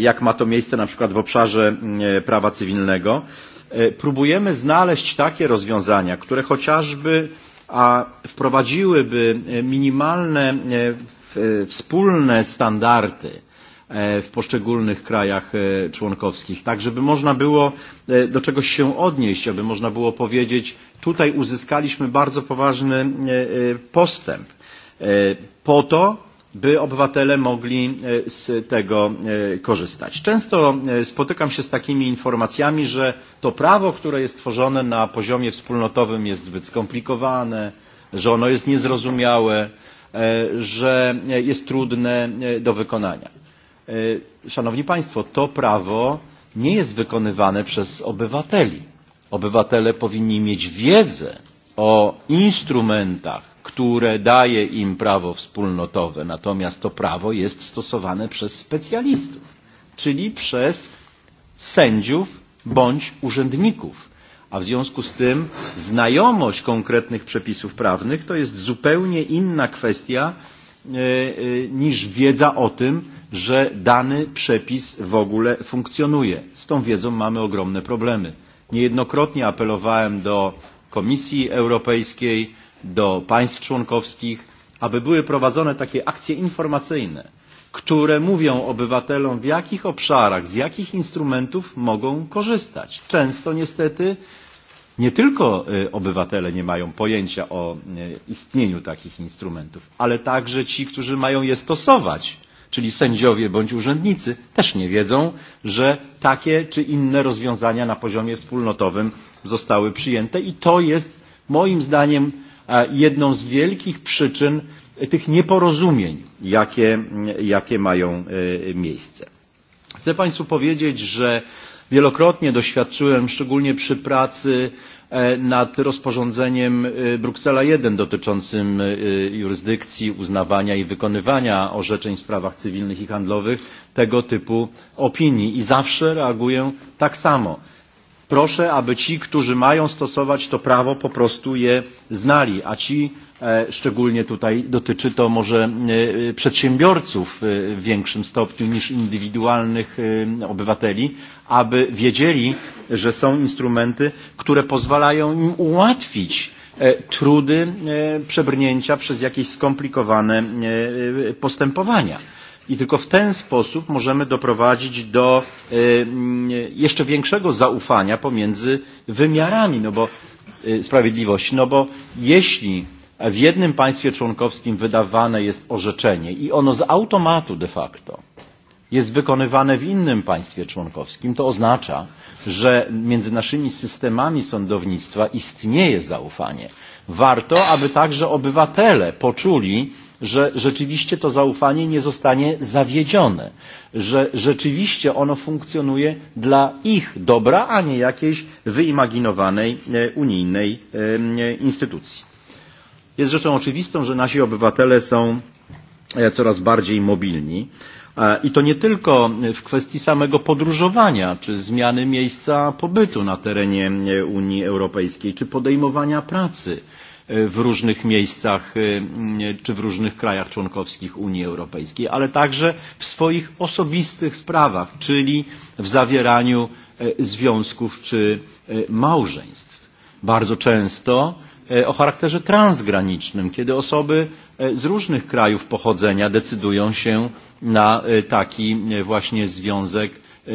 Speaker 20: jak ma to miejsce na przykład w obszarze prawa cywilnego, próbujemy znaleźć takie rozwiązania, które chociażby a wprowadziłyby e, minimalne e, e, wspólne standardy w poszczególnych krajach członkowskich, tak żeby można było do czegoś się odnieść, aby można było powiedzieć, tutaj uzyskaliśmy bardzo poważny postęp po to, by obywatele mogli e, z tego e, korzystać. Często e, spotykam się z takimi informacjami, że to prawo, które jest tworzone na poziomie wspólnotowym jest zbyt skomplikowane, że ono jest niezrozumiałe, że jest trudne do wykonania. Szanowni Państwo, to prawo nie jest wykonywane przez obywateli. Obywatele powinni mieć wiedzę o instrumentach które daje im prawo wspólnotowe, natomiast to prawo jest stosowane przez specjalistów, czyli przez sędziów bądź urzędników. A w związku z tym znajomość konkretnych przepisów prawnych to jest zupełnie inna kwestia e, e, niż wiedza o tym, że dany przepis w ogóle funkcjonuje. Z tą wiedzą mamy ogromne problemy. Niejednokrotnie apelowałem do Komisji Europejskiej, do państw członkowskich, aby były prowadzone takie akcje informacyjne, które mówią obywatelom, w jakich obszarach, z jakich instrumentów mogą korzystać. Często niestety nie tylko obywatele nie mają pojęcia o istnieniu takich instrumentów, ale także ci, którzy mają je stosować, czyli sędziowie bądź urzędnicy, też nie wiedzą, że takie czy inne rozwiązania na poziomie wspólnotowym zostały przyjęte i to jest moim zdaniem jedną z wielkich przyczyn tych nieporozumień, jakie, jakie mają e, miejsce. Chcę Państwu powiedzieć, że wielokrotnie doświadczyłem, szczególnie przy pracy e, nad rozporządzeniem e, Bruksela I dotyczącym jurysdykcji, uznawania i wykonywania orzeczeń w sprawach cywilnych i handlowych tego typu opinii i zawsze reaguję tak samo proszę, aby ci, którzy mają stosować to prawo, po prostu je znali, a ci e, szczególnie tutaj dotyczy to może e, przedsiębiorców w większym stopniu niż indywidualnych e, obywateli, aby wiedzieli, że są instrumenty, które pozwalają im ułatwić trudy przebrnięcia przez jakieś skomplikowane postępowania i tylko w ten sposób możemy doprowadzić do e, mm, jeszcze większego zaufania pomiędzy wymiarami no bo, e, sprawiedliwości. No bo jeśli w jednym państwie członkowskim wydawane jest orzeczenie i ono z automatu de facto jest wykonywane w innym państwie członkowskim, to oznacza, że między naszymi systemami sądownictwa istnieje zaufanie. Warto, aby także obywatele poczuli, że rzeczywiście to zaufanie nie zostanie zawiedzione, że rzeczywiście ono funkcjonuje dla ich dobra, a nie jakiejś wyimaginowanej e, unijnej e, instytucji. Jest rzeczą oczywistą, że nasi obywatele są e, coraz bardziej mobilni. I to nie tylko w kwestii samego podróżowania, czy zmiany miejsca pobytu na terenie Unii Europejskiej, czy podejmowania pracy w różnych miejscach e, czy w różnych krajach członkowskich Unii Europejskiej, ale także w swoich osobistych sprawach, czyli w zawieraniu e, związków czy e, małżeństw. Bardzo często o charakterze transgranicznym, kiedy osoby z różnych krajów pochodzenia decydują się na taki właśnie związek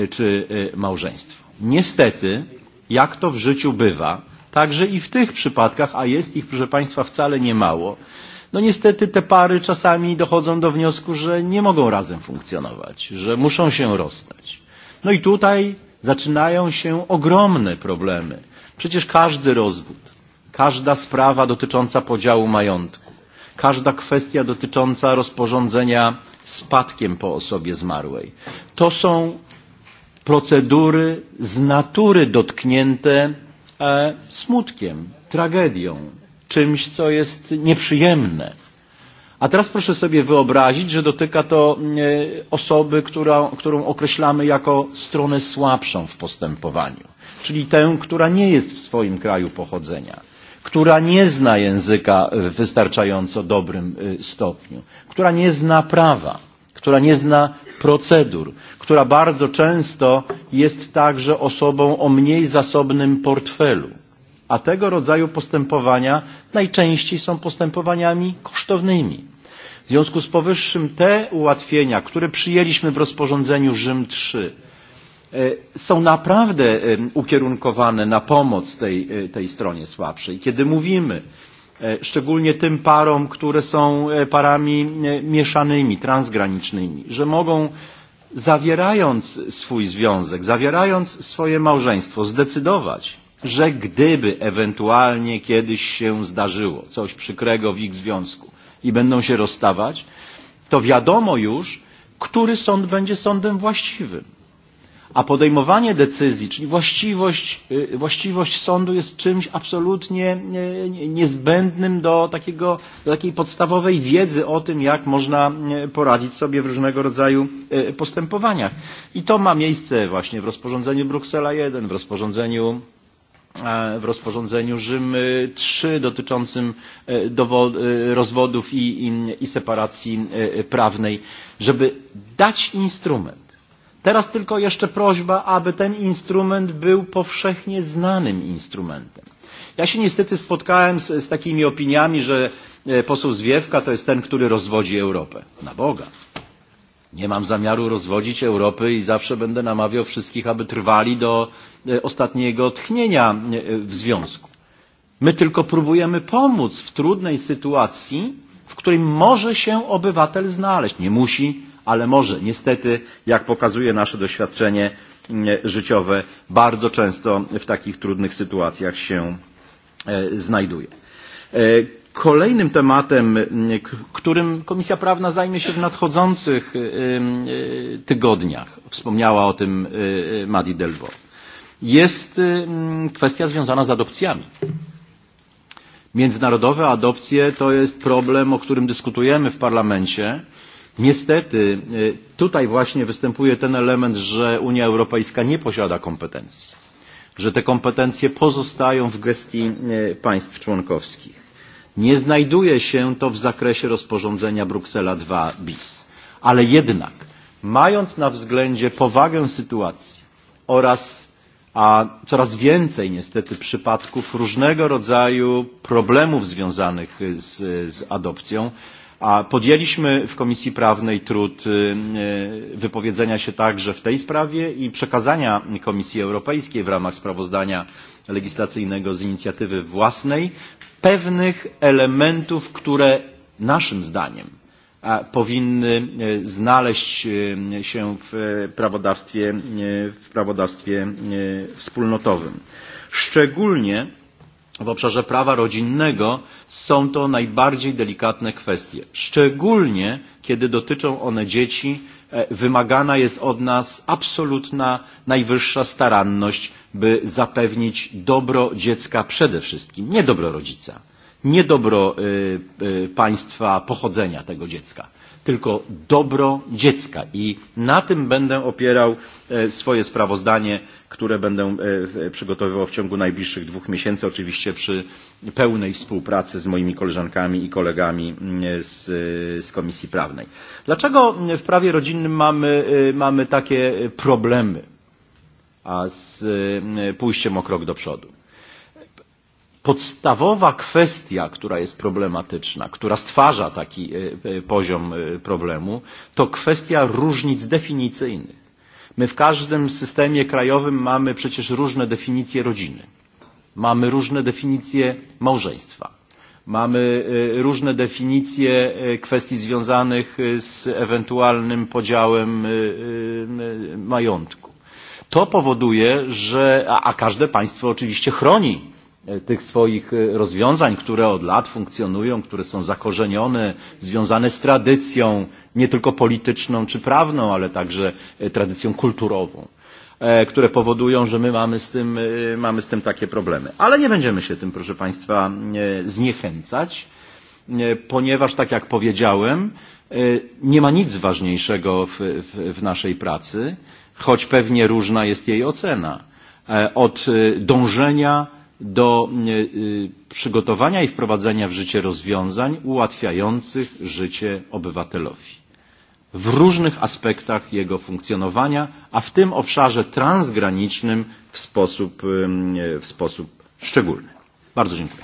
Speaker 20: czy małżeństwo. Niestety, jak to w życiu bywa, Także i w tych przypadkach, a jest ich, proszę Państwa, wcale nie mało, no niestety te pary czasami dochodzą do wniosku, że nie mogą razem funkcjonować, że muszą się rozstać. No i tutaj zaczynają się ogromne problemy. Przecież każdy rozwód, każda sprawa dotycząca podziału majątku, każda kwestia dotycząca rozporządzenia spadkiem po osobie zmarłej, to są procedury z natury dotknięte E, smutkiem, tragedią, czymś, co jest nieprzyjemne. A teraz proszę sobie wyobrazić, że dotyka to e, osoby, która, którą określamy jako stronę słabszą w postępowaniu, czyli tę, która nie jest w swoim kraju pochodzenia, która nie zna języka w e, wystarczająco dobrym stopniu, która nie zna prawa, która nie zna procedur, która bardzo często jest także osobą o mniej zasobnym portfelu. A tego rodzaju postępowania najczęściej są postępowaniami kosztownymi. W związku z powyższym te ułatwienia, które przyjęliśmy w rozporządzeniu Rzym III, e, są naprawdę e, ukierunkowane na pomoc tej, e, tej stronie słabszej. Kiedy mówimy, E, szczególnie tym parom, które są e, parami e, mieszanymi, transgranicznymi, że mogą zawierając swój związek, zawierając swoje małżeństwo, zdecydować, że gdyby ewentualnie kiedyś się zdarzyło coś przykrego w ich związku i będą się rozstawać, to wiadomo już, który sąd będzie sądem właściwym a podejmowanie decyzji, czyli właściwość, właściwość sądu jest czymś absolutnie niezbędnym do, takiego, do takiej podstawowej wiedzy o tym, jak można poradzić sobie w różnego rodzaju postępowaniach. I to ma miejsce właśnie w rozporządzeniu Bruksela I, w rozporządzeniu e, w rozporządzeniu Rzym III dotyczącym e, e, rozwodów i, i, i separacji prawnej, żeby dać instrument Teraz tylko jeszcze prośba, aby ten instrument był powszechnie znanym instrumentem. Ja się niestety spotkałem z, z takimi opiniami, że e, poseł Zwiewka to jest ten, który rozwodzi Europę. Na Boga. Nie mam zamiaru rozwodzić Europy i zawsze będę namawiał wszystkich, aby trwali do e, ostatniego tchnienia e, w związku. My tylko próbujemy pomóc w trudnej sytuacji którym może się obywatel znaleźć. Nie musi, ale może. Niestety, jak pokazuje nasze doświadczenie mm, życiowe, bardzo często w takich trudnych sytuacjach się e, znajduje. E, kolejnym tematem, mm, którym Komisja Prawna zajmie się w nadchodzących tygodniach, wspomniała o tym Madi Delvo, jest mm, kwestia związana z adopcjami międzynarodowe adopcje to jest problem, o którym dyskutujemy w parlamencie. Niestety e, tutaj właśnie występuje ten element, że Unia Europejska nie posiada kompetencji, że te kompetencje pozostają w gestii e, państw członkowskich. Nie znajduje się to w zakresie rozporządzenia Bruksela II bis, ale jednak mając na względzie powagę sytuacji oraz a coraz więcej niestety przypadków różnego rodzaju problemów związanych z, z adopcją. A podjęliśmy w Komisji Prawnej trud wypowiedzenia się także w tej sprawie i przekazania Komisji Europejskiej w ramach sprawozdania legislacyjnego z inicjatywy własnej pewnych elementów, które naszym zdaniem powinny e, znaleźć e, się w e, prawodawstwie, w prawodawstwie wspólnotowym. Szczególnie w obszarze prawa rodzinnego są to najbardziej delikatne kwestie. Szczególnie kiedy dotyczą one dzieci, wymagana jest od nas absolutna, najwyższa staranność, by zapewnić dobro dziecka przede wszystkim, nie dobro rodzica nie dobro e, e, państwa pochodzenia tego dziecka, tylko dobro dziecka. I na tym będę opierał e, swoje sprawozdanie, które będę przygotowywał w ciągu najbliższych dwóch miesięcy, oczywiście przy pełnej współpracy z moimi koleżankami i kolegami z, z Komisji Prawnej. Dlaczego w prawie rodzinnym mamy, mamy takie problemy a z pójściem o krok do przodu? podstawowa kwestia, która jest problematyczna, która stwarza taki e, e, poziom e, problemu, to kwestia różnic definicyjnych. My w każdym systemie krajowym mamy przecież różne definicje rodziny, mamy różne definicje małżeństwa, mamy różne definicje kwestii związanych z ewentualnym podziałem majątku. To powoduje, że, a, każde państwo oczywiście chroni E, tych swoich e, rozwiązań, które od lat funkcjonują, które są zakorzenione, związane z tradycją nie tylko polityczną czy prawną, ale także e, tradycją kulturową, które powodują, że my mamy z tym, mamy z tym takie problemy. Ale nie będziemy się tym, proszę Państwa, zniechęcać, ponieważ, tak jak powiedziałem, nie ma nic ważniejszego w, w, w naszej pracy, choć pewnie różna jest jej ocena, od dążenia do e, e, przygotowania i wprowadzenia w życie rozwiązań ułatwiających życie obywatelowi w różnych aspektach jego funkcjonowania, a w tym obszarze transgranicznym w sposób, e, w sposób szczególny. Bardzo dziękuję.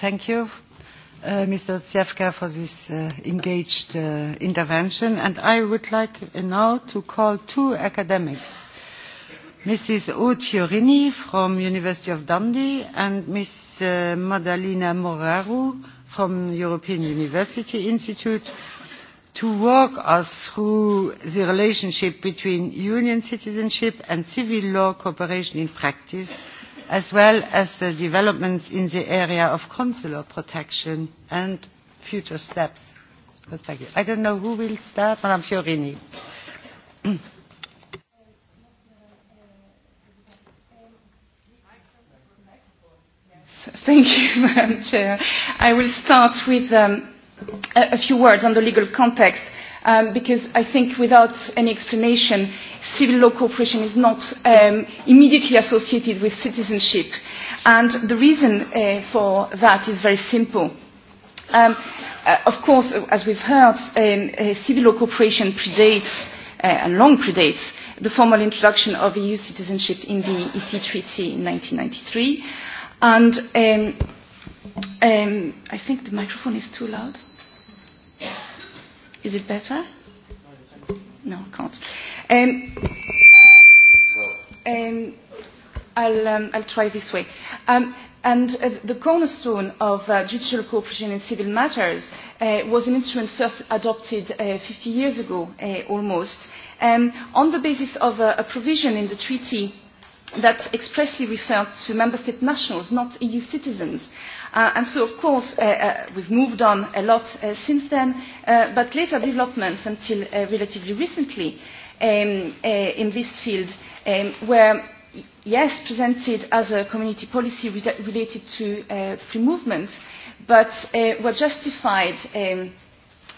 Speaker 19: Thank you, uh, Mr. Tsiewka, for this uh, engaged uh, intervention. And I would like now to call two academics Mrs. Uciorini from University of Dundee and Ms. Uh, Madalina Moraru from European University Institute to walk us through the relationship between union citizenship and civil law cooperation in practice, as well as the developments in the area of consular protection and future steps. I don't know who will start, Madame Fiorini.
Speaker 21: Thank you, Madam Chair. I will start with um, a, a few words on the legal context. Um, because I think without any explanation, civil law cooperation is not um, immediately associated with citizenship. And the reason uh, for that is very simple. Um, uh, of course, as we've heard, um, uh, civil law cooperation predates uh, and long predates the formal introduction of EU citizenship in the EC Treaty in 1993 And um, um, I think the microphone is too loud. Is it better? No, can't. Um, um, I'll, um, I'll try this way. Um, and uh, the cornerstone of uh, judicial cooperation in civil matters uh, was an instrument first adopted uh, 50 years ago uh, almost um, on the basis of a, a provision in the treaty that expressly referred to member state nationals, not EU citizens. Uh, and so, of course, uh, uh, we've moved on a lot uh, since then, uh, but later developments until uh, relatively recently um, uh, in this field um, were, yes, presented as a community policy re related to uh, free movement, but uh, were justified um,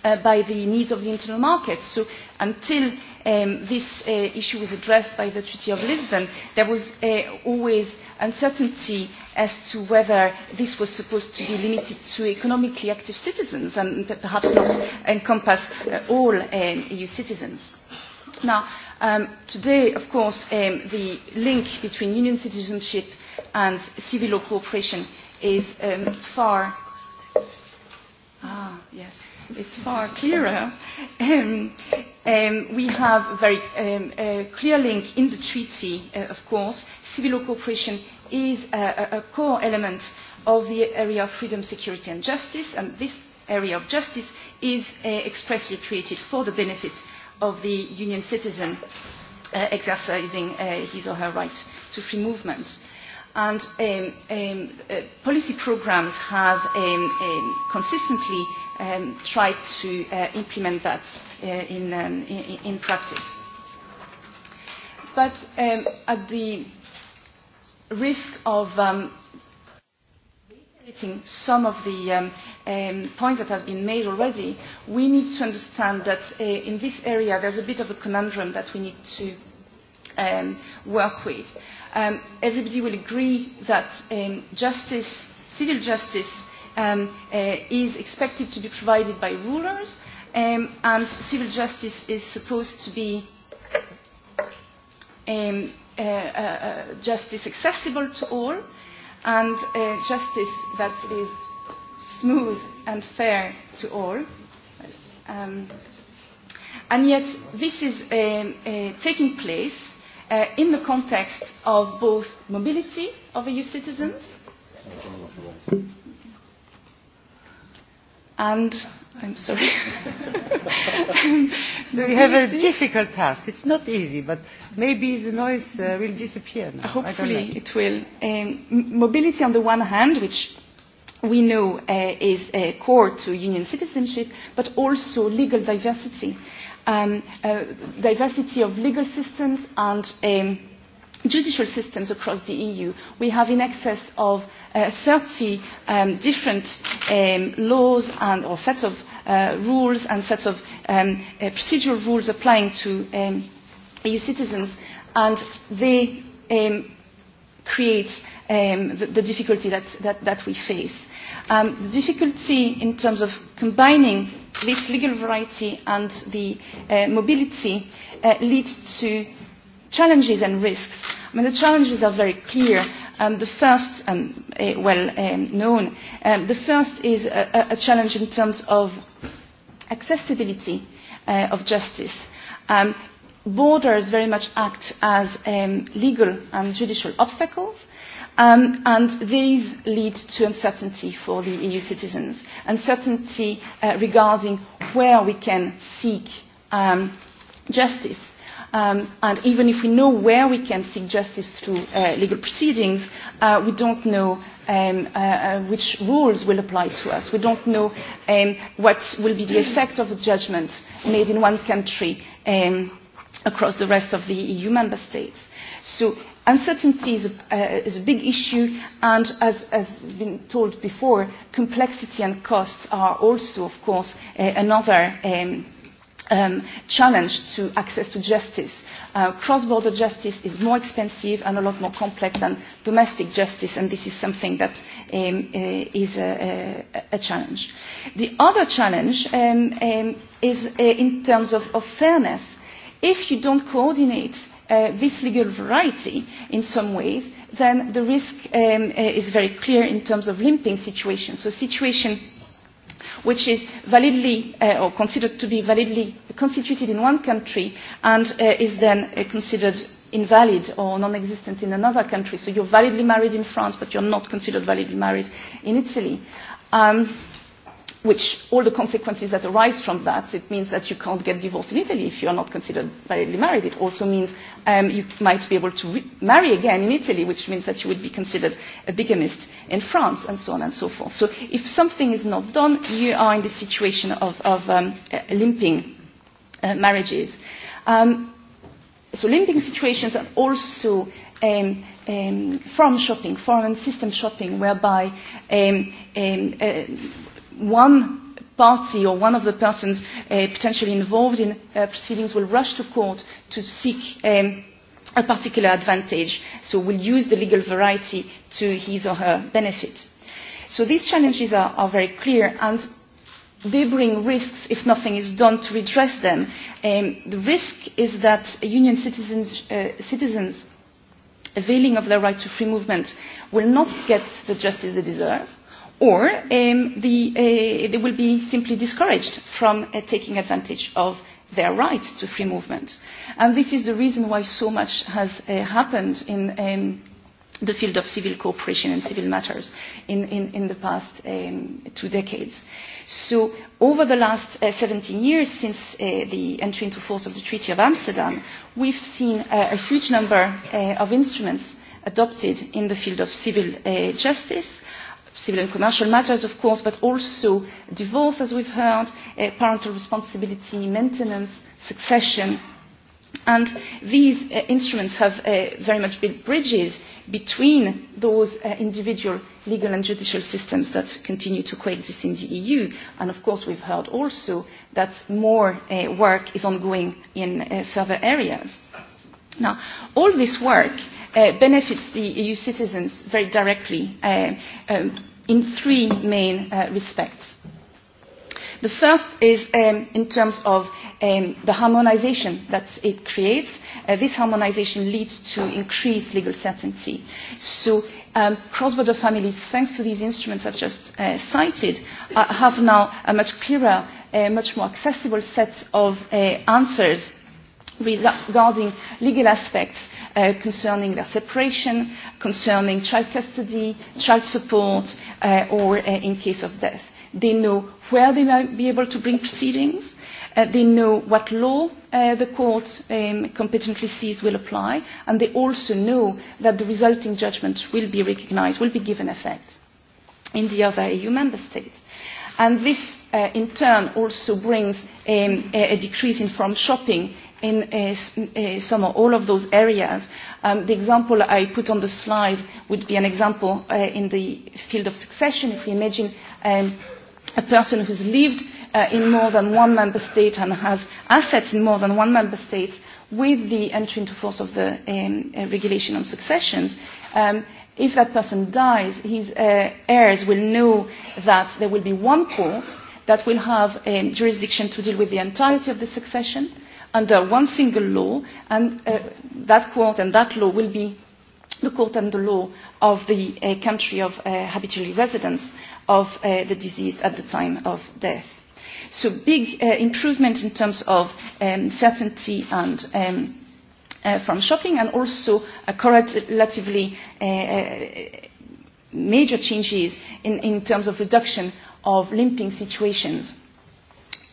Speaker 21: uh, by the needs of the internal market. So until um, this uh, issue was addressed by the Treaty of Lisbon, there was uh, always uncertainty as to whether this was supposed to be limited to economically active citizens and perhaps not encompass uh, all um, EU citizens. Now, um, today, of course, um, the link between union citizenship and civil law cooperation is um, far... Ah, yes is far clearer. Um, um, we have a very um, a clear link in the treaty, uh, of course. Civil law cooperation is a, a, a core element of the area of freedom, security and justice, and this area of justice is uh, expressly created for the benefit of the union citizen uh, exercising uh, his or her right to free movement. Uh, And um, um, uh, policy programmes have um, um, consistently um, tried to uh, implement that uh, in, um, in, in practice. But um, at the risk of um, reiterating some of the um, um, points that have been made already, we need to understand that uh, in this area there's a bit of a conundrum that we need to um, work with um, everybody will agree that um, justice, civil justice um, uh, is expected to be provided by rulers um, and civil justice is supposed to be um, uh, uh, uh justice accessible to all and uh, justice that is smooth and fair to all. Um, and yet this is um, uh, taking place uh, in the context of both mobility of EU citizens and I'm sorry. so we have a
Speaker 19: difficult task. It's not easy, but maybe the noise uh, will disappear now. Hopefully it will.
Speaker 21: Um, mobility on the one hand, which we know uh, is a core to union citizenship, but also legal diversity um, a diversity of legal systems and um, judicial systems across the EU. We have in excess of uh, 30 um, different um, laws and, or sets of uh, rules and sets of um, uh, procedural rules applying to um, EU citizens, and they um, creates um, the, the difficulty that, that, that we face. Um, the difficulty in terms of combining this legal variety and the uh, mobility uh, leads to challenges and risks. I mean, the challenges are very clear. Um, the first, um, uh, well um, known, um, the first is a, a challenge in terms of accessibility uh, of justice. Um, borders very much act as um, legal and judicial obstacles. Um, and these lead to uncertainty for the EU citizens, uncertainty uh, regarding where we can seek um, justice. Um, and even if we know where we can seek justice through uh, legal proceedings, uh, we don't know um, uh, uh which rules will apply to us. We don't know um, what will be the effect of a judgment made in one country um, across the rest of the EU member states. So uncertainty is a, uh, is a big issue and as has been told before, complexity and costs are also of course uh, another um, um, challenge to access to justice. Uh, cross-border justice is more expensive and a lot more complex than domestic justice, and this is something that um, uh, is a, a, a challenge. The other challenge um, um, is uh, in terms of, of fairness if you don't coordinate uh, this legal variety in some ways, then the risk um, uh, is very clear in terms of limping situations. So situation which is validly uh, or considered to be validly constituted in one country and uh, is then uh, considered invalid or non-existent in another country. So you're validly married in France, but you're not considered validly married in Italy. Um, which all the consequences that arise from that, it means that you can't get divorced in Italy if you are not considered validly married. It also means um, you might be able to re- marry again in Italy, which means that you would be considered a bigamist in France, and so on and so forth. So if something is not done, you are in the situation of, of um, uh, limping uh, marriages. Um, so limping situations are also um, um, forum shopping, foreign system shopping, whereby um, um, uh, one party or one of the persons uh, potentially involved in uh, proceedings will rush to court to seek um, a particular advantage, so will use the legal variety to his or her benefit. So these challenges are, are very clear, and they bring risks if nothing is done to redress them. Um, the risk is that union citizens, uh, citizens availing of their right to free movement will not get the justice they deserve, or um, the, uh, they will be simply discouraged from uh, taking advantage of their right to free movement. And this is the reason why so much has uh, happened in um, the field of civil cooperation and civil matters in, in, in the past um, two decades. So over the last uh, 17 years since uh, the entry into force of the Treaty of Amsterdam, we've seen uh, a huge number uh, of instruments adopted in the field of civil uh, justice, civil and commercial matters, of course, but also divorce, as we've heard, uh, parental responsibility, maintenance, succession. And these uh, instruments have uh, very much built bridges between those uh, individual legal and judicial systems that continue to coexist in the EU. And of course, we've heard also that more uh, work is ongoing in uh, further areas. Now, all this work uh, benefits the EU citizens very directly. Uh, um, in three main uh, respects. The first is um, in terms of um, the harmonisation that it creates. Uh, this harmonisation leads to increased legal certainty. So um, cross-border families, thanks to these instruments I've just uh, cited, uh, have now a much clearer, uh, much more accessible set of uh, answers regarding legal aspects uh, concerning their separation, concerning child custody, child support, uh, or uh, in case of death. They know where they might be able to bring proceedings. Uh, they know what law uh, the court um, competently sees will apply, and they also know that the resulting judgment will be recognized, will be given effect in the other EU member states and this uh, in turn also brings um, a, a decrease in forum shopping in uh, uh, some or all of those areas. Um, the example I put on the slide would be an example uh, in the field of succession. If we imagine um, a person who's lived uh, in more than one member state and has assets in more than one member state, with the entry into force of the um, uh, regulation on successions, um, if that person dies, his uh, heirs will know that there will be one court that will have um, jurisdiction to deal with the entirety of the succession under one single law, and uh, that court and that law will be the court and the law of the uh, country of uh, habitual residence of uh, the disease at the time of death. So big uh, improvement in terms of um, certainty and um, uh, from shopping and also a correlatively uh, uh major changes in, in terms of reduction of limping situations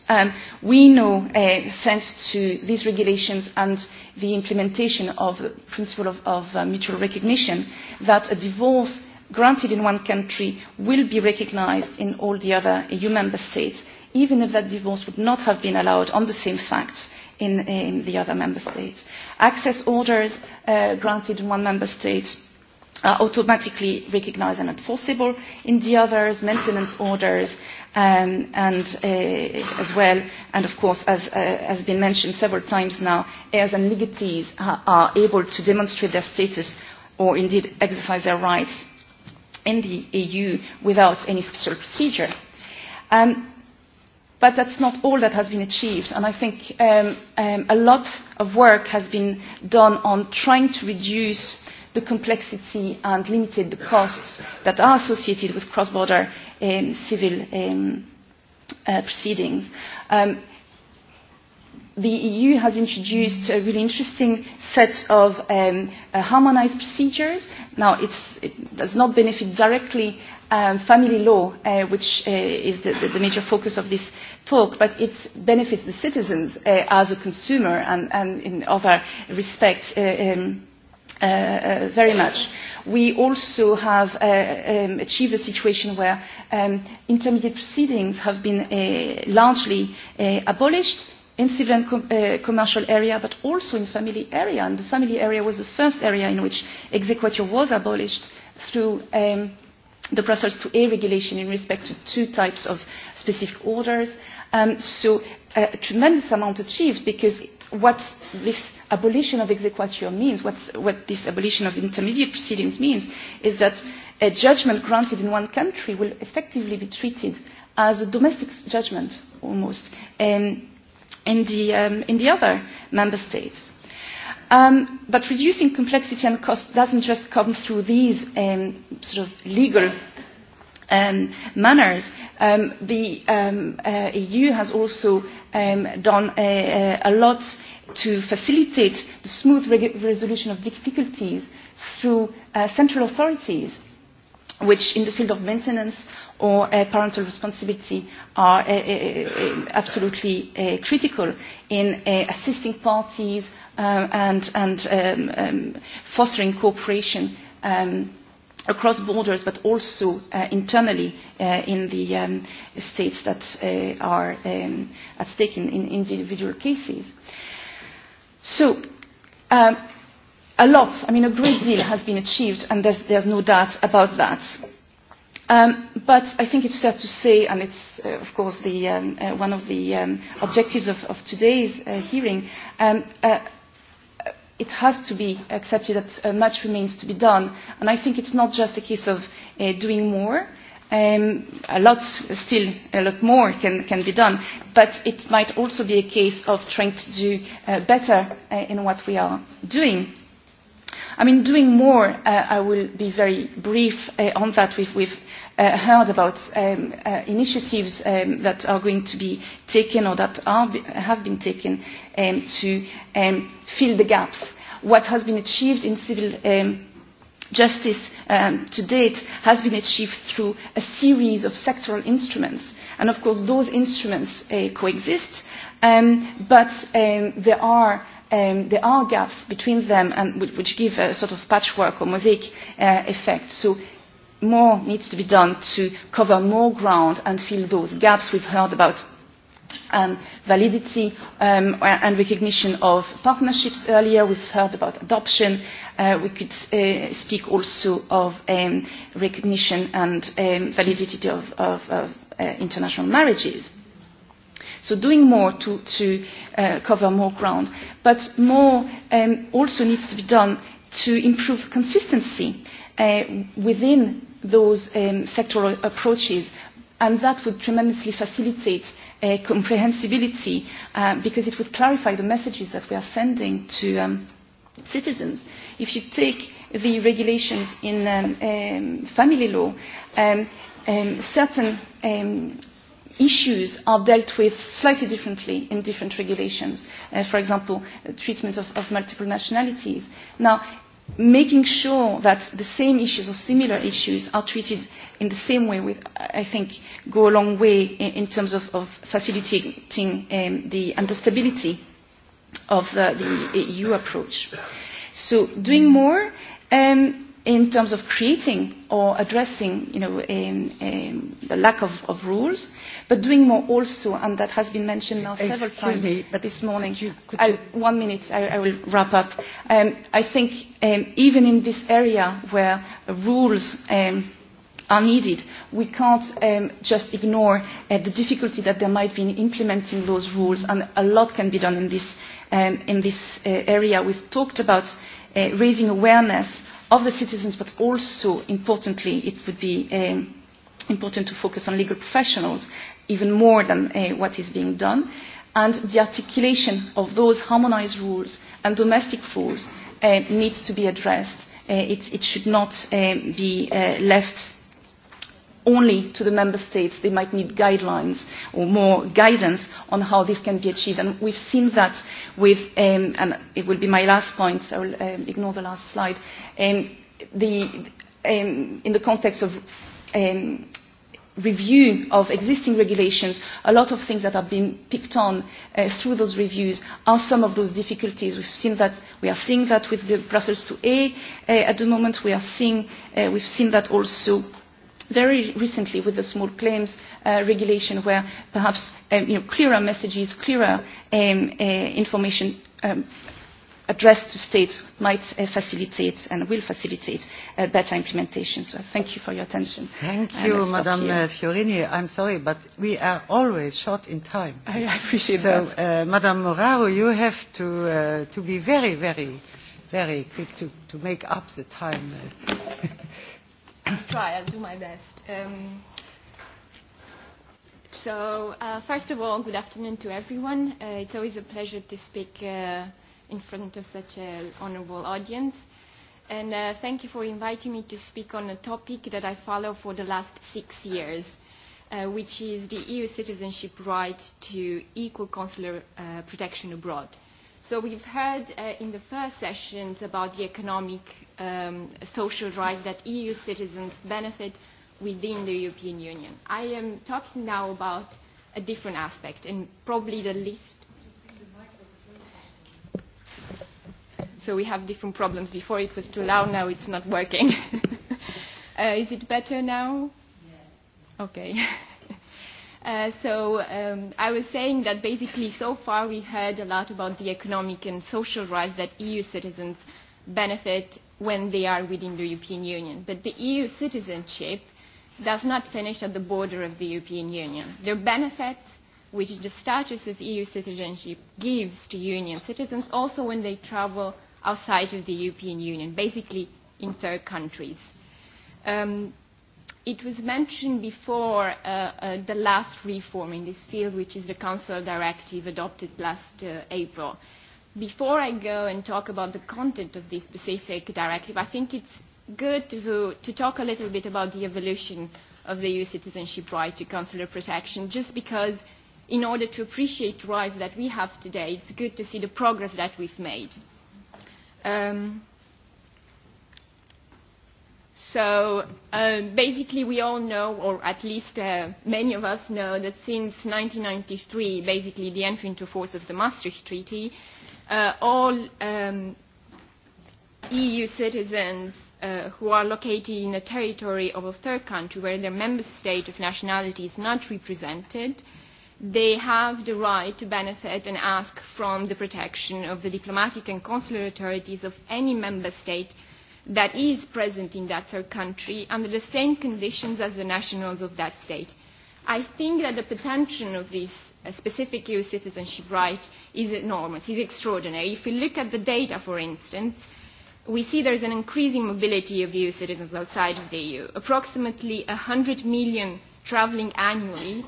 Speaker 21: Um, we know, uh, thanks to these regulations and the implementation of the principle of, of uh, mutual recognition, that a divorce granted in one country will be recognised in all the other EU member states, even if that divorce would not have been allowed on the same facts in, in the other member states. Access orders uh, granted in one member state are automatically recognised and enforceable in the others, maintenance orders, um, and uh, as well, and of course, as uh, has been mentioned several times now, heirs and legatees are, are able to demonstrate their status or indeed exercise their rights in the EU without any special procedure. Um, but that's not all that has been achieved, and I think um, um, a lot of work has been done on trying to reduce the complexity and limited the costs that are associated with cross-border um, civil um, uh, proceedings. Um, the EU has introduced a really interesting set of um, uh, harmonized procedures. Now, it's, it does not benefit directly um, family law, uh, which uh, is the, the, the major focus of this talk, but it benefits the citizens uh, as a consumer and, and in other respects. Uh, um, Uh, uh, very much. We also have uh, um, achieved a situation where um, intermediate proceedings have been uh, largely uh, abolished in civil and com uh, commercial area, but also in family area. And the family area was the first area in which exequatur was abolished through um, the Brussels A regulation in respect to two types of specific orders. Um, so a tremendous amount achieved because what this abolition of exequatur means, what's, what this abolition of intermediate proceedings means, is that a judgment granted in one country will effectively be treated as a domestic judgment almost um, in, the, um, in the other member states. Um, but reducing complexity and cost doesn't just come through these um, sort of legal um, manners. Um, the um, uh, EU has also um, done a, a lot to facilitate the smooth re resolution of difficulties through uh, central authorities which in the field of maintenance or uh, parental responsibility are uh, uh, uh absolutely uh, critical in uh, assisting parties um, and, and um, um, fostering cooperation um, across borders but also uh, internally uh, in the um, states that uh, are um, at stake in, in individual cases. So, um, a lot, I mean, a great deal has been achieved, and there's, there's no doubt about that. Um, but I think it's fair to say, and it's, uh, of course, the, um, uh, one of the um, objectives of, of today's uh, hearing, um, uh, it has to be accepted that uh, much remains to be done. And I think it's not just a case of uh, doing more. Um, a lot, still a lot more can, can be done, but it might also be a case of trying to do uh, better uh, in what we are doing. I mean, doing more, uh, I will be very brief uh, on that. We've, we've uh, heard about um, uh, initiatives um, that are going to be taken or that are, have been taken um, to um, fill the gaps. What has been achieved in civil um, justice um, to date has been achieved through a series of sectoral instruments. And of course, those instruments uh, coexist, um, but um, there are um, there are gaps between them and which give a sort of patchwork or mosaic uh, effect. So more needs to be done to cover more ground and fill those gaps we've heard about um, validity um, and recognition of partnerships earlier. We've heard about adoption. Uh, we could uh, speak also of um, recognition and um, validity of, of, of uh, international marriages so doing more to, to uh, cover more ground. But more um, also needs to be done to improve consistency uh, within those um, sectoral approaches and that would tremendously facilitate uh, comprehensibility uh, because it would clarify the messages that we are sending to um, citizens. If you take the regulations in um, um, family law, um, um, certain um, issues are dealt with slightly differently in different regulations. Uh, for example, uh, treatment of, of multiple nationalities. Now, making sure that the same issues or similar issues are treated in the same way, with, I think, go a long way in, in terms of, of facilitating um, the understandability of uh, the EU approach. So doing more, um, in terms of creating or addressing you know, um, um, the lack of, of rules, but doing more also, and that has been mentioned now several times me, but this morning. Could you, could you... I, one minute, I, I will wrap up. Um, I think um, even in this area where rules um, are needed. We can't um, just ignore uh, the difficulty that there might be in implementing those rules, and a lot can be done in this, um, in this uh, area. We've talked about uh, raising awareness of the citizens, but also importantly, it would be um, important to focus on legal professionals even more than uh, what is being done. And the articulation of those harmonized rules and domestic rules uh, needs to be addressed. Uh, it, it should not um, be uh, left only to the member states. They might need guidelines or more guidance on how this can be achieved. And we've seen that with, um, and it will be my last point, so I'll um, ignore the last slide, um, the, um, in the context of um, review of existing regulations, a lot of things that have been picked on uh, through those reviews are some of those difficulties. We've seen that, we are seeing that with the Brussels 2A uh, at the moment. We are seeing, uh, we've seen that also very recently with the small claims uh, regulation where perhaps um, you know, clearer messages, clearer um, uh, information um, addressed to states might uh, facilitate and will facilitate uh, better implementation. So thank you for your attention. Thank you, Madam uh,
Speaker 19: Fiorini. I'm sorry, but we are always short in time. I appreciate so, that. So, uh, Madam Moraro, you have to, uh, to be very, very, very quick to, to make up the time.
Speaker 22: try. I'll do my best. Um, so, uh, first of all, good afternoon to everyone. Uh, it's always a pleasure to speak uh, in front of such an honorable audience. And uh, thank you for inviting me to speak on a topic that I follow for the last six years, uh, which is the EU citizenship right to equal consular uh, protection abroad. So we've heard uh, in the first sessions about the economic, um, social rights that EU citizens benefit within the European Union. I am talking now about a different aspect and probably the least. So we have different problems. Before it was too loud, now it's not working. uh, is it better now? Okay. Uh, so um, I was saying that basically so far we heard a lot about the economic and social rights that EU citizens benefit when they are within the European Union. But the EU citizenship does not finish at the border of the European Union. The benefits which the status of EU citizenship gives to Union citizens also when they travel outside of the European Union, basically in third countries. Um, it was mentioned before uh, uh, the last reform in this field, which is the Council Directive adopted last uh, April. Before I go and talk about the content of this specific directive, I think it's good to, to talk a little bit about the evolution of the EU citizenship right to consular protection, just because in order to appreciate rights that we have today, it's good to see the progress that we've made. Um, so um, basically we all know, or at least uh, many of us know, that since 1993, basically the entry into force of the Maastricht Treaty, uh, all um, EU citizens uh, who are located in a territory of a third country where their member state of nationality is not represented, they have the right to benefit and ask from the protection of the diplomatic and consular authorities of any member state that is present in that third country under the same conditions as the nationals of that state. I think that the potential of this uh, specific EU citizenship right is enormous, is extraordinary. If we look at the data, for instance, we see there is an increasing mobility of EU citizens outside of the EU. Approximately 100 million travelling annually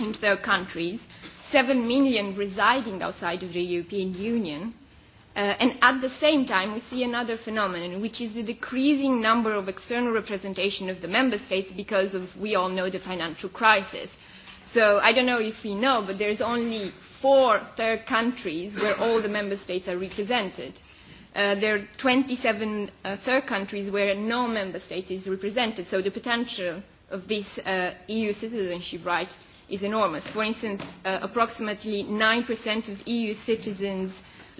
Speaker 22: in third countries, 7 million residing outside of the European Union, Uh, and at the same time, we see another phenomenon, which is the decreasing number of external representation of the member states because of, we all know, the financial crisis. So I don't know if we know, but there's only four third countries where all the member states are represented. Uh, there are 27 uh, third countries where no member state is represented, so the potential of this uh, EU citizenship right is enormous. For instance, uh, approximately 9% of EU citizens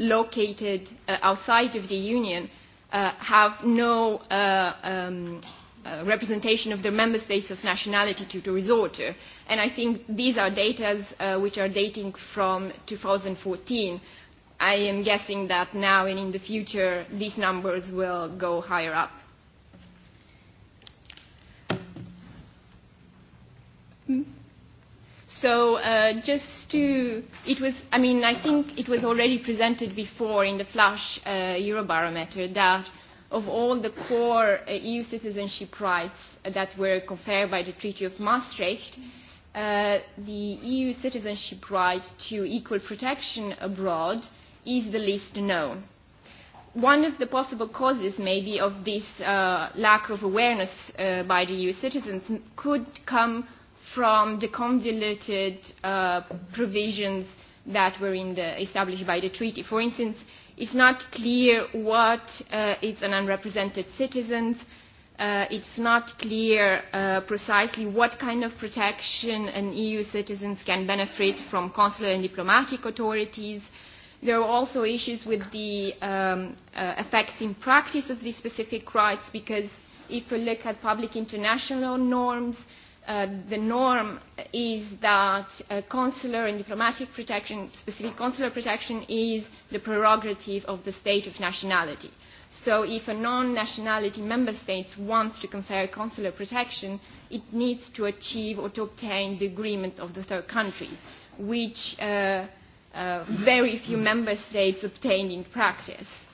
Speaker 22: located uh, outside of the Union uh, have no uh, um, uh, representation of their member states of nationality to, to resort to. And I think these are data uh, which are dating from 2014. I am guessing that now and in the future these numbers will go higher up. Mm. So uh, just to, it was, I mean, I think it was already presented before in the Flash uh, Eurobarometer that of all the core uh, EU citizenship rights that were conferred by the Treaty of Maastricht, uh, the EU citizenship right to equal protection abroad is the least known. One of the possible causes maybe of this uh, lack of awareness uh, by the EU citizens could come from the convoluted uh, provisions that were in the, established by the treaty. For instance, it's not clear what uh, is an unrepresented citizen. Uh, it's not clear uh, precisely what kind of protection an EU citizens can benefit from consular and diplomatic authorities. There are also issues with the um, uh, effects in practice of these specific rights because if we look at public international norms, uh, Uh, the norm is that uh, consular and diplomatic protection, specific consular protection, is the prerogative of the state of nationality. So if a non-nationality member state wants to confer consular protection, it needs to achieve or to obtain the agreement of the third country, which uh, uh, very few member states obtained in practice.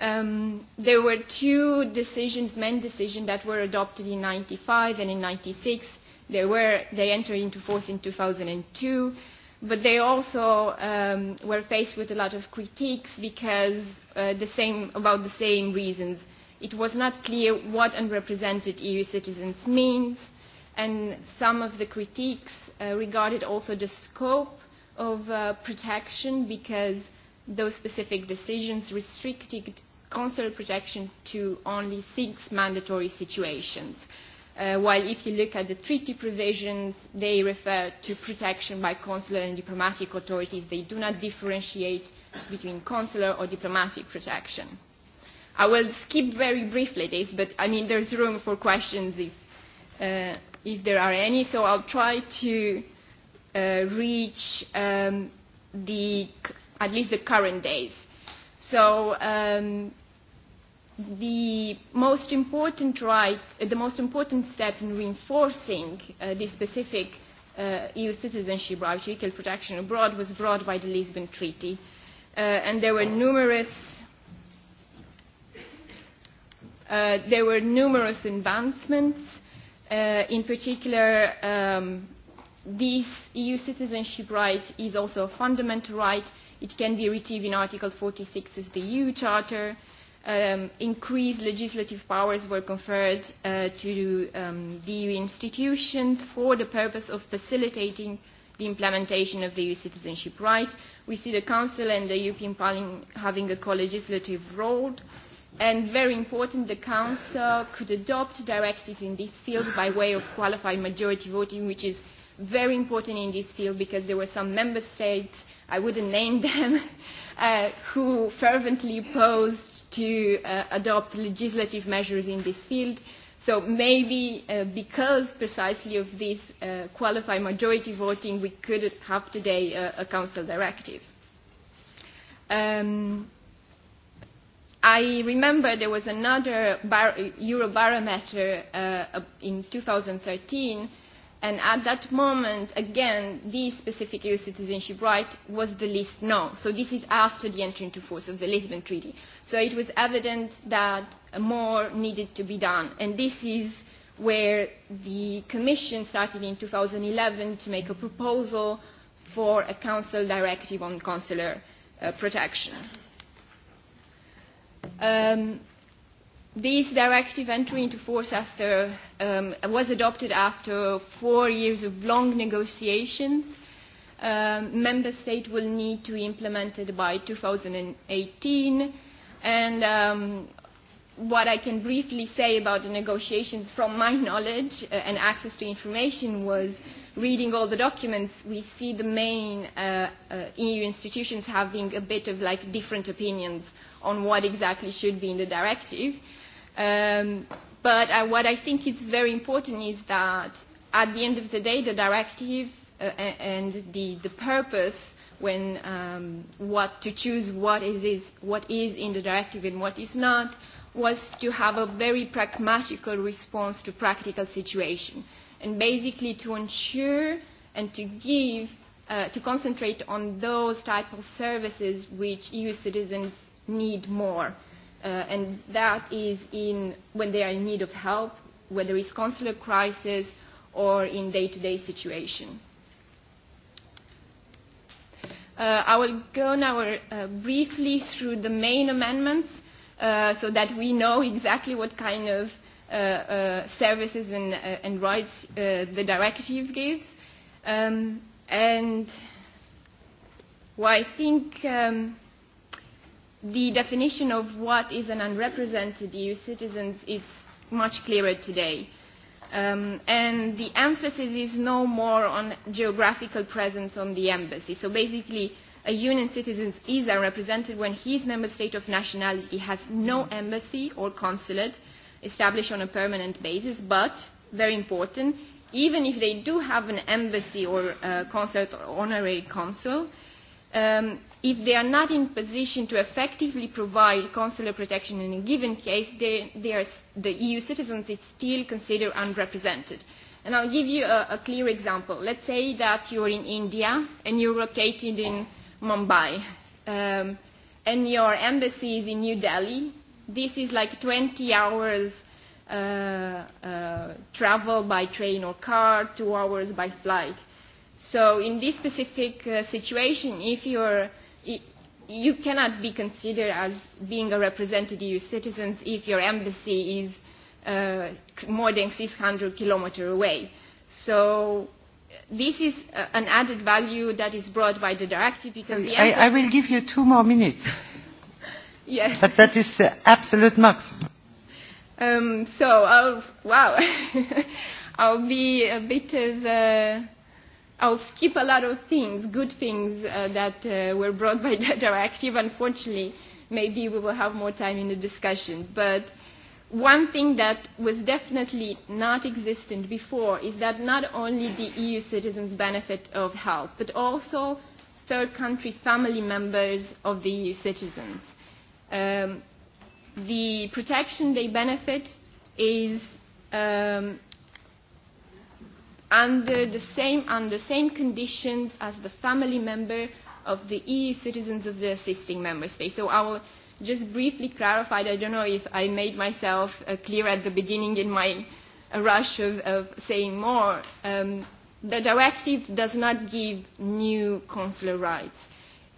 Speaker 22: Um, there were two decisions, main decisions, that were adopted in 95 and in 96 They, were, they entered into force in 2002, but they also um, were faced with a lot of critiques because uh, the same, about the same reasons. It was not clear what unrepresented EU citizens means, and some of the critiques uh, regarded also the scope of uh, protection because those specific decisions restricted consular protection to only six mandatory situations. Uh, while if you look at the treaty provisions, they refer to protection by consular and diplomatic authorities. They do not differentiate between consular or diplomatic protection. I will skip very briefly this, but I mean there's room for questions if, uh, if there are any, so I'll try to uh, reach um, the, at least the current days. So um, the most important right, uh, the most important step in reinforcing uh, the specific uh, EU citizenship right to equal protection abroad was brought by the Lisbon Treaty. Uh, and there were numerous uh, there were numerous advancements. Uh, in particular, um, this EU citizenship right is also a fundamental right. It can be retrieved in Article 46 of the EU Charter um, increased legislative powers were conferred uh, to um, the EU institutions for the purpose of facilitating the implementation of the EU citizenship right. We see the Council and the European Parliament having a co-legislative role. And very important, the Council could adopt directives in this field by way of qualified majority voting, which is very important in this field because there were some member states i wouldn't name them, uh, who fervently opposed to uh, adopt legislative measures in this field. So maybe uh, because precisely of this uh, qualified majority voting, we could have today a, a council directive. Um, I remember there was another bar- Eurobarometer uh, in 2013 And at that moment, again, this specific EU citizenship right was the least known. So this is after the entry into force of the Lisbon Treaty. So it was evident that more needed to be done. And this is where the Commission started in 2011 to make a proposal for a Council directive on consular uh, protection. Um, This directive entry into force after, um, was adopted after four years of long negotiations. Um, member States will need to implement it by 2018. And um, what I can briefly say about the negotiations from my knowledge uh, and access to information was reading all the documents, we see the main uh, uh, EU institutions having a bit of like different opinions on what exactly should be in the directive Um, but uh, what I think is very important is that at the end of the day, the directive uh, and the, the purpose when um, what to choose what is, is, what is in the directive and what is not was to have a very pragmatical response to practical situation and basically to ensure and to give uh, to concentrate on those type of services which EU citizens need more uh, and that is in when they are in need of help, whether it's consular crisis or in day-to-day -day situation. Uh, I will go now uh, briefly through the main amendments uh, so that we know exactly what kind of uh, uh, services and, uh, and rights uh, the directive gives. Um, and well, I think um, the definition of what is an unrepresented EU citizen is much clearer today. Um, and the emphasis is no more on geographical presence on the embassy. So basically, a union citizen is unrepresented when his member state of nationality has no embassy or consulate established on a permanent basis, but, very important, even if they do have an embassy or a uh, consulate or honorary consul, um, if they are not in position to effectively provide consular protection in a given case, they, they are, the EU citizens is still considered unrepresented. And I'll give you a, a clear example. Let's say that you're in India and you're located in Mumbai, um, and your embassy is in New Delhi. This is like 20 hours uh, uh, travel by train or car, two hours by flight. So in this specific uh, situation, if you're you cannot be considered as being a represented EU citizen if your embassy is uh, more than 600 kilometers away. So this is uh, an added value that is brought by the directive because so the I, I
Speaker 19: will give you two more minutes.
Speaker 22: yes. But
Speaker 19: that is the uh, absolute max.
Speaker 22: Um, so, I'll, oh, wow, I'll be a bit of... Uh, I'll skip a lot of things, good things uh, that uh, were brought by the directive. Unfortunately, maybe we will have more time in the discussion. But one thing that was definitely not existent before is that not only the EU citizens benefit of help, but also third country family members of the EU citizens. Um, the protection they benefit is um, under the same, under same conditions as the family member of the EU citizens of the assisting member state. So I will just briefly clarify, I don't know if I made myself uh, clear at the beginning in my uh, rush of, of saying more. Um, the directive does not give new consular rights.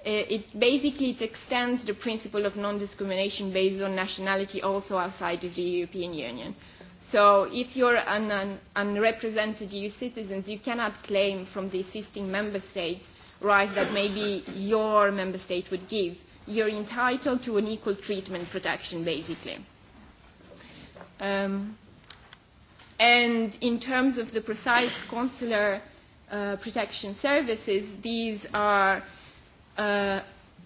Speaker 22: Uh, it basically it extends the principle of non-discrimination based on nationality also outside of the European Union. So if you're an, an unrepresented EU citizen, you cannot claim from the existing member states rights that maybe your member state would give. You're entitled to an equal treatment protection, basically. Um, and in terms of the precise consular uh, protection services, these are uh,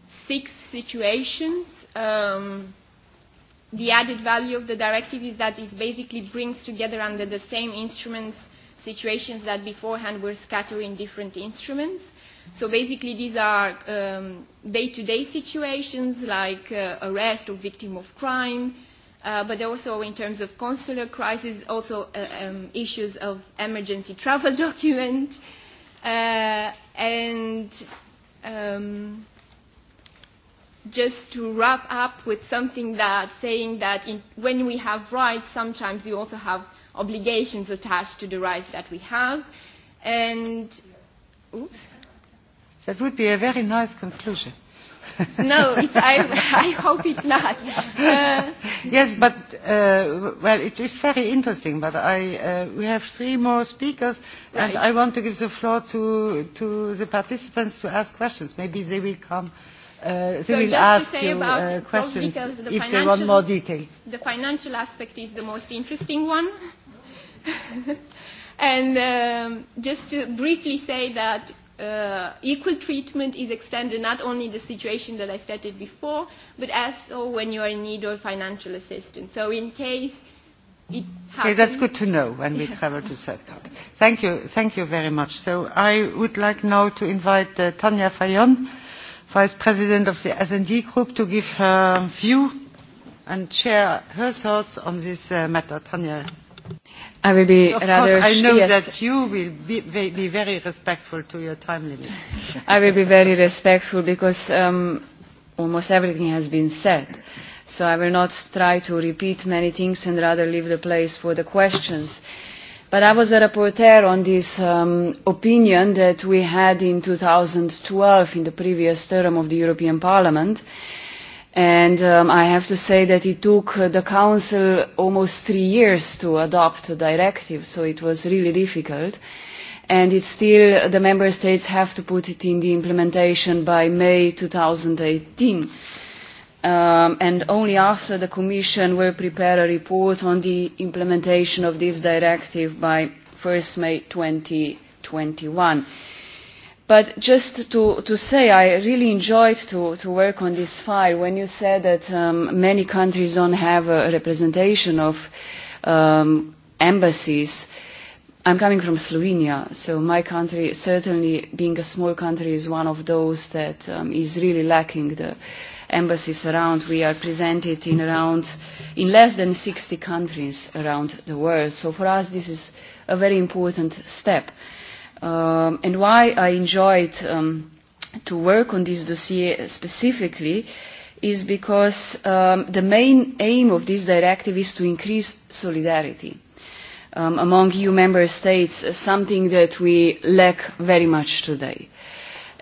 Speaker 22: six situations. Um, the added value of the directive is that it basically brings together under the same instruments situations that beforehand were scattered in different instruments. So basically these are um, day-to-day -day situations like uh, arrest or victim of crime, uh, but also in terms of consular crisis, also uh, um, issues of emergency travel document, uh, and um, just to wrap up with something that saying that in, when we have rights, sometimes you also have obligations attached to the rights that we have. And, oops.
Speaker 19: That would be a very nice conclusion. no, it's, I,
Speaker 22: I hope it's not.
Speaker 19: Uh, yes, but uh, well, it is very interesting. But I, uh, we have three more speakers, right. and I want to give the floor to to the participants to ask questions. Maybe they will come they uh, so will ask you uh, questions the if they want more details.
Speaker 22: The financial aspect is the most interesting one. and um, just to briefly say that uh, equal treatment is extended not only the situation that I stated before, but also when you are in need of financial assistance. So in case
Speaker 19: it happens... Okay, that's good to know when we travel to third Thank you, thank you very much. So I would like now to invite uh, Tanya Fayon vice president of the S D group to give her view and share her thoughts on this uh, matter. Tanja I will be of rather course, I know yes. that you will be, be very respectful to your time limit.
Speaker 23: I will be very respectful because um, almost everything has been said. So I will not try to repeat many things and rather leave the place for the questions. Uh, But I was a rapporteur on this um, opinion that we had in 2012 in the previous term of the European Parliament. And um, I have to say that it took the Council almost three years to adopt a directive, so it was really difficult. And it's still, the Member States have to put it in the implementation by May 2018 um, and only after the Commission will prepare a report on the implementation of this directive by 1st May 2021. But just to, to say, I really enjoyed to, to work on this file when you said that um, many countries don't have a representation of um, embassies. I'm coming from Slovenia, so my country, certainly being a small country, is one of those that um, is really lacking the embassies around. We are presented in, around, in less than 60 countries around the world. So for us, this is a very important step. Um, and why I enjoyed um, to work on this dossier specifically is because um, the main aim of this directive is to increase solidarity um, among EU member states, something that we lack very much today.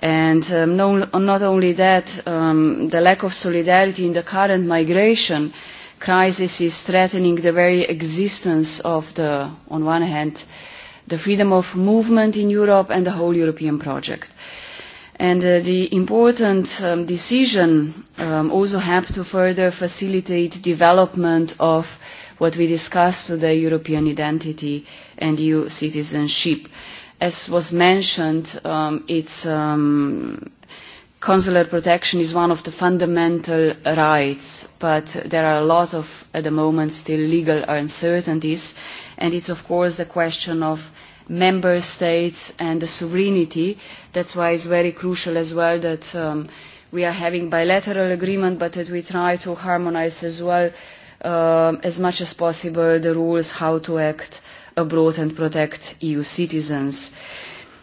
Speaker 23: And um, no, not only that, um, the lack of solidarity in the current migration crisis is threatening the very existence of the, on one hand, the freedom of movement in Europe and the whole European project. And uh, the important um, decision um, also helped to further facilitate development of what we discussed today, European identity and EU citizenship. As was mentioned, um, it's um, consular protection is one of the fundamental rights, but there are a lot of, at the moment, still legal uncertainties, and it's, of course, the question of member states and the sovereignty. That's why it's very crucial as well that um, we are having bilateral agreement, but that we try to harmonize as well uh, as much as possible the rules how to act abroad and protect EU citizens.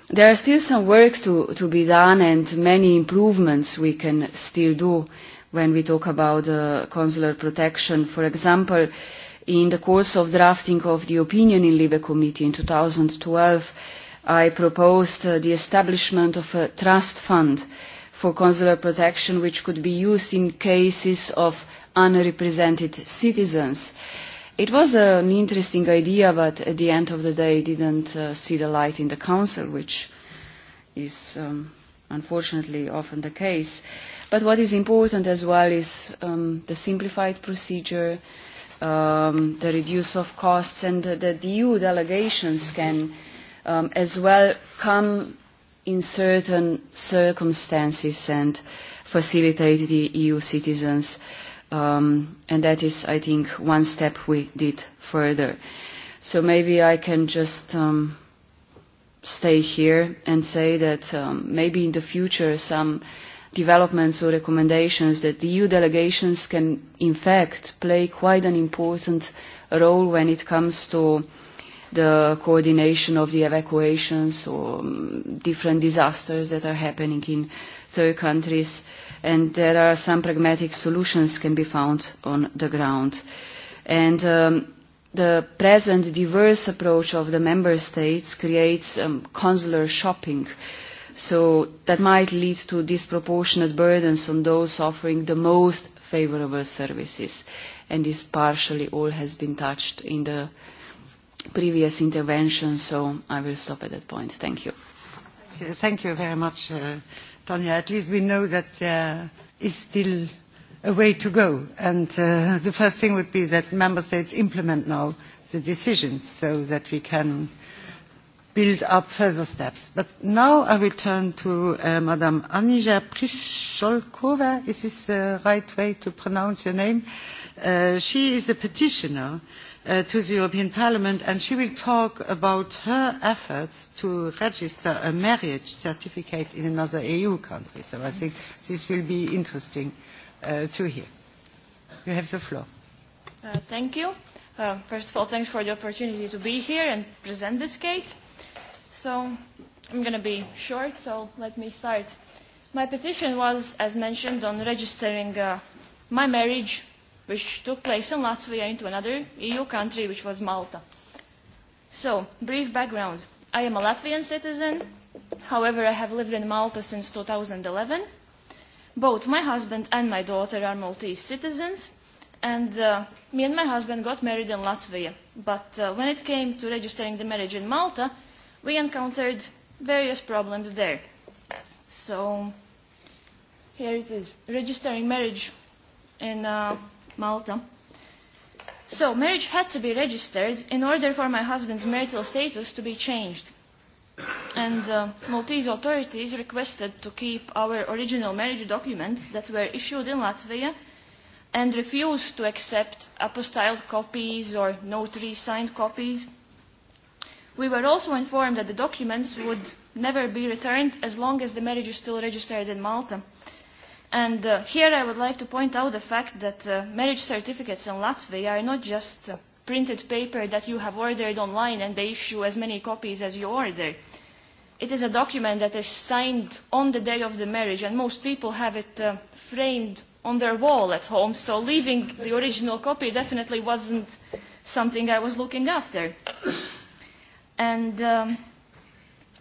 Speaker 23: There is still some work to, to be done and many improvements we can still do when we talk about uh, consular protection. For example, in the course of drafting of the opinion in Libe Committee in 2012, I proposed uh, the establishment of a trust fund for consular protection which could be used in cases of unrepresented citizens. Uh, It was an interesting idea, but at the end of the day, it didn't uh, see the light in the Council, which is um, unfortunately often the case. But what is important as well is um, the simplified procedure, um, the reduce of costs, and that the EU delegations can um, as well come in certain circumstances and facilitate the EU citizens' um, and that is, I think, one step we did further. So maybe I can just um, stay here and say that um, maybe in the future some developments or recommendations that the EU delegations can in fact play quite an important role when it comes to the coordination of the evacuations or um, different disasters that are happening in third countries, and there are some pragmatic solutions can be found on the ground. And um, the present diverse approach of the member states creates um, consular shopping. So that might lead to disproportionate burdens on those offering the most favorable services. And this partially all has been touched in the previous
Speaker 19: intervention, so I
Speaker 23: will stop at that point. Thank you.
Speaker 19: Thank you very much. Uh, Tanya, at least we know that there uh, is still a way to go. And uh, the first thing would be that member states implement now the decisions so that we can build up further steps. But now I will turn to uh, Madam Anija Prisholkova. Is this the right way to pronounce your name? Uh, she is a petitioner uh, to the European Parliament and she will talk about her efforts to register a marriage certificate in another EU country. So I think this will be interesting uh, to hear. You have the floor.
Speaker 24: Uh, thank you. Uh, first of all, thanks for the opportunity to be here and present this case. So I'm going to be short, so let me start. My petition was, as mentioned, on registering uh, my marriage which took place in Latvia into another EU country, which was Malta. So, brief background. I am a Latvian citizen. However, I have lived in Malta since 2011. Both my husband and my daughter are Maltese citizens. And uh, me and my husband got married in Latvia. But uh, when it came to registering the marriage in Malta, we encountered various problems there. So, here it is. Registering marriage in uh, Malta. So marriage had to be registered in order for my husband's marital status to be changed. And uh, Maltese authorities requested to keep our original marriage documents that were issued in Latvia and refused to accept apostilled copies or notary signed copies. We were also informed that the documents would never be returned as long as the marriage is still registered in Malta. And uh, here I would like to point out the fact that uh, marriage certificates in Latvia are not just uh, printed paper that you have ordered online and they issue as many copies as you order. It is a document that is signed on the day of the marriage and most people have it uh, framed on their wall at home, so leaving the original copy definitely wasn't something I was looking after. And um,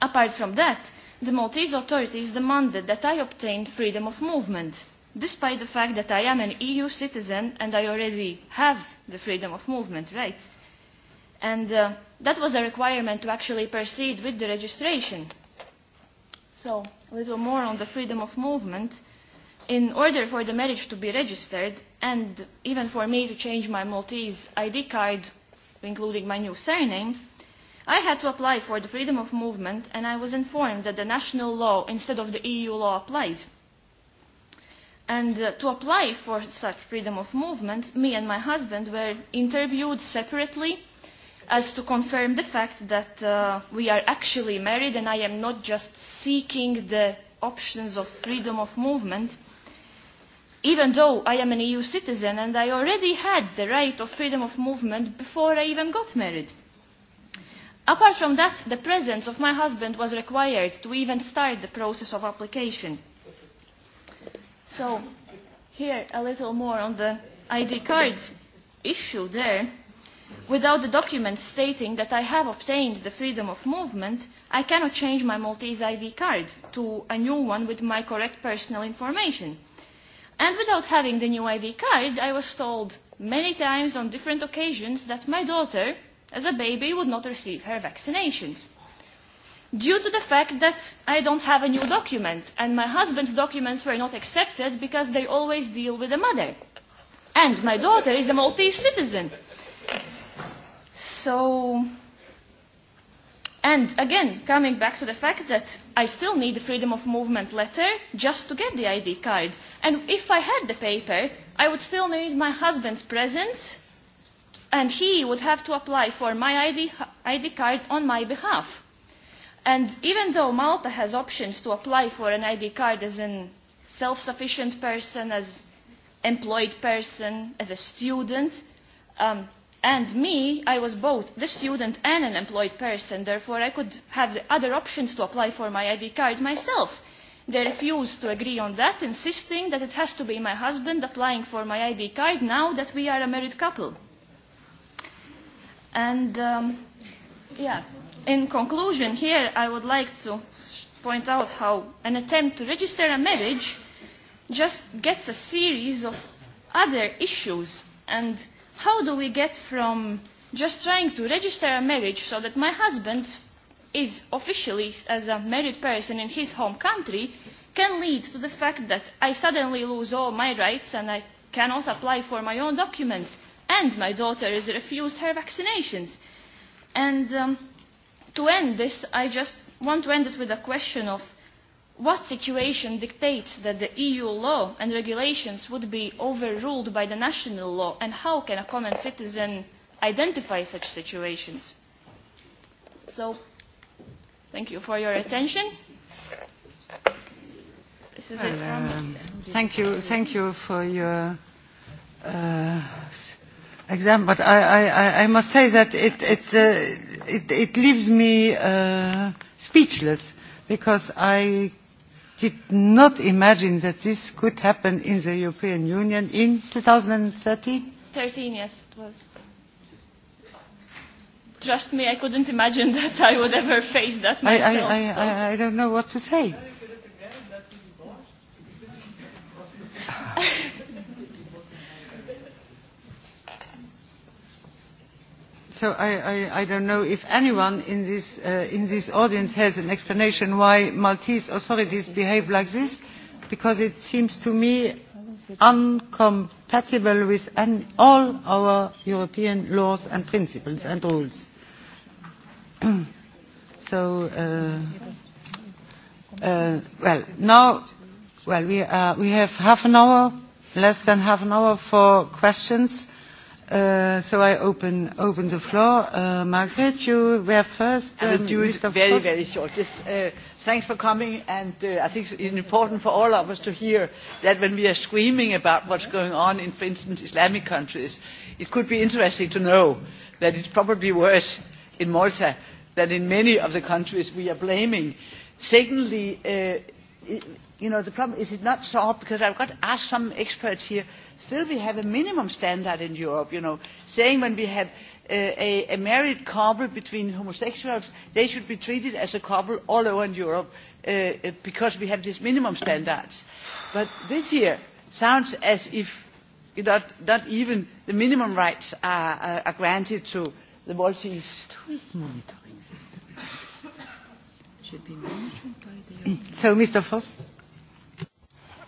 Speaker 24: apart from that, the Maltese authorities demanded that I obtain freedom of movement, despite the fact that I am an EU citizen and I already have the freedom of movement rights. And uh, that was a requirement to actually proceed with the registration. So, a little more on the freedom of movement. In order for the marriage to be registered, and even for me to change my Maltese ID card, including my new surname, i had to apply for the freedom of movement and I was informed that the national law instead of the EU law applies. And uh, to apply for such freedom of movement, me and my husband were interviewed separately as to confirm the fact that uh, we are actually married and I am not just seeking the options of freedom of movement, even though I am an EU citizen and I already had the right of freedom of movement before I even got married. Apart from that, the presence of my husband was required to even start the process of application. So here a little more on the ID card issue there. Without the document stating that I have obtained the freedom of movement, I cannot change my Maltese ID card to a new one with my correct personal information. And without having the new ID card, I was told many times on different occasions that my daughter as a baby would not receive her vaccinations. Due to the fact that I don't have a new document and my husband's documents were not accepted because they always deal with the mother. And my daughter is a Maltese citizen. So, and again, coming back to the fact that I still need the freedom of movement letter just to get the ID card. And if I had the paper, I would still need my husband's presence and he would have to apply for my ID, ID card on my behalf. And even though Malta has options to apply for an ID card as a self-sufficient person, as employed person, as a student, um, and me, I was both the student and an employed person, therefore I could have the other options to apply for my ID card myself. They refused to agree on that, insisting that it has to be my husband applying for my ID card now that we are a married couple. And um, yeah, in conclusion, here I would like to point out how an attempt to register a marriage just gets a series of other issues. And how do we get from just trying to register a marriage so that my husband is officially as a married person in his home country can lead to the fact that I suddenly lose all my rights and I cannot apply for my own documents and my daughter is refused her vaccinations. And um, to end this, I just want to end it with a question of what situation dictates that the EU law and regulations would be overruled by the national law, and how can a common citizen identify such situations? So, thank you for your attention.
Speaker 1: This is well, it from um,
Speaker 19: thank you, thank you for your. Uh, exam, but I, I, I must say that it, it, uh, it, it leaves me uh, speechless because I did not imagine that this could happen in the European Union in 2013.
Speaker 24: 13, yes, it was. Trust me, I couldn't imagine
Speaker 19: that
Speaker 6: I would ever face that myself. I, I, I, so. I, I
Speaker 19: don't know what to say. so I, I, I don't know if anyone in this, uh, in this audience has an explanation why Maltese authorities behave like this, because it seems to me incompatible with all our European laws and principles and rules. so, uh, uh, well, now, well, we, uh, we have half an hour, less than half an hour for questions Uh, so I open, open the floor. Uh, Margaret, you were first. Um, I will um, do it very, very short. Just, uh, thanks for coming, and uh, I think it's important for all of us to hear that when we are screaming about what's going on in, for instance, Islamic countries, it could be interesting to know that it's probably worse in Malta than in many of the countries we are blaming. Secondly, uh, you know, the problem is it not solved because I've got to ask some experts here. Still, we have a minimum
Speaker 12: standard in Europe, you know, saying when we have uh, a, a married couple between homosexuals,
Speaker 19: they should be treated as a couple all over in Europe uh, uh because we have these minimum standards. But this year sounds as if not, not even the minimum rights are, are, are granted to the Maltese. Who is monitoring this? should be monitored by
Speaker 25: the... Mm. So, Mr. Voss.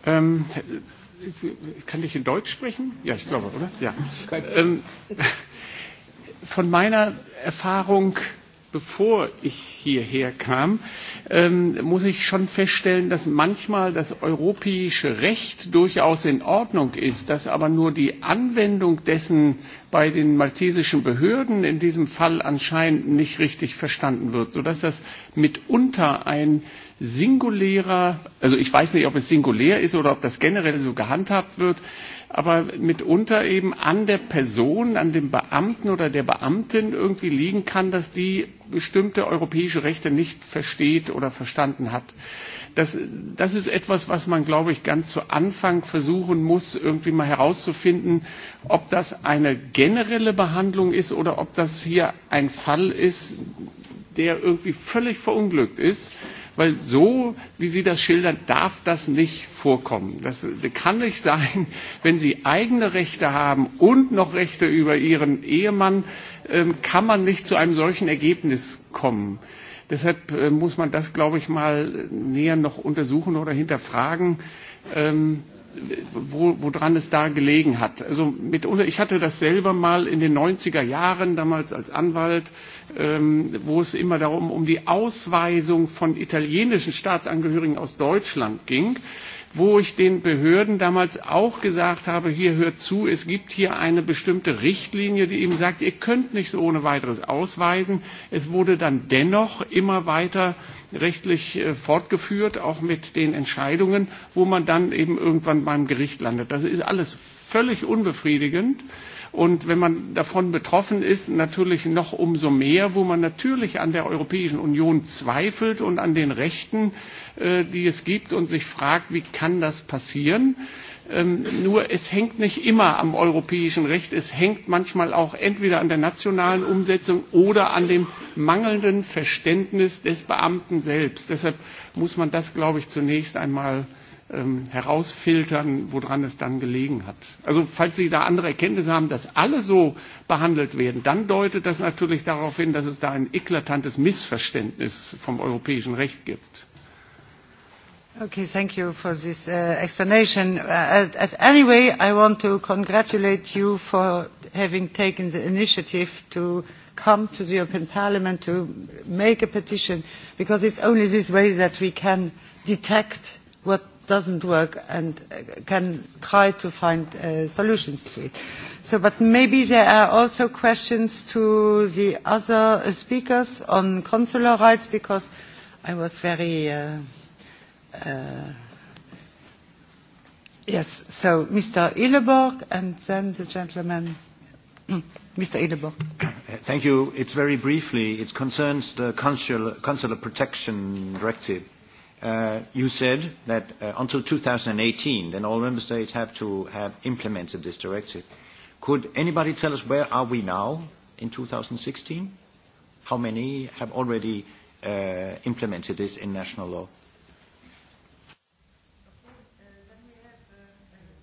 Speaker 25: Ähm, kann ich in Deutsch sprechen? Ja, ich glaube, oder? Ja. Ähm, von meiner Erfahrung bevor ich hierher kam, ähm, muss ich schon feststellen, dass manchmal das europäische Recht durchaus in Ordnung ist, dass aber nur die Anwendung dessen bei den maltesischen Behörden in diesem Fall anscheinend nicht richtig verstanden wird, sodass das mitunter ein singulärer, also ich weiß nicht, ob es singulär ist oder ob das generell so gehandhabt wird, aber mitunter eben an der Person, an dem Beamten oder der Beamtin irgendwie liegen kann, dass die bestimmte europäische Rechte nicht versteht oder verstanden hat. Das, das ist etwas, was man, glaube ich, ganz zu Anfang versuchen muss, irgendwie mal herauszufinden, ob das eine generelle Behandlung ist oder ob das hier ein Fall ist, der irgendwie völlig verunglückt ist weil so, wie Sie das schildern, darf das nicht vorkommen. Das kann nicht sein, wenn Sie eigene Rechte haben und noch Rechte über Ihren Ehemann, ähm, kann man nicht zu einem solchen Ergebnis kommen. Deshalb äh, muss man das, glaube ich, mal näher noch untersuchen oder hinterfragen. Ähm, wo, woran es da gelegen hat. Also mit, ich hatte das selber mal in den 90er Jahren, damals als Anwalt, ähm, wo es immer darum um die Ausweisung von italienischen Staatsangehörigen aus Deutschland ging wo ich den Behörden damals auch gesagt habe, hier hört zu, es gibt hier eine bestimmte Richtlinie, die eben sagt, ihr könnt nicht so ohne weiteres ausweisen. Es wurde dann dennoch immer weiter rechtlich äh, fortgeführt, auch mit den Entscheidungen, wo man dann eben irgendwann beim Gericht landet. Das ist alles völlig unbefriedigend. Und wenn man davon betroffen ist, natürlich noch umso mehr, wo man natürlich an der Europäischen Union zweifelt und an den Rechten Äh, die es gibt und sich fragt, wie kann das passieren? Ähm, nur es hängt nicht immer am europäischen Recht, es hängt manchmal auch entweder an der nationalen Umsetzung oder an dem mangelnden Verständnis des Beamten selbst. Deshalb muss man das, glaube ich, zunächst einmal ähm, herausfiltern, woran es dann gelegen hat. Also falls Sie da andere Erkenntnisse haben, dass alle so behandelt werden, dann deutet das natürlich darauf hin, dass es da ein eklatantes Missverständnis vom europäischen Recht gibt.
Speaker 19: Okay, thank you for this uh, explanation. Uh, at, at anyway, I want to congratulate you for having taken the initiative to come to the European Parliament to make a petition, because it's only this way that we can detect what doesn't work and uh, can try to find uh, solutions to it. So, but maybe there are also questions to the other speakers on consular rights, because I was very... Uh, Uh, yes, so Mr. Illeborg and then the gentleman. Mr. Mm, Illeborg.
Speaker 8: Thank you. It's very briefly. It concerns the consular, consular protection directive. Uh, you said that uh, until 2018, then all member states have to have implemented this directive. Could anybody tell us where are we now in 2016? How many have already uh, implemented this in national law?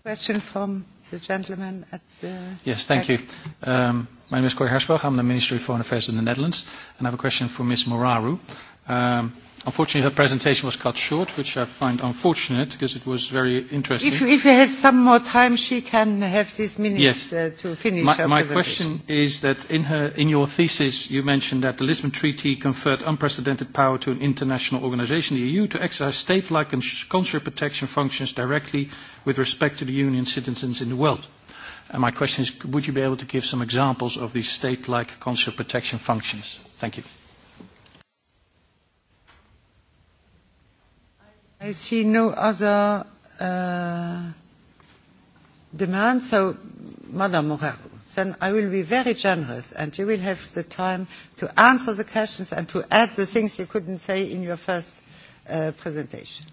Speaker 19: Question from the gentleman at the... Yes, thank you.
Speaker 17: Um, my name is Corey Hersberg. I'm the Ministry of Foreign Affairs in the Netherlands, and I have a question for Ms. Moraru. Um, Unfortunately, her presentation was cut short, which I find unfortunate because it was very interesting. If, if you
Speaker 19: have some more time, she can have these minutes yes. uh, to finish my, her My question
Speaker 17: is that in, her, in your thesis, you mentioned that the Lisbon Treaty conferred unprecedented power to an international organization, the EU, to exercise state-like and consular protection functions directly with respect to the Union citizens in the world. And my question is, would you be able to give some examples of these state-like consular protection functions? Thank you.
Speaker 19: I see no other uh, demand, so Madame Morero, then I will be very generous and you will have the time to answer the questions and to add the things you couldn't say in your first uh, presentation.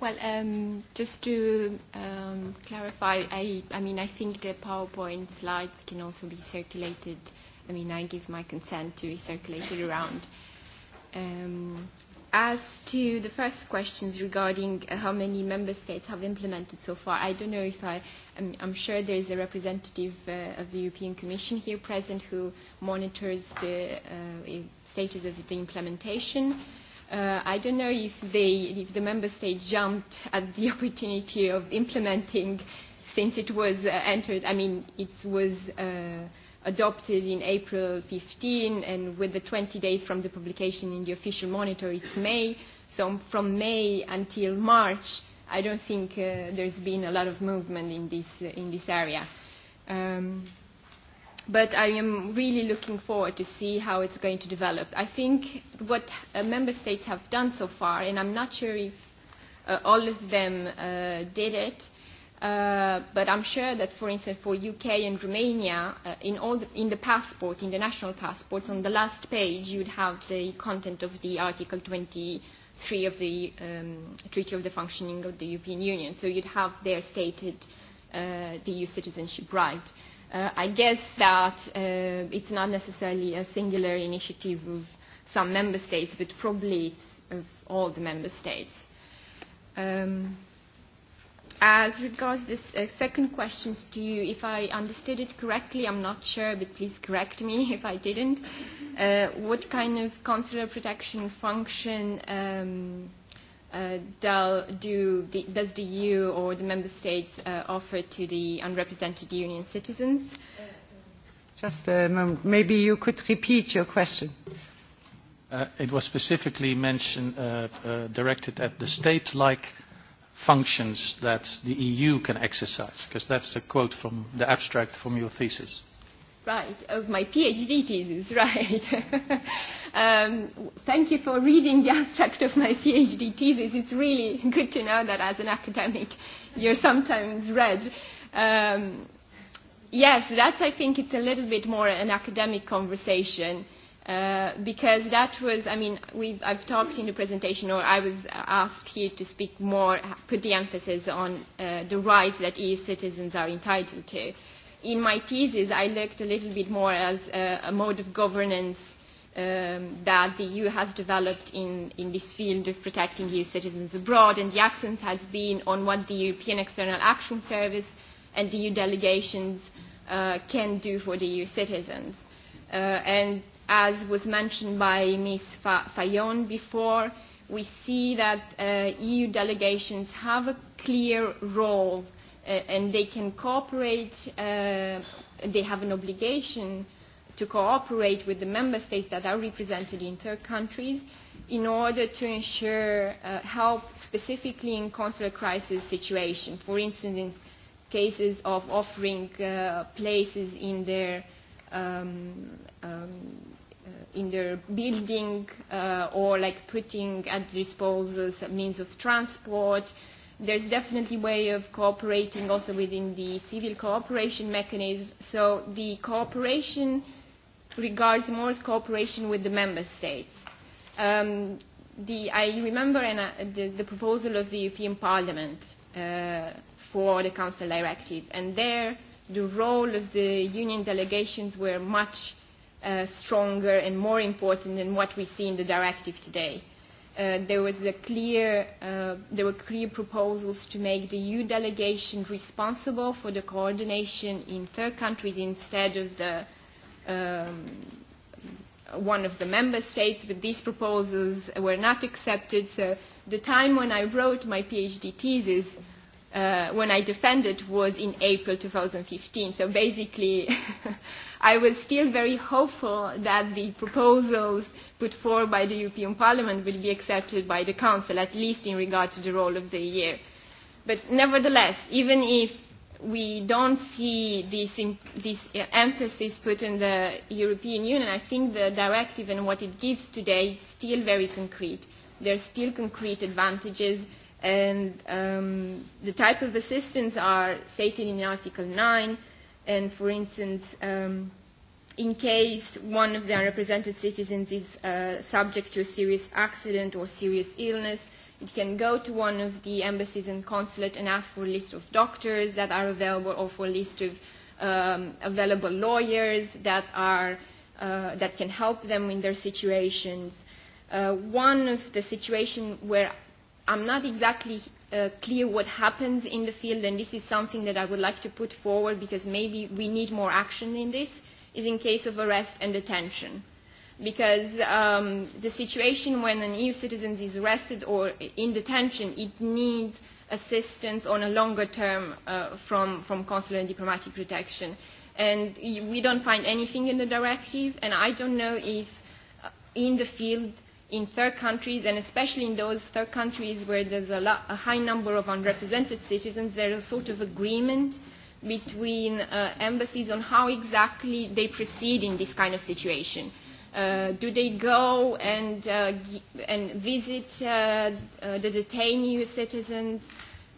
Speaker 3: Well,
Speaker 22: um, just to um, clarify, I, I mean, I think the PowerPoint slides can also be circulated. I mean, I give my consent to be circulated around. Um, As to the first questions regarding uh, how many member states have implemented so far, I don't know if I, um, I'm sure there is a representative uh, of the European Commission here present who monitors the uh, status of the implementation. Uh, I don't know if, they, if the member states jumped at the opportunity of implementing since it was uh, entered. I mean, it was. Uh, adopted in April 15, and with the 20 days from the publication in the official monitor, it's May. So from May until March, I don't think uh, there's been a lot of movement in this, uh, in this area. Um, but I am really looking forward to see how it's going to develop. I think what uh, member states have done so far, and I'm not sure if uh, all of them uh, did it, Uh, but I'm sure that, for instance, for UK and Romania, uh, in, all the, in the passport, in the national passports, on the last page, you'd have the content of the Article 23 of the um, Treaty of the Functioning of the European Union. So you'd have there stated uh, the EU citizenship right. Uh, I guess that uh, it's not necessarily a singular initiative of some member states, but probably it's of all the member states. Um, As regards this uh, second question to you, if I understood it correctly, I'm not sure, but please correct me if I didn't. Uh, what kind of consular protection function um, uh, do the, does the EU or the member states uh, offer to the unrepresented union citizens?
Speaker 19: Just a um, moment. Um, maybe you could repeat your question.
Speaker 17: Uh, it was specifically mentioned, uh, uh, directed at the state-like functions that the EU can exercise? Because that's a quote from the abstract from your thesis.
Speaker 22: Right, of my PhD thesis, right. um, thank you for reading the abstract of my PhD thesis. It's really good to know that as an academic you're sometimes read. Um, yes, that's, I think, it's a little bit more an academic conversation. Uh, because that was, I mean, we've I've talked in the presentation, or I was asked here to speak more, put the emphasis on uh, the rights that EU citizens are entitled to. In my thesis, I looked a little bit more as a, a mode of governance um, that the EU has developed in, in this field of protecting EU citizens abroad, and the accent has been on what the European External Action Service and the EU delegations uh, can do for the EU citizens. Uh, and as was mentioned by Ms. Fayon before, we see that uh, EU delegations have a clear role uh, and they can cooperate, uh, they have an obligation to cooperate with the member states that are represented in third countries in order to ensure uh, help specifically in consular crisis situations, for instance, in cases of offering uh, places in their um, um, uh, in their building uh, or like putting at disposal means of transport. There's definitely a way of cooperating also within the civil cooperation mechanism. So the cooperation regards more cooperation with the member states. Um, the, I remember an, uh, the, the proposal of the European Parliament uh, for the Council Directive, and there the role of the union delegations were much uh, stronger and more important than what we see in the directive today. Uh, there, was a clear, uh, there were clear proposals to make the EU delegation responsible for the coordination in third countries instead of the, um, one of the member states, but these proposals were not accepted. So the time when I wrote my PhD thesis uh, when I defended was in April 2015. So basically, I was still very hopeful that the proposals put forward by the European Parliament would be accepted by the Council, at least in regard to the role of the year. But nevertheless, even if we don't see this, this uh, emphasis put in the European Union, I think the directive and what it gives today is still very concrete. There are still concrete advantages And um, the type of assistance are stated in Article 9. And for instance, um, in case one of the unrepresented citizens is uh, subject to a serious accident or serious illness, it can go to one of the embassies and consulate and ask for a list of doctors that are available or for a list of um, available lawyers that, are, uh, that can help them in their situations. Uh, one of the situations where I'm not exactly uh, clear what happens in the field, and this is something that I would like to put forward because maybe we need more action in this, is in case of arrest and detention. Because um, the situation when an EU citizen is arrested or in detention, it needs assistance on a longer term uh, from, from consular and diplomatic protection. And we don't find anything in the directive, and I don't know if uh, in the field in third countries, and especially in those third countries where there's a, lot, a high number of unrepresented citizens, there is a sort of agreement between uh, embassies on how exactly they proceed in this kind of situation. Uh, do they go and, uh, and visit uh, uh, the detained EU citizens?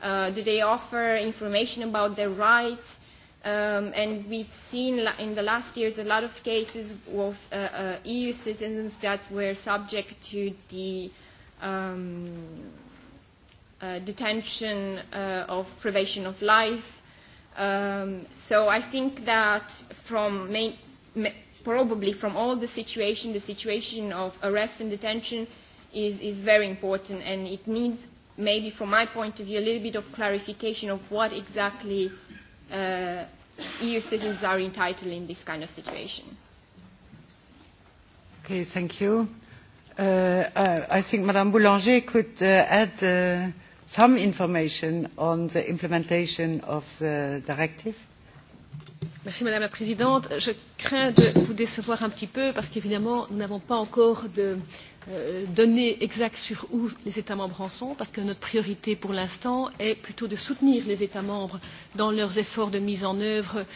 Speaker 22: Uh, do they offer information about their rights? um, and we've seen in the last years a lot of cases of uh, uh, EU citizens that were subject to the um, uh, detention uh, of privation of life. Um, so I think that from main, ma probably from all the situation, the situation of arrest and detention is, is very important and it needs maybe from my point of view a little bit of clarification of what exactly uh, EU citizens are entitled in this kind of situation.
Speaker 19: Okay, thank you. Uh, uh, I think Madame Boulanger could uh, add uh, some information on the implementation of the directive.
Speaker 6: Merci Madame la Présidente. Je crains de vous décevoir un petit peu parce qu'évidemment, nous n'avons pas encore de, Euh, données exactes sur où les États membres en sont, parce que notre priorité pour l'instant est plutôt de soutenir les États membres dans leurs efforts de mise en œuvre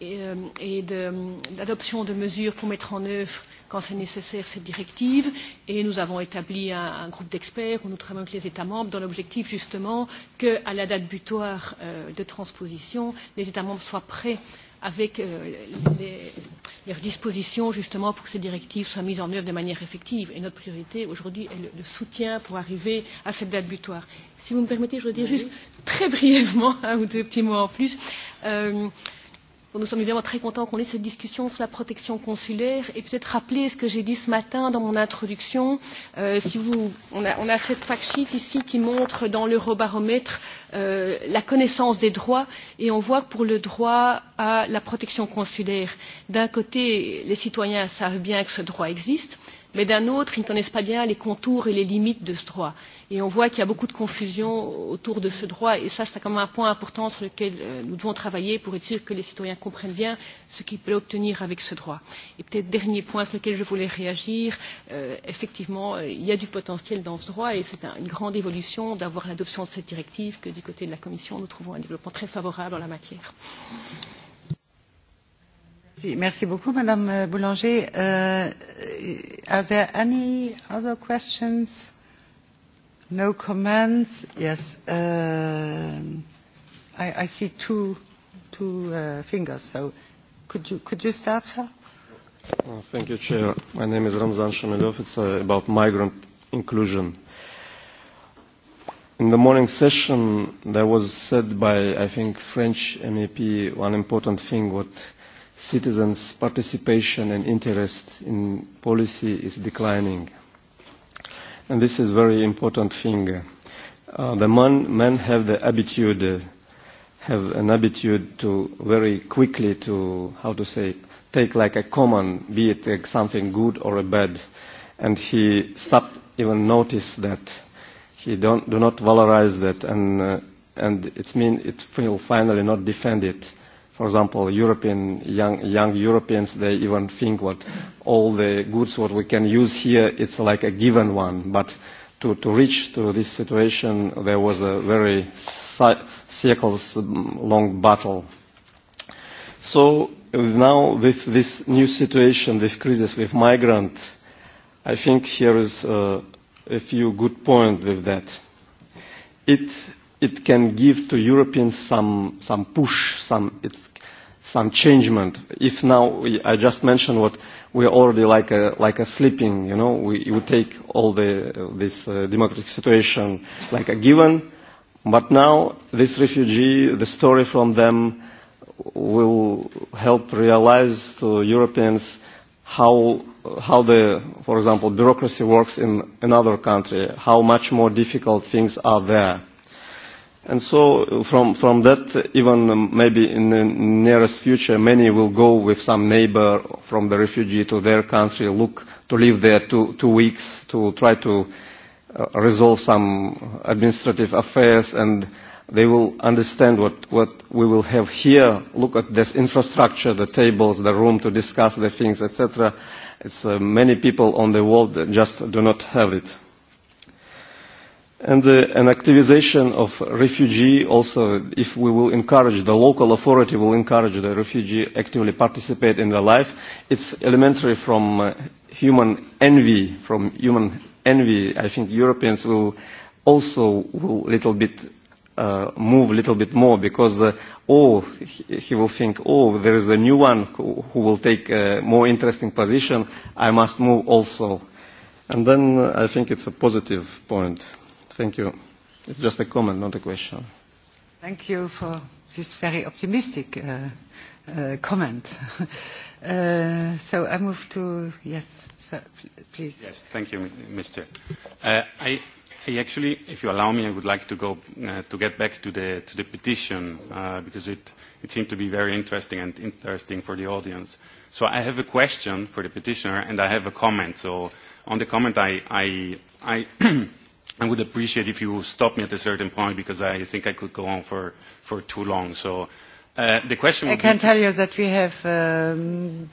Speaker 6: et, euh, et d'adoption de, de mesures pour mettre en œuvre, quand c'est nécessaire, cette directive. Et nous avons établi un, un groupe d'experts où nous travaillons avec les États membres dans l'objectif justement qu'à la date butoir euh, de transposition, les États membres soient prêts avec euh, les, les dispositions justement pour que ces directives soient mises en œuvre de manière effective. Et notre priorité aujourd'hui est le, le soutien pour arriver à cette date butoir. Si vous me permettez, je voudrais dire oui. juste très brièvement un ou deux petits mots en plus. Euh, Nous sommes évidemment très contents qu'on ait cette discussion sur la protection consulaire et peut-être rappeler ce que j'ai dit ce matin dans mon introduction. Euh, si vous, on, a, on a cette fact sheet ici qui montre dans l'eurobaromètre euh, la connaissance des droits et on voit que pour le droit à la protection consulaire, d'un côté, les citoyens savent bien que ce droit existe mais d'un autre, ils ne connaissent pas bien les contours et les limites de ce droit. Et on voit qu'il y a beaucoup de confusion autour de ce droit, et ça, c'est quand même un point important sur lequel euh, nous devons travailler pour être sûr que les citoyens comprennent bien ce qu'ils peuvent obtenir avec ce droit. Et peut-être dernier point sur lequel je voulais réagir, euh, effectivement, euh, il y a du potentiel dans ce droit, et c'est un, une grande évolution d'avoir l'adoption de cette directive que du côté de la Commission, nous trouvons un
Speaker 19: développement très favorable en la matière. Merci euh, Boulanger. Euh, are there any other questions? No comments? Yes. Uh, I, I see two, two uh, fingers, so could you, could you start, sir?
Speaker 26: Uh, thank you, Chair. My name is Ramzan Shamilov. It's uh, about migrant inclusion. In the morning session, there was said by, I think, French MEP one important thing what citizens' participation and interest in policy is declining. And this is a very important thing. Uh, the man, men have the habitude, uh, have an habitude to very quickly to, how to say, take like a common, be it uh, something good or a bad. And he stopped even notice that. He don't, do not valorize that and, uh, and it means it will finally not defend it for example, European young, young Europeans, they even think what all the goods what we can use here, it's like a given one. But to, to reach to this situation, there was a very circles-long um, battle. So uh, now with this new situation, with crisis, with migrants, I think here is uh, a few good points with that. It it can give to Europeans some, some push, some, it's, some changement. If now, we, I just mentioned what we are already like a, like a sleeping, you know, we, we take all the, this uh, democratic situation like a given, but now this refugee, the story from them will help realize to Europeans how how the, for example, bureaucracy works in another country, how much more difficult things are there And so uh, from, from that, even um, maybe in the nearest future, many will go with some neighbor from the refugee to their country, look to live there two, two weeks to try to uh, resolve some administrative affairs and they will understand what, what we will have here, look at this infrastructure, the tables, the room to discuss the things, etc. It's uh, many people on the world that just do not have it and the, uh, an activization of refugee also, if we will encourage, the local authority will encourage the refugee actively participate in their life, it's elementary from uh, human envy, from human envy. I think Europeans will also will little bit uh, move a little bit more because, uh, oh, he will think, oh, there is a new one who, who will take a more interesting position, I must move also. And then uh, I think it's a positive point. Thank you. It's just a comment, not a question.
Speaker 19: Thank you for this very optimistic uh, uh, comment. uh, so I move to, yes, sir, please.
Speaker 27: Yes, thank you, Mr. Uh, I, I actually, if you allow me, I would like to go uh, to get back to the, to the petition uh, because it, it seemed to be very interesting and interesting for the audience. So I have a question for the petitioner and I have a comment. So on the comment, I, I, I I would appreciate if you stop me at a certain point because I think I could go on for, for too long. So uh, the question. I can be, tell
Speaker 19: you that we have um,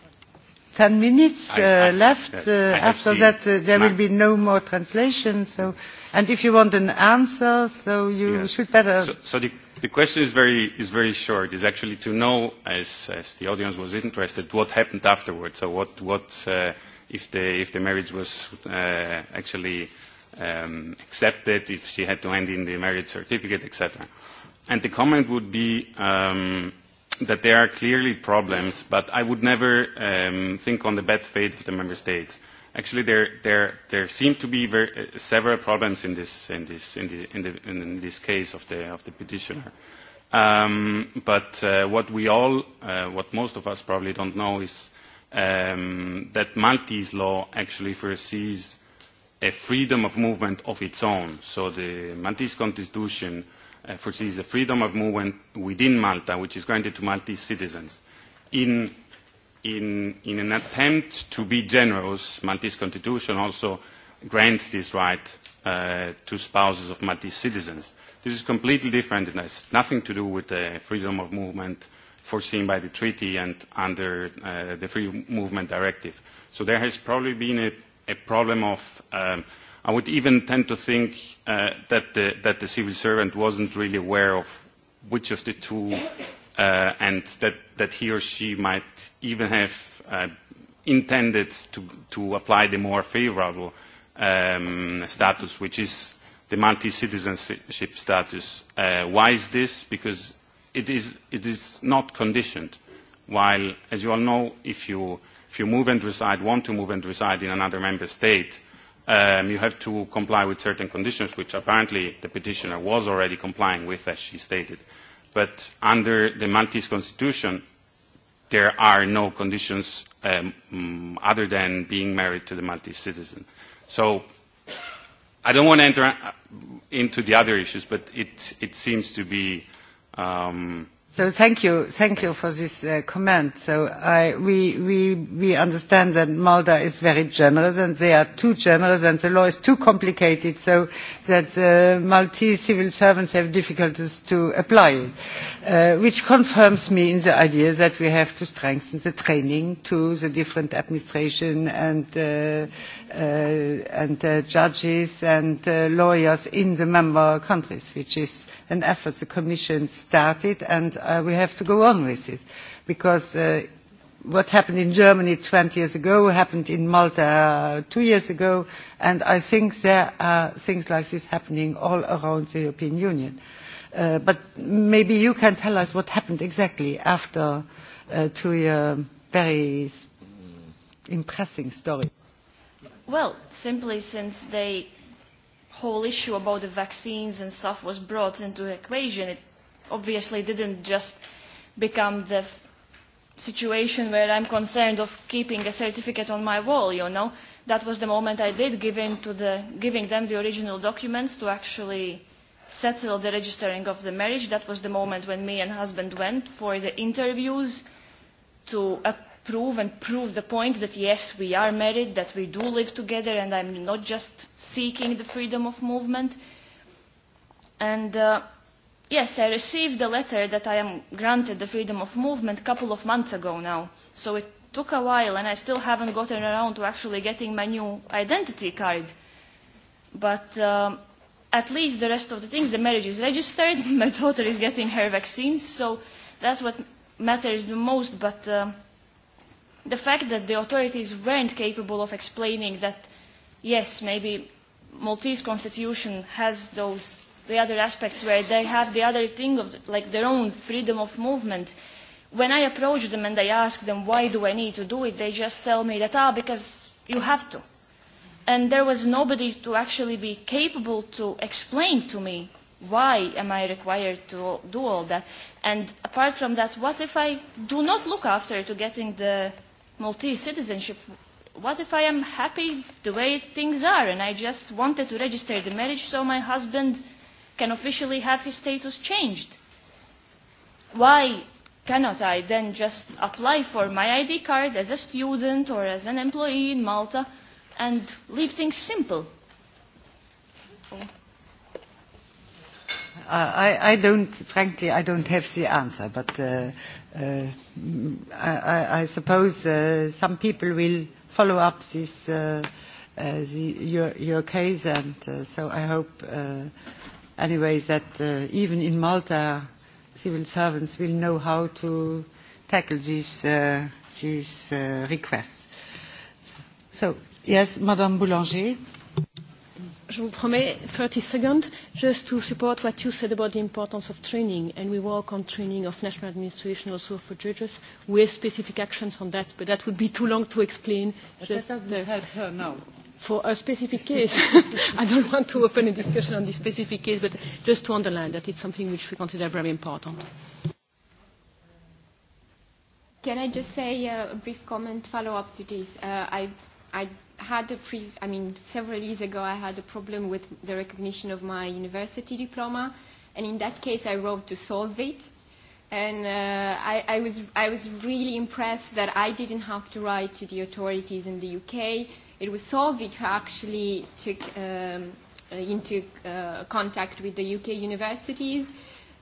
Speaker 19: 10 minutes I, uh, I, uh, left. Yes, uh, after that, uh, there will be no more translation. So, and if you want an answer, so you yes. should better. So,
Speaker 27: so the, the question is very, is very short. It's actually to know, as, as the audience was interested, what happened afterwards. So what, what uh, if, the, if the marriage was uh, actually um, accepted, if she had to hand in the marriage certificate, etc. And the comment would be um, that there are clearly problems, but I would never um, think on the bad faith of the member states. Actually, there, there, there seem to be ver uh, several problems in this, in, this, in, the, in, the, in this case of the, of the petitioner. Um, but uh, what we all, uh, what most of us probably don't know is um, that Maltese law actually foresees a freedom of movement of its own. So the Maltese constitution uh, foresees a freedom of movement within Malta, which is granted to Maltese citizens. In, in, in an attempt to be generous, Maltese constitution also grants this right uh, to spouses of Maltese citizens. This is completely different and has nothing to do with the freedom of movement foreseen by the treaty and under uh, the free movement directive. So there has probably been a a problem of um, I would even tend to think uh, that, the, that the civil servant wasn't really aware of which of the two uh, and that, that he or she might even have uh, intended to, to apply the more favorable um, status, which is the multi-citizenship status. Uh, why is this? Because it is, it is not conditioned. While, as you all know, if you if you move and reside, want to move and reside in another member state, um, you have to comply with certain conditions, which apparently the petitioner was already complying with, as she stated. But under the Maltese constitution, there are no conditions um, mm, other than being married to the Maltese citizen. So I don't want to enter uh, into the other issues, but it, it seems to be um,
Speaker 19: so thank you, thank you for this uh, comment. So I, we, we, we understand that Malta is very generous and they are too generous and the law is too complicated so that the uh, Maltese civil servants have difficulties to apply it, uh, which confirms me in the idea that we have to strengthen the training to the different administration and, uh, uh, and uh, judges and uh, lawyers in the member countries, which is an effort the Commission started and uh, we have to go on with this because uh, what happened in Germany 20 years ago happened in Malta uh, two years ago, and I think there are things like this happening all around the European Union. Uh, but maybe you can tell us what happened exactly after uh, two your very impressive story.
Speaker 24: Well, simply since the whole issue about the vaccines and stuff was brought into the equation, it obviously didn't just become the situation where I'm concerned of keeping a certificate on my wall, you know. That was the moment I did give in to the, giving them the original documents to actually settle the registering of the marriage. That was the moment when me and husband went for the interviews to approve and prove the point that yes, we are married, that we do live together, and I'm not just seeking the freedom of movement. And uh, Yes, I received a letter that I am granted the freedom of movement a couple of months ago now. So it took a while and I still haven't gotten around to actually getting my new identity card. But um, at least the rest of the things, the marriage is registered, my daughter is getting her vaccines, so that's what matters the most. But uh, the fact that the authorities weren't capable of explaining that, yes, maybe Maltese constitution has those the other aspects where they have the other thing of like their own freedom of movement when i approach them and i ask them why do i need to do it they just tell me that ah because you have to and there was nobody to actually be capable to explain to me why am i required to do all that and apart from that what if i do not look after to getting the maltese citizenship what if I am happy the way things are and I just wanted to register the marriage so my husband can officially have his status changed. Why cannot I then just apply for my ID card as a student or as an employee in Malta and leave things simple?
Speaker 18: Uh,
Speaker 19: I, I don't, frankly, I don't have the answer, but uh, uh, I, I suppose uh, some people will follow up this, uh, uh, the, your, your case, and uh, so I hope uh, anyways that uh, even in Malta civil servants will know how to tackle these, uh, these uh, requests. So, yes, Madame Boulanger.
Speaker 6: Je vous promets 30 seconds just to support what you said about the importance of training. And we work on training of national administration also for judges. We have specific actions on that, but that would be too long to explain. But just that doesn't the... help her now for a specific case, I don't want to open a discussion on this specific case, but just to underline that it's something which we consider very important.
Speaker 22: Can I just say uh, a brief comment, follow up to this? Uh, I, I had a pre, I mean, several years ago, I had a problem with the recognition of my university diploma, and in that case, I wrote to solve it. And uh, I, I, was, I was really impressed that I didn't have to write to the authorities in the UK it was Solvit who actually took um, uh, into uh, contact with the UK universities.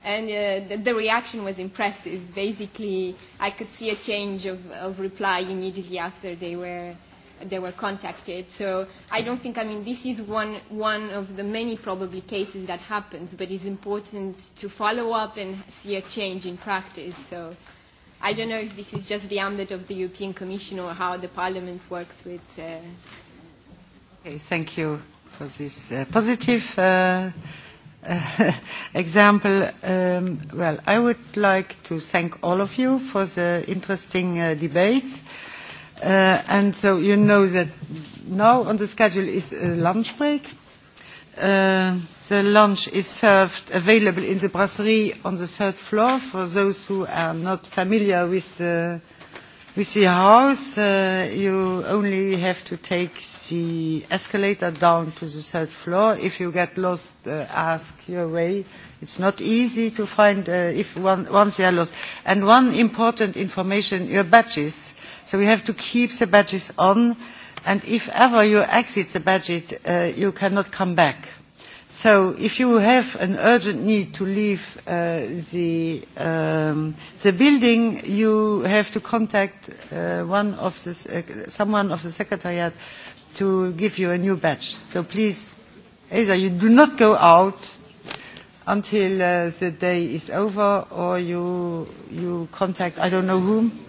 Speaker 22: And uh, the, the reaction was impressive. Basically, I could see a change of, of reply immediately after they were they were contacted. So I don't think, I mean, this is one, one of the many probably cases that happens, but it's important to follow up and see a change in practice. So i don't know if this is just the ambit of the European Commission or how the Parliament works with. Uh...
Speaker 19: Okay, thank you for this uh, positive uh, uh, example. Um, well, I would like to thank all of you for the interesting uh, debates. Uh, and so you know that now on the schedule is a lunch break Uh, the lunch is served available in the brasserie on the third floor for those who are not familiar with the, uh, with the house. Uh, you only have to take the escalator down to the third floor. If you get lost, uh, ask your way. It's not easy to find uh, if one, once you are lost. And one important information, your badges. So we have to keep the badges on and if ever you exit the budget uh, you cannot come back. So if you have an urgent need to leave uh, the, um, the building, you have to contact uh, one of the, uh, someone of the secretariat to give you a new badge. So please, either you do not go out until uh, the day is over or you, you contact I don't know whom.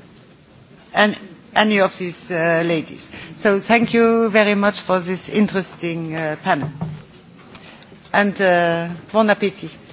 Speaker 19: And any of these uh, ladies. So thank you very much for this interesting uh, panel. And uh, bon appétit.